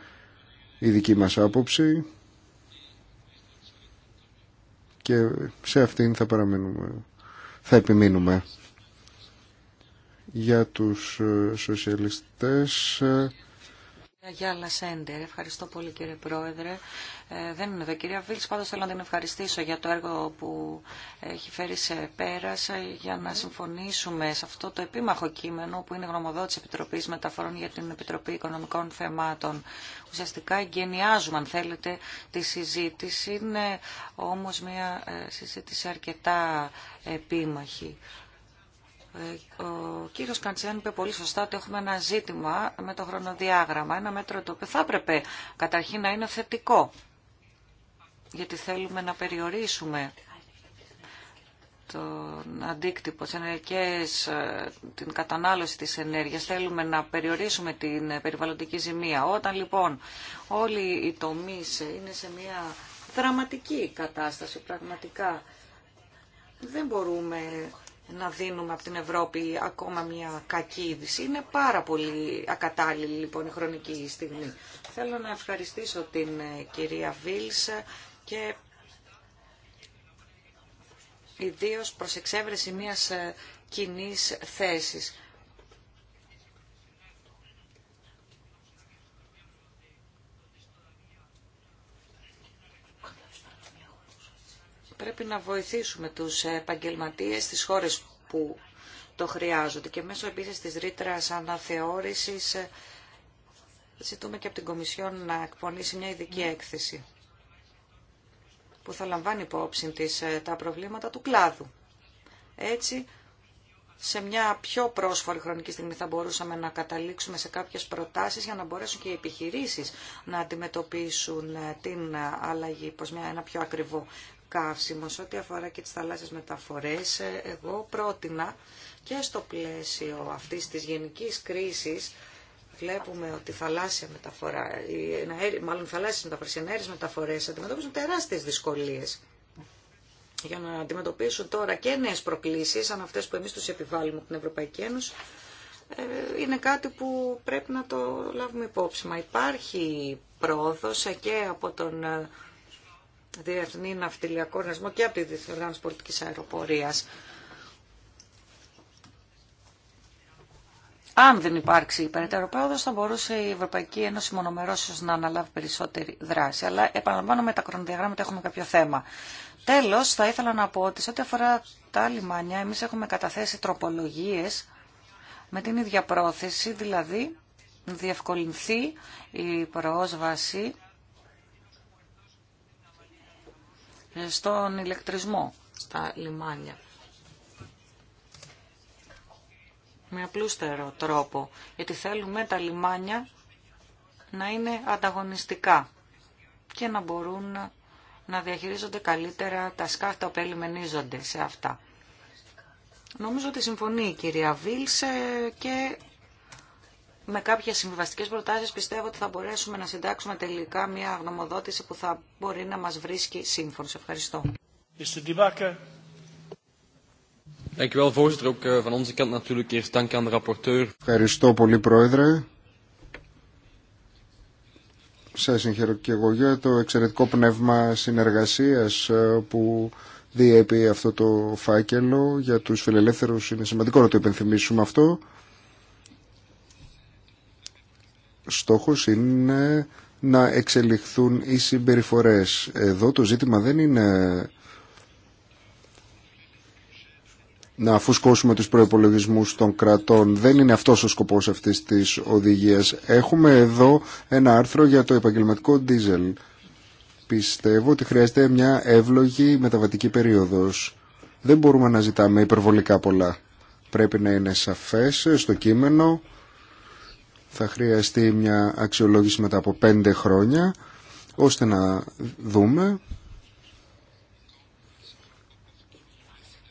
η δική μας άποψη και σε αυτήν θα παραμείνουμε, θα επιμείνουμε. Για τους ε, σοσιαλιστές ε, Γιάλα Σέντερ, ευχαριστώ πολύ κύριε Πρόεδρε. Ε, δεν είναι εδώ κυρία Βίλς, πάντως θέλω να την ευχαριστήσω για το έργο που έχει φέρει σε πέρασα για να συμφωνήσουμε σε αυτό το επίμαχο κείμενο που είναι γνωμοδότης Επιτροπής Μεταφορών για την Επιτροπή Οικονομικών Θεμάτων. Ουσιαστικά εγγενιάζουμε, αν θέλετε τη συζήτηση, είναι όμως μια ε, συζήτηση αρκετά επίμαχη. Ε, ο κύριος Καντσιάν είπε πολύ σωστά ότι έχουμε ένα ζήτημα με το χρονοδιάγραμμα, ένα μέτρο το οποίο θα έπρεπε καταρχήν να είναι θετικό, γιατί θέλουμε να περιορίσουμε τον αντίκτυπο, της ε, την κατανάλωση της ενέργειας. Θέλουμε να περιορίσουμε την περιβαλλοντική ζημία. Όταν λοιπόν όλοι οι τομείς είναι σε μια δραματική κατάσταση, πραγματικά δεν μπορούμε να δίνουμε από την Ευρώπη ακόμα μια κακή είδηση. Είναι πάρα πολύ ακατάλληλη λοιπόν η χρονική στιγμή. Θέλω να ευχαριστήσω την ε, κυρία Βίλς και ιδίως προς εξέβρεση μιας ε, κοινής θέσης. Πρέπει να βοηθήσουμε τους επαγγελματίες στις χώρες που το χρειάζονται και μέσω επίσης της ρήτρας αναθεώρησης ε, ζητούμε και από την Κομισιόν να εκπονήσει μια ειδική ναι. έκθεση που θα λαμβάνει υπόψη της ε, τα προβλήματα του κλάδου. Έτσι, σε μια πιο πρόσφορη χρονική στιγμή θα μπορούσαμε να καταλήξουμε σε κάποιες προτάσεις για να μπορέσουν και οι επιχειρήσεις να αντιμετωπίσουν ε, την αλλαγή προς ένα πιο ακριβό καύσιμο. Σε ό,τι αφορά και τις θαλάσσιες μεταφορές, ε, εγώ πρότεινα και στο πλαίσιο αυτής της γενικής κρίσης βλέπουμε ότι θαλάσσια μεταφορά, η, μάλλον θαλάσσιες μεταφορές, οι εναέρειες μεταφορές αντιμετωπίζουν τεράστιες δυσκολίες για να αντιμετωπίσουν τώρα και νέες προκλήσεις, σαν αυτές που εμείς τους επιβάλλουμε από την Ευρωπαϊκή Ένωση, ε, είναι κάτι που πρέπει να το λάβουμε υπόψη. Μα υπάρχει πρόοδος και από τον ε, Διεθνή Ναυτιλιακό Οργανισμό και από τη Διεθνή Οργάνωση Πολιτικής Αεροπορίας. Αν δεν υπάρξει περαιτέρω πρόοδο, θα μπορούσε η Ευρωπαϊκή Ένωση μονομερό να αναλάβει περισσότερη δράση. Αλλά επαναλαμβάνω με τα χρονοδιαγράμματα έχουμε κάποιο θέμα. Τέλο, θα ήθελα να πω ότι σε ό,τι αφορά τα λιμάνια, εμεί έχουμε καταθέσει τροπολογίε με την ίδια πρόθεση, δηλαδή διευκολυνθεί η πρόσβαση στον ηλεκτρισμό στα λιμάνια. Με απλούστερο τρόπο, γιατί θέλουμε τα λιμάνια να είναι ανταγωνιστικά και να μπορούν να διαχειρίζονται καλύτερα τα σκάφτα που ελιμενίζονται σε αυτά. Νομίζω ότι συμφωνεί η κυρία Βίλσε και με κάποιε συμβιβαστικέ προτάσει πιστεύω ότι θα μπορέσουμε να συντάξουμε τελικά μια γνωμοδότηση που θα μπορεί να μα βρίσκει σύμφωνο. Ευχαριστώ. Ευχαριστώ πολύ Πρόεδρε. Σα συγχαίρω και εγώ για το εξαιρετικό πνεύμα συνεργασία ε, που διέπει αυτό το φάκελο για τους φιλελεύθερους. Είναι σημαντικό να το υπενθυμίσουμε αυτό. στόχος είναι να εξελιχθούν οι συμπεριφορές. Εδώ το ζήτημα δεν είναι να αφουσκώσουμε τους προϋπολογισμούς των κρατών. Δεν είναι αυτός ο σκοπός αυτής της οδηγίας. Έχουμε εδώ ένα άρθρο για το επαγγελματικό ντίζελ. Πιστεύω ότι χρειάζεται μια εύλογη μεταβατική περίοδος. Δεν μπορούμε να ζητάμε υπερβολικά πολλά. Πρέπει να είναι σαφές στο κείμενο θα χρειαστεί μια αξιολόγηση μετά από πέντε χρόνια ώστε να δούμε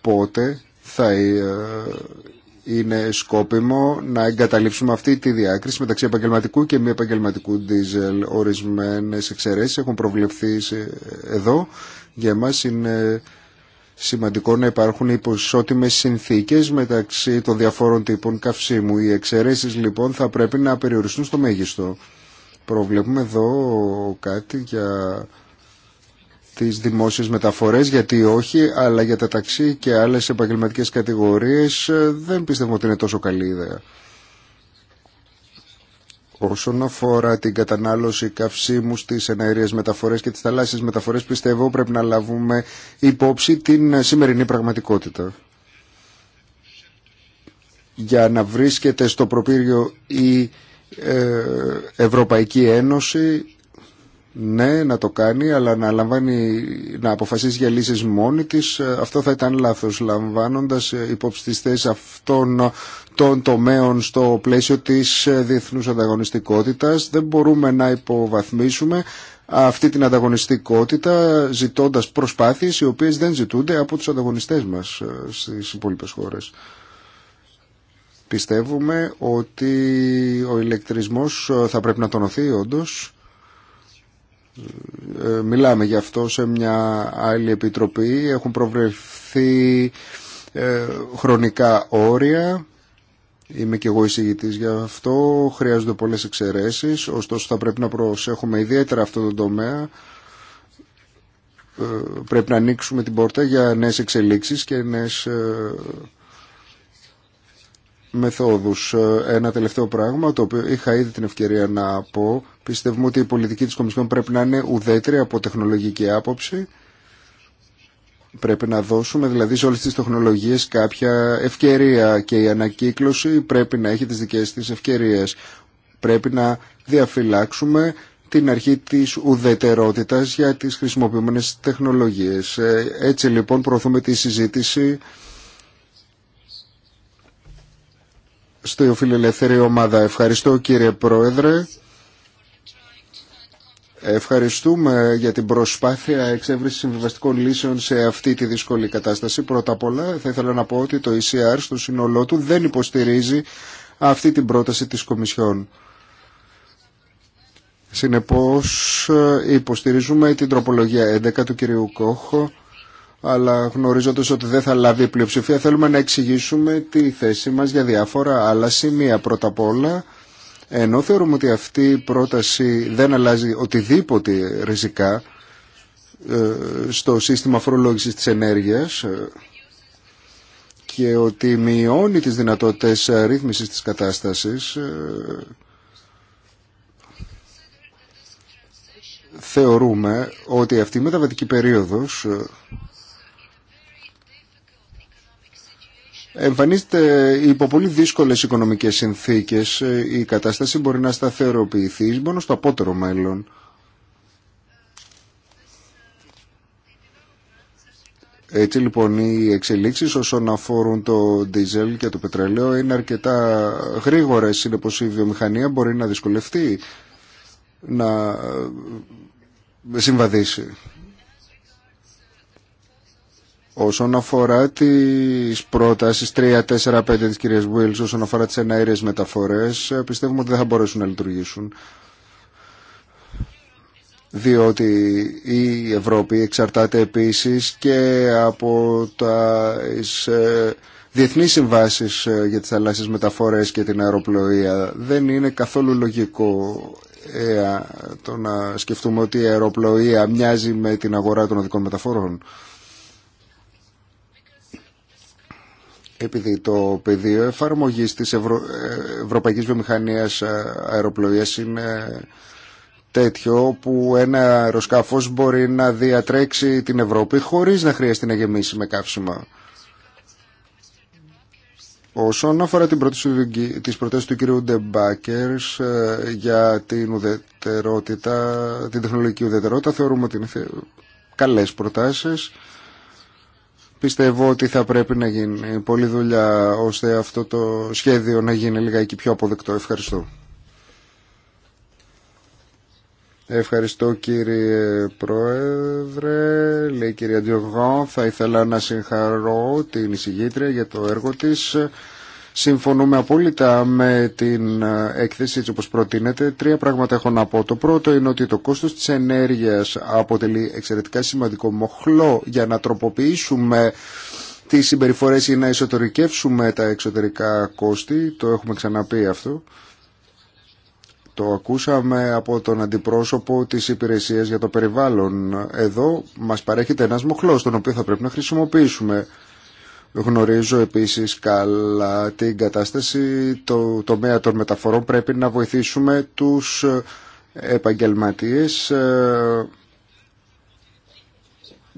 πότε θα ε, είναι σκόπιμο να εγκαταλείψουμε αυτή τη διάκριση μεταξύ επαγγελματικού και μη επαγγελματικού diesel. Ορισμένες εξαιρέσεις έχουν προβλεφθεί εδώ. Για εμάς είναι σημαντικό να υπάρχουν υποσότιμες συνθήκες μεταξύ των διαφόρων τύπων καυσίμου. Οι εξαιρέσει λοιπόν θα πρέπει να περιοριστούν στο μέγιστο. Προβλέπουμε εδώ κάτι για τις δημόσιες μεταφορές, γιατί όχι, αλλά για τα ταξί και άλλες επαγγελματικές κατηγορίες ε, δεν πιστεύω ότι είναι τόσο καλή ιδέα. Όσον αφορά την κατανάλωση καυσίμου στις εναερίες μεταφορές και τις θαλάσσιες μεταφορές, πιστεύω πρέπει να λάβουμε υπόψη την σημερινή πραγματικότητα. Για να βρίσκεται στο προπύργιο η ε, Ευρωπαϊκή Ένωση ναι, να το κάνει, αλλά να, λαμβάνει, να αποφασίσει για λύσεις μόνη της, ε, αυτό θα ήταν λάθος, λαμβάνοντας ε, υπόψη τις αυτών ε, των τομέων στο πλαίσιο της διεθνούς ανταγωνιστικότητας. Δεν μπορούμε να υποβαθμίσουμε αυτή την ανταγωνιστικότητα ζητώντας προσπάθειες οι οποίες δεν ζητούνται από τους ανταγωνιστές μας στις υπόλοιπες χώρες. Πιστεύουμε ότι ο ηλεκτρισμός θα πρέπει να τονωθεί όντως ε, μιλάμε γι' αυτό σε μια άλλη επιτροπή. Έχουν προβλεφθεί ε, χρονικά όρια. Είμαι και εγώ εισηγητής γι' αυτό. Χρειάζονται πολλές εξαιρέσεις. Ωστόσο, θα πρέπει να προσέχουμε ιδιαίτερα αυτό το τομέα. Ε, πρέπει να ανοίξουμε την πόρτα για νέες εξελίξεις και νέε μεθόδους. Ένα τελευταίο πράγμα το οποίο είχα ήδη την ευκαιρία να πω Πιστεύουμε ότι η πολιτική της Κομισιόν πρέπει να είναι ουδέτερη από τεχνολογική άποψη. Πρέπει να δώσουμε δηλαδή σε όλες τις τεχνολογίες κάποια ευκαιρία και η ανακύκλωση πρέπει να έχει τις δικές της ευκαιρίες. Πρέπει να διαφυλάξουμε την αρχή της ουδετερότητας για τις χρησιμοποιούμενες τεχνολογίες. Ε, έτσι λοιπόν προωθούμε τη συζήτηση στο φιλελεύθερη ομάδα. Ευχαριστώ κύριε Πρόεδρε. Ευχαριστούμε για την προσπάθεια εξέβρισης συμβιβαστικών λύσεων σε αυτή τη δύσκολη κατάσταση. Πρώτα απ' όλα θα ήθελα να πω ότι το ECR στο σύνολό του δεν υποστηρίζει αυτή την πρόταση της Κομισιόν. Συνεπώς υποστηρίζουμε την τροπολογία 11 του κυρίου Κόχο αλλά γνωρίζοντας ότι δεν θα λάβει πλειοψηφία θέλουμε να εξηγήσουμε τη θέση μας για διάφορα άλλα σημεία. Πρώτα απ' όλα ενώ θεωρούμε ότι αυτή η πρόταση δεν αλλάζει οτιδήποτε ριζικά ε, στο σύστημα φορολόγησης της ενέργειας ε, και ότι μειώνει τις δυνατότητες ρύθμισης της κατάστασης ε, θεωρούμε ότι αυτή η μεταβατική περίοδος εμφανίζεται υπό πολύ δύσκολες οικονομικές συνθήκες ε, η κατάσταση μπορεί να σταθεροποιηθεί μόνο στο απότερο μέλλον. Έτσι λοιπόν οι εξελίξεις όσον αφορούν το δίζελ και το πετρέλαιο είναι αρκετά γρήγορες, πως η βιομηχανία μπορεί να δυσκολευτεί να ε, συμβαδίσει. Όσον αφορά τι πρότασει 3, 4, 5 τη κυρία Βουίλ, όσον αφορά τι εναέρειες μεταφορέ, πιστεύουμε ότι δεν θα μπορέσουν να λειτουργήσουν. Διότι η Ευρώπη εξαρτάται επίσης και από τα ε, διεθνείς συμβάσεις ε, για τις θαλάσσιες μεταφορές και την αεροπλοεία. Δεν είναι καθόλου λογικό ε, το να σκεφτούμε ότι η αεροπλοεία μοιάζει με την αγορά των οδικών μεταφορών. επειδή το πεδίο εφαρμογής της Ευρω... Ευρωπαϊκής Βιομηχανίας ε, Αεροπλοίας είναι τέτοιο που ένα αεροσκάφος μπορεί να διατρέξει την Ευρώπη χωρίς να χρειαστεί να γεμίσει με καύσιμα. Όσον αφορά την τις προτάσεις του κυρίου Ντεμπάκερς ε, για την, ουδετερότητα, την τεχνολογική ουδετερότητα, θεωρούμε ότι είναι καλές προτάσεις. Πιστεύω ότι θα πρέπει να γίνει πολλή δουλειά ώστε αυτό το σχέδιο να γίνει λιγάκι πιο αποδεκτό. Ευχαριστώ. Ευχαριστώ κύριε Πρόεδρε, λέει κυρία Θα ήθελα να συγχαρώ την εισηγήτρια για το έργο της. Συμφωνούμε απόλυτα με την ε, έκθεση έτσι όπως προτείνεται. Τρία πράγματα έχω να πω. Το πρώτο είναι ότι το κόστος της ενέργειας αποτελεί εξαιρετικά σημαντικό μοχλό για να τροποποιήσουμε τις συμπεριφορές ή να εσωτερικεύσουμε τα εξωτερικά κόστη. Το έχουμε ξαναπεί αυτό. Το ακούσαμε από τον αντιπρόσωπο της Υπηρεσίας για το Περιβάλλον. Εδώ μας παρέχεται ένας μοχλός, τον οποίο θα πρέπει να χρησιμοποιήσουμε. Γνωρίζω επίσης καλά την κατάσταση, το τομέα των μεταφορών πρέπει να βοηθήσουμε τους ε, επαγγελματίες ε,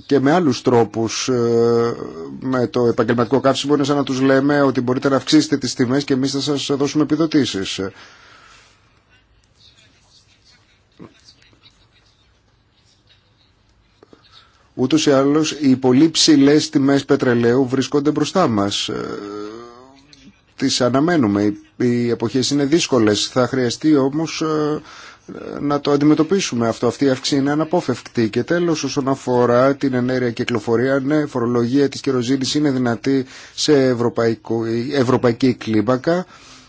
και με άλλους τρόπους ε, με το επαγγελματικό καύσιμο είναι σαν να τους λέμε ότι μπορείτε να αυξήσετε τις τιμές και εμείς θα σας δώσουμε επιδοτήσεις. Ούτως ή άλλως οι πολύ ψηλέ τιμές πετρελαίου βρίσκονται μπροστά μας. Ε, τις αναμένουμε. Οι εποχές είναι δύσκολες. Θα χρειαστεί όμως ε, να το αντιμετωπίσουμε αυτό. Αυτή η αύξηση είναι αναπόφευκτη. Και τέλος όσον αφορά την ενέργεια κυκλοφορία, ναι, η φορολογία της κεροζήνης είναι δυνατή σε ευρωπαϊκό, ε, ευρωπαϊκή κλίμακα.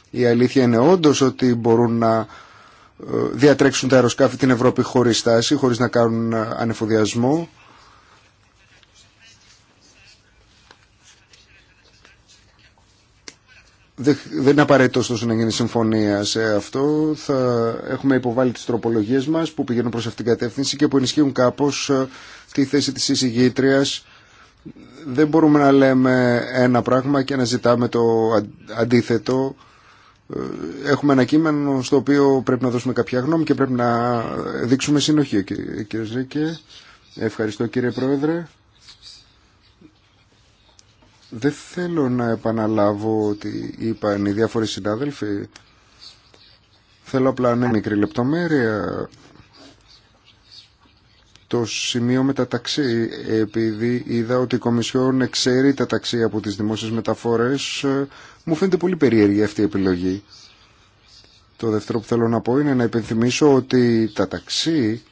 Η αλήθεια είναι όντω ότι μπορούν να διατρέξουν τα αεροσκάφη την Ευρώπη χωρίς στάση, χωρίς να κάνουν ανεφοδιασμό. δεν είναι απαραίτητο τόσο να γίνει συμφωνία σε αυτό. Θα έχουμε υποβάλει τις τροπολογίες μας που πηγαίνουν προς αυτήν την κατεύθυνση και που ενισχύουν κάπως ε, τη θέση της εισηγήτριας. Δεν μπορούμε να λέμε ένα πράγμα και να ζητάμε το αντίθετο. Ε, έχουμε ένα κείμενο στο οποίο πρέπει να δώσουμε κάποια γνώμη και πρέπει να δείξουμε συνοχή. Κύριε Ζήκε, ευχαριστώ κύριε Πρόεδρε. Δεν θέλω να επαναλάβω ότι είπαν οι διάφοροι συνάδελφοι. Θέλω απλά είναι μικρή λεπτομέρεια. Το σημείο με τα ταξί, επειδή είδα ότι η Κομισιόν εξαιρεί τα ταξί από τις δημόσιες μεταφορές, μου φαίνεται πολύ περίεργη αυτή η επιλογή. Το δεύτερο που θέλω να πω είναι να υπενθυμίσω ότι τα ταξί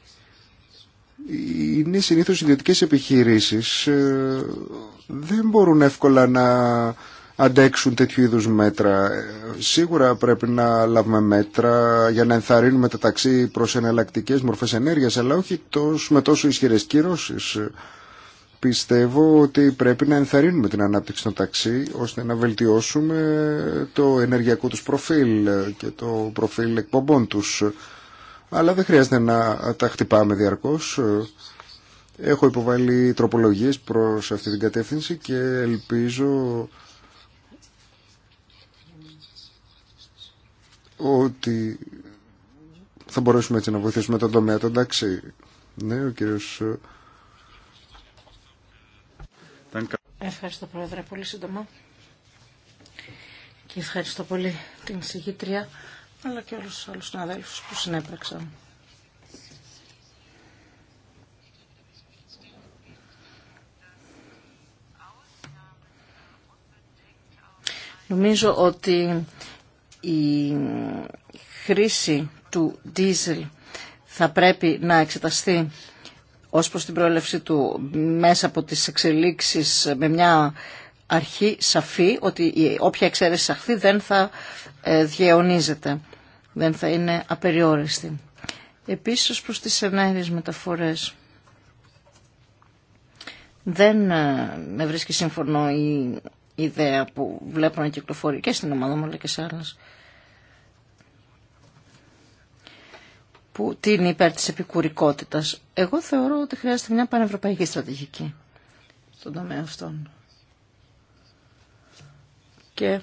είναι συνήθως ιδιωτικές επιχειρήσεις ε, δεν μπορούν εύκολα να αντέξουν τέτοιου είδους μέτρα. Σίγουρα πρέπει να λάβουμε μέτρα για να ενθαρρύνουμε τα ταξί προς εναλλακτικές μορφές ενέργειας, αλλά όχι τόσο, με τόσο ισχυρές κυρώσεις. Πιστεύω ότι πρέπει να ενθαρρύνουμε την ανάπτυξη των ταξί, ώστε να βελτιώσουμε το ενεργειακό τους προφίλ και το προφίλ εκπομπών τους αλλά δεν χρειάζεται να τα χτυπάμε διαρκώς. Έχω υποβάλει τροπολογίες προς αυτή την κατεύθυνση και ελπίζω ότι θα μπορέσουμε έτσι να βοηθήσουμε τον τομέα. Το εντάξει, ναι, ο κύριος... Ε, ευχαριστώ, Πρόεδρε, πολύ σύντομα. Και ευχαριστώ πολύ την συγκήτρια αλλά και όλους τους άλλους συναδέλφους που συνέπραξαν. Νομίζω ότι η χρήση του diesel θα πρέπει να εξεταστεί ως προς την προέλευση του μέσα από τις εξελίξεις με μια αρχή σαφή ότι όποια εξαίρεση σαχθεί δεν θα ε, διαιωνίζεται δεν θα είναι απεριόριστη. Επίσης ως προς τις ενέργειες μεταφορές. Δεν ε, με βρίσκει σύμφωνο η ιδέα που βλέπω να κυκλοφορεί και στην ομάδα μου αλλά και σε άλλες. Που την υπέρ της επικουρικότητας. Εγώ θεωρώ ότι χρειάζεται μια πανευρωπαϊκή στρατηγική στον τομέα αυτόν Και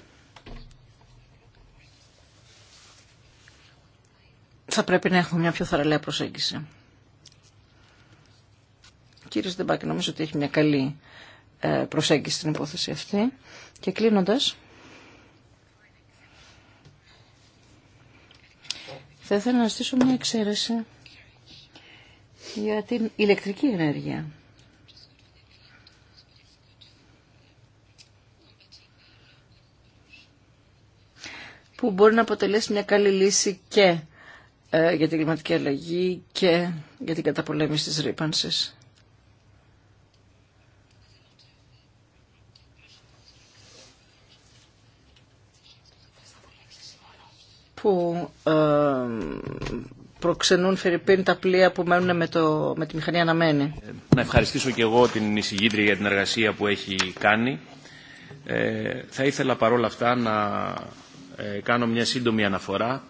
θα πρέπει να έχουμε μια πιο θαραλέα προσέγγιση. Κύριε Στεμπάκη, νομίζω ότι έχει μια καλή ε, προσέγγιση στην υπόθεση αυτή. Και κλείνοντας, θα ήθελα να στήσω μια εξαίρεση για την ηλεκτρική ενέργεια. που μπορεί να αποτελέσει μια καλή λύση και ε, για την κλιματική αλλαγή και για την καταπολέμηση της ρήπανσης. που ε, προξενούν Φερρυπίν τα πλοία που μένουν με, το, με τη μηχανή αναμένη. Ε, να ευχαριστήσω και εγώ την εισηγήτρια για την εργασία που έχει κάνει. Ε, θα ήθελα παρόλα αυτά να κάνω μια σύντομη αναφορά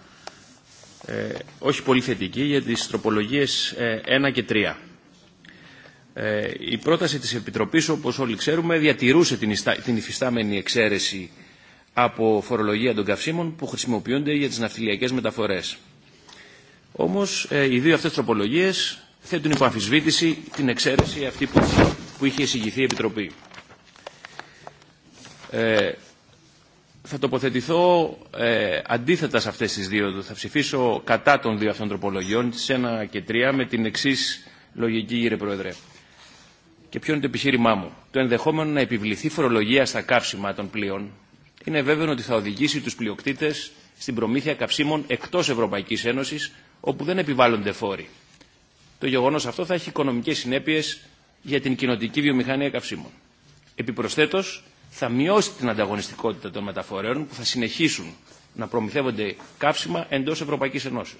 ε, όχι πολύ θετική για τις τροπολογίες 1 ε, και 3. Ε, η πρόταση της Επιτροπής, όπως όλοι ξέρουμε, διατηρούσε την υφιστάμενη εξαίρεση από φορολογία των καυσίμων που χρησιμοποιούνται για τις ναυτιλιακές μεταφορές. Όμως, οι δύο αυτές τροπολογίες θέτουν υπό αμφισβήτηση την εξαίρεση αυτή που είχε εισηγηθεί η Επιτροπή θα τοποθετηθώ ε, αντίθετα σε αυτές τις δύο. Θα ψηφίσω κατά των δύο αυτών τροπολογιών, τις 1 και 3, με την εξή λογική, κύριε Πρόεδρε. Και ποιο είναι το επιχείρημά μου. Το ενδεχόμενο να επιβληθεί φορολογία στα καύσιμα των πλοίων είναι βέβαιο ότι θα οδηγήσει τους πλειοκτήτες στην προμήθεια καυσίμων εκτός Ευρωπαϊκής Ένωσης, όπου δεν επιβάλλονται φόροι. Το γεγονός αυτό θα έχει οικονομικές συνέπειες για την κοινοτική βιομηχανία καυσίμων. Επιπροσθέτως, θα μειώσει την ανταγωνιστικότητα των μεταφορέων που θα συνεχίσουν να προμηθεύονται καύσιμα εντός Ευρωπαϊκής Ενώσεω,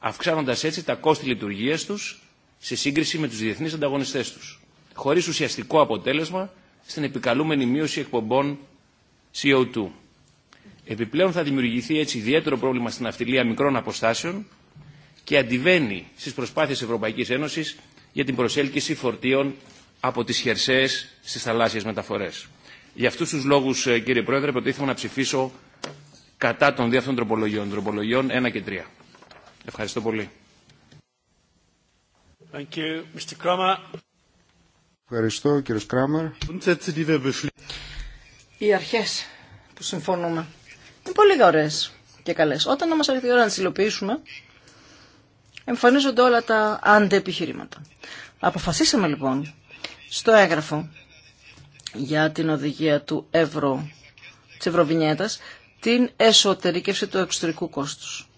αυξάνοντας έτσι τα κόστη λειτουργίας τους σε σύγκριση με τους διεθνείς ανταγωνιστές τους, χωρίς ουσιαστικό αποτέλεσμα στην επικαλούμενη μείωση εκπομπών CO2. Επιπλέον θα δημιουργηθεί έτσι ιδιαίτερο πρόβλημα στην αυτιλία μικρών αποστάσεων και αντιβαίνει στις προσπάθειες Ευρωπαϊκής Ένωσης για την προσέλκυση φορτίων από τις χερσαίες στις θαλάσσιες μεταφορές. Για αυτού του λόγου, ε, κύριε Πρόεδρε, προτίθεμαι να ψηφίσω κατά των δύο αυτών τροπολογιών, τροπολογιών 1 και 3. Ευχαριστώ πολύ. Ευχαριστώ, κύριε Κράμερ. Οι αρχέ που συμφωνούμε είναι πολύ ωραίε και καλέ. Όταν όμω έρχεται η ώρα να τι υλοποιήσουμε, εμφανίζονται όλα τα αντεπιχειρήματα. Αποφασίσαμε λοιπόν στο έγγραφο για την οδηγία του ευρώ, της Ευρωβινιέτας, την εσωτερικεύση του εξωτερικού κόστους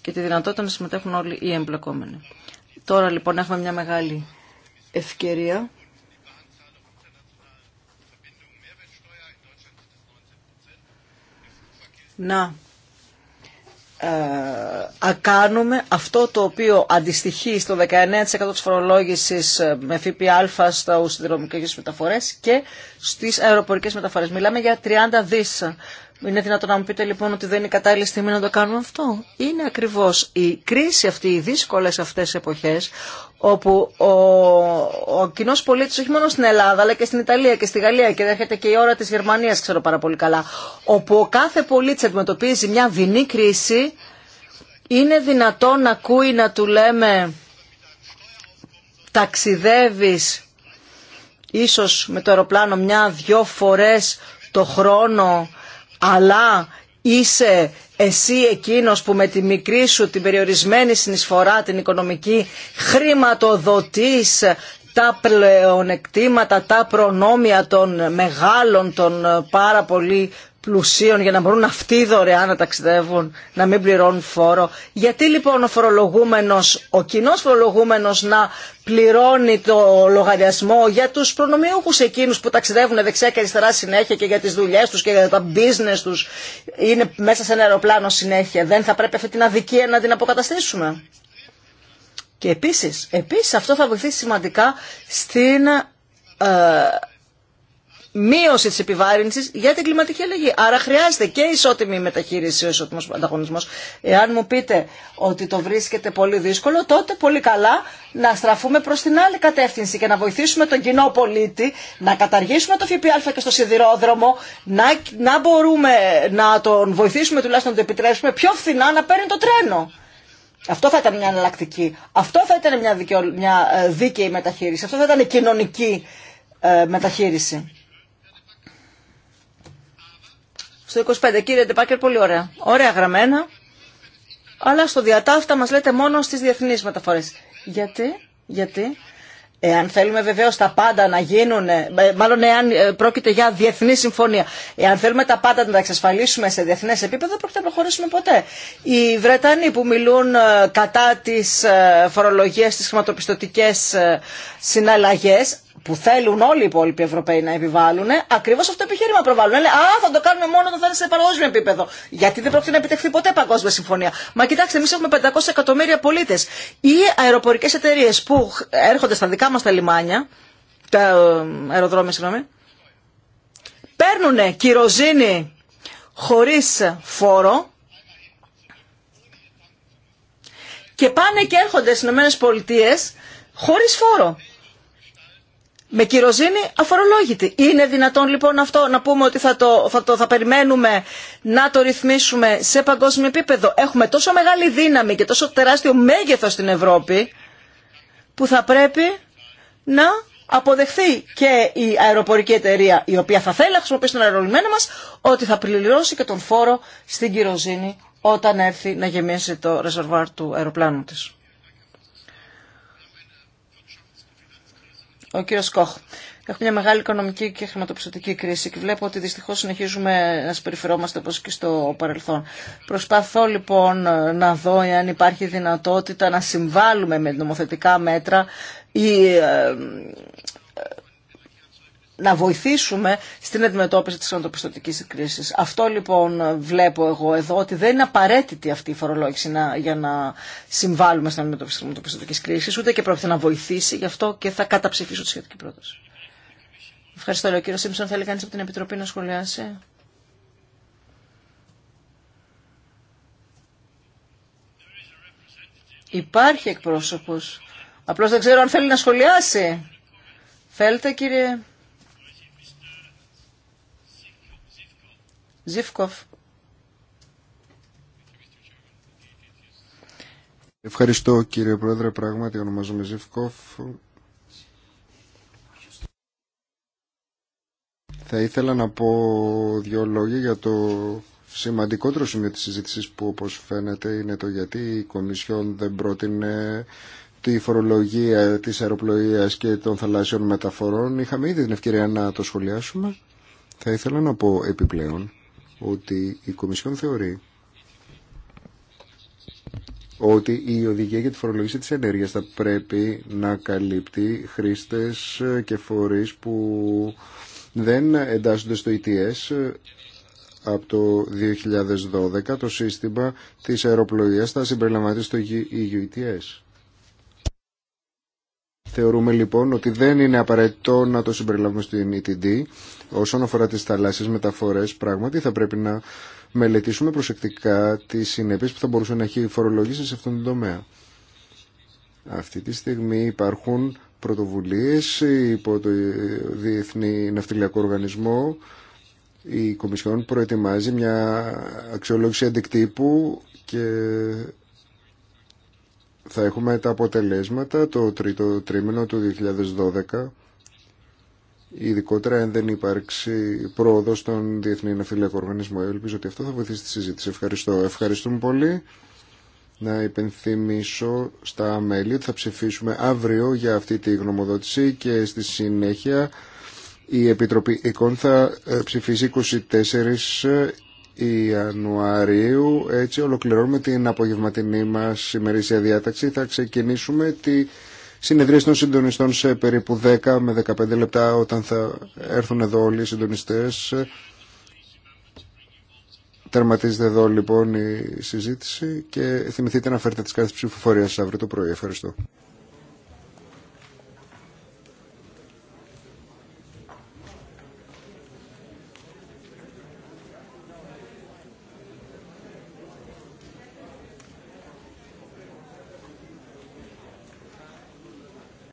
και τη δυνατότητα να συμμετέχουν όλοι οι εμπλεκόμενοι. Τώρα λοιπόν έχουμε μια μεγάλη ευκαιρία να ε, κάνουμε αυτό το οποίο αντιστοιχεί στο 19% της φορολόγησης ε, με ΦΠΑ στα συνδρομικές μεταφορές και στις αεροπορικές μεταφορές. Μιλάμε για 30 δις είναι δυνατόν να μου πείτε λοιπόν ότι δεν είναι κατάλληλη στιγμή να το κάνουμε αυτό. Είναι ακριβώς η κρίση αυτή, οι δύσκολες αυτές εποχέ, εποχές, όπου ο, ο κοινός πολίτης όχι μόνο στην Ελλάδα αλλά και στην Ιταλία και στη Γαλλία και δεχεται και η ώρα της Γερμανίας, ξέρω πάρα πολύ καλά, όπου ο κάθε πολίτης αντιμετωπίζει μια δεινή κρίση, είναι δυνατόν να ακούει να του λέμε ταξιδεύεις ίσως με το αεροπλάνο μια-δυο φορές το χρόνο αλλά είσαι εσύ εκείνος που με τη μικρή σου, την περιορισμένη συνεισφορά, την οικονομική, χρηματοδοτείς τα πλεονεκτήματα, τα προνόμια των μεγάλων, των πάρα πολύ πλουσίων για να μπορούν αυτοί δωρεάν να ταξιδεύουν, να μην πληρώνουν φόρο. Γιατί λοιπόν ο φορολογούμενος, ο κοινό φορολογούμενος να πληρώνει το λογαριασμό για τους προνομιούχους εκείνους που ταξιδεύουν δεξιά και αριστερά συνέχεια και για τις δουλειές τους και για τα business τους είναι μέσα σε ένα αεροπλάνο συνέχεια. Δεν θα πρέπει αυτή την αδικία να την αποκαταστήσουμε. Και επίσης, επίσης αυτό θα βοηθήσει σημαντικά στην ε, μείωση τη επιβάρυνση για την κλιματική αλλαγή. Άρα χρειάζεται και ισότιμη μεταχείριση, ο ισότιμος ανταγωνισμός. Εάν μου πείτε ότι το βρίσκεται πολύ δύσκολο, τότε πολύ καλά να στραφούμε προ την άλλη κατεύθυνση και να βοηθήσουμε τον κοινό πολίτη, να καταργήσουμε το ΦΠΑ και στο σιδηρόδρομο, να, να μπορούμε να τον βοηθήσουμε τουλάχιστον να το επιτρέψουμε πιο φθηνά να παίρνει το τρένο. Αυτό θα ήταν μια εναλλακτική. Αυτό θα ήταν μια, δικαιο, μια ε, δίκαιη μεταχείριση. Αυτό θα ήταν κοινωνική ε, μεταχείριση. Στο 25. Κύριε Ντεπάκερ, πολύ ωραία. Ωραία γραμμένα. Αλλά στο διατάφτα μας λέτε μόνο στις διεθνείς μεταφορές. Γιατί, γιατί, Εάν θέλουμε βεβαίω τα πάντα να γίνουν, ε, ε, μάλλον εάν ε, πρόκειται για διεθνή συμφωνία, εάν θέλουμε τα πάντα να τα εξασφαλίσουμε σε διεθνέ επίπεδο, δεν πρόκειται να προχωρήσουμε ποτέ. Οι Βρετανοί που μιλούν κατά τι φορολογίε, τι χρηματοπιστωτικέ συναλλαγέ, που θέλουν όλοι οι υπόλοιποι Ευρωπαίοι να επιβάλλουν, ακριβώ αυτό το επιχείρημα προβάλλουν. Λένε, Α, θα το κάνουμε μόνο όταν θα είναι σε παγκόσμιο επίπεδο. Γιατί δεν πρόκειται να επιτευχθεί ποτέ παγκόσμια συμφωνία. Μα κοιτάξτε, εμεί έχουμε 500 εκατομμύρια πολίτε. οι αεροπορικέ εταιρείε που έρχονται στα δικά μα τα λιμάνια, τα ε, αεροδρόμια, συγγνώμη, παίρνουν κυροζίνη χωρί φόρο, και πάνε και έρχονται στι ΗΠΑ χωρί φόρο με κυροζήνη αφορολόγητη. Είναι δυνατόν λοιπόν αυτό να πούμε ότι θα το, θα το θα περιμένουμε να το ρυθμίσουμε σε παγκόσμιο επίπεδο. Έχουμε τόσο μεγάλη δύναμη και τόσο τεράστιο μέγεθος στην Ευρώπη που θα πρέπει να αποδεχθεί και η αεροπορική εταιρεία η οποία θα θέλει να χρησιμοποιήσει τον αερολιμένα μας ότι θα πληρώσει και τον φόρο στην κυροζήνη όταν έρθει να γεμίσει το ρεζερβάρ του αεροπλάνου της. ο κύριο Κόχ. Έχουμε μια μεγάλη οικονομική και χρηματοπιστωτική κρίση και βλέπω ότι δυστυχώ συνεχίζουμε να συμπεριφερόμαστε όπω και στο παρελθόν. Προσπαθώ λοιπόν να δω αν υπάρχει δυνατότητα να συμβάλλουμε με νομοθετικά μέτρα ή ε, να βοηθήσουμε στην αντιμετώπιση της χρηματοπιστωτικής κρίσης. Αυτό λοιπόν βλέπω εγώ εδώ ότι δεν είναι απαραίτητη αυτή η φορολόγηση να, για να συμβάλλουμε στην αντιμετώπιση της χρηματοπιστωτικής κρίσης ούτε και πρόκειται να βοηθήσει γι' αυτό και θα καταψηφίσω τη σχετική πρόταση. Ευχαριστώ. Ο κύριο Σίμψον θέλει κανείς από την Επιτροπή να σχολιάσει. Υπάρχει εκπρόσωπος. Απλώς δεν ξέρω αν θέλει να σχολιάσει. Θέλετε κύριε... Ευχαριστώ κύριε Πρόεδρε, πράγματι ονομάζομαι Ζήφκοφ. Θα ήθελα να πω δύο λόγια για το σημαντικότερο σημείο της συζήτησης που όπως φαίνεται είναι το γιατί η Κομισιόν δεν πρότεινε τη φορολογία της αεροπλοείας και των θαλάσσιων μεταφορών. Είχαμε ήδη την ευκαιρία να το σχολιάσουμε. Θα ήθελα να πω επιπλέον ότι η Κομισιόν θεωρεί ότι η οδηγία για τη φορολογήση της ενέργειας θα πρέπει να καλύπτει χρήστες και φορείς που δεν εντάσσονται στο ETS από το 2012 το σύστημα της αεροπλοείας θα συμπεριλαμβάνεται στο EU ETS. Θεωρούμε λοιπόν ότι δεν είναι απαραίτητο να το συμπεριλάβουμε στην ETD. Όσον αφορά τις θαλάσσιες μεταφορές, πράγματι θα πρέπει να μελετήσουμε προσεκτικά τις συνέπειες που θα μπορούσε να έχει η σε αυτόν τον τομέα. Αυτή τη στιγμή υπάρχουν πρωτοβουλίες υπό το Διεθνή Ναυτιλιακό Οργανισμό. Η Κομισιόν προετοιμάζει μια αξιολόγηση αντικτύπου και θα έχουμε τα αποτελέσματα το τρίτο τρίμηνο του 2012 ειδικότερα αν δεν υπάρξει πρόοδο στον Διεθνή Ναυτιλιακό Οργανισμό. Ελπίζω ότι αυτό θα βοηθήσει τη συζήτηση. Ευχαριστώ. Ευχαριστούμε πολύ. Να υπενθυμίσω στα μέλη ότι θα ψηφίσουμε αύριο για αυτή τη γνωμοδότηση και στη συνέχεια η Επιτροπή ΕΚΟΝ θα ε, ψηφίσει 24 Ιανουαρίου. Έτσι ολοκληρώνουμε την απογευματινή μας ημερήσια διάταξη. Θα ξεκινήσουμε τη συνεδρία των συντονιστών σε περίπου 10 με 15 λεπτά όταν θα έρθουν εδώ όλοι οι συντονιστές. Τερματίζεται εδώ λοιπόν η συζήτηση και θυμηθείτε να φέρετε τις κάρτες ψηφοφορίας αύριο το πρωί. Ευχαριστώ.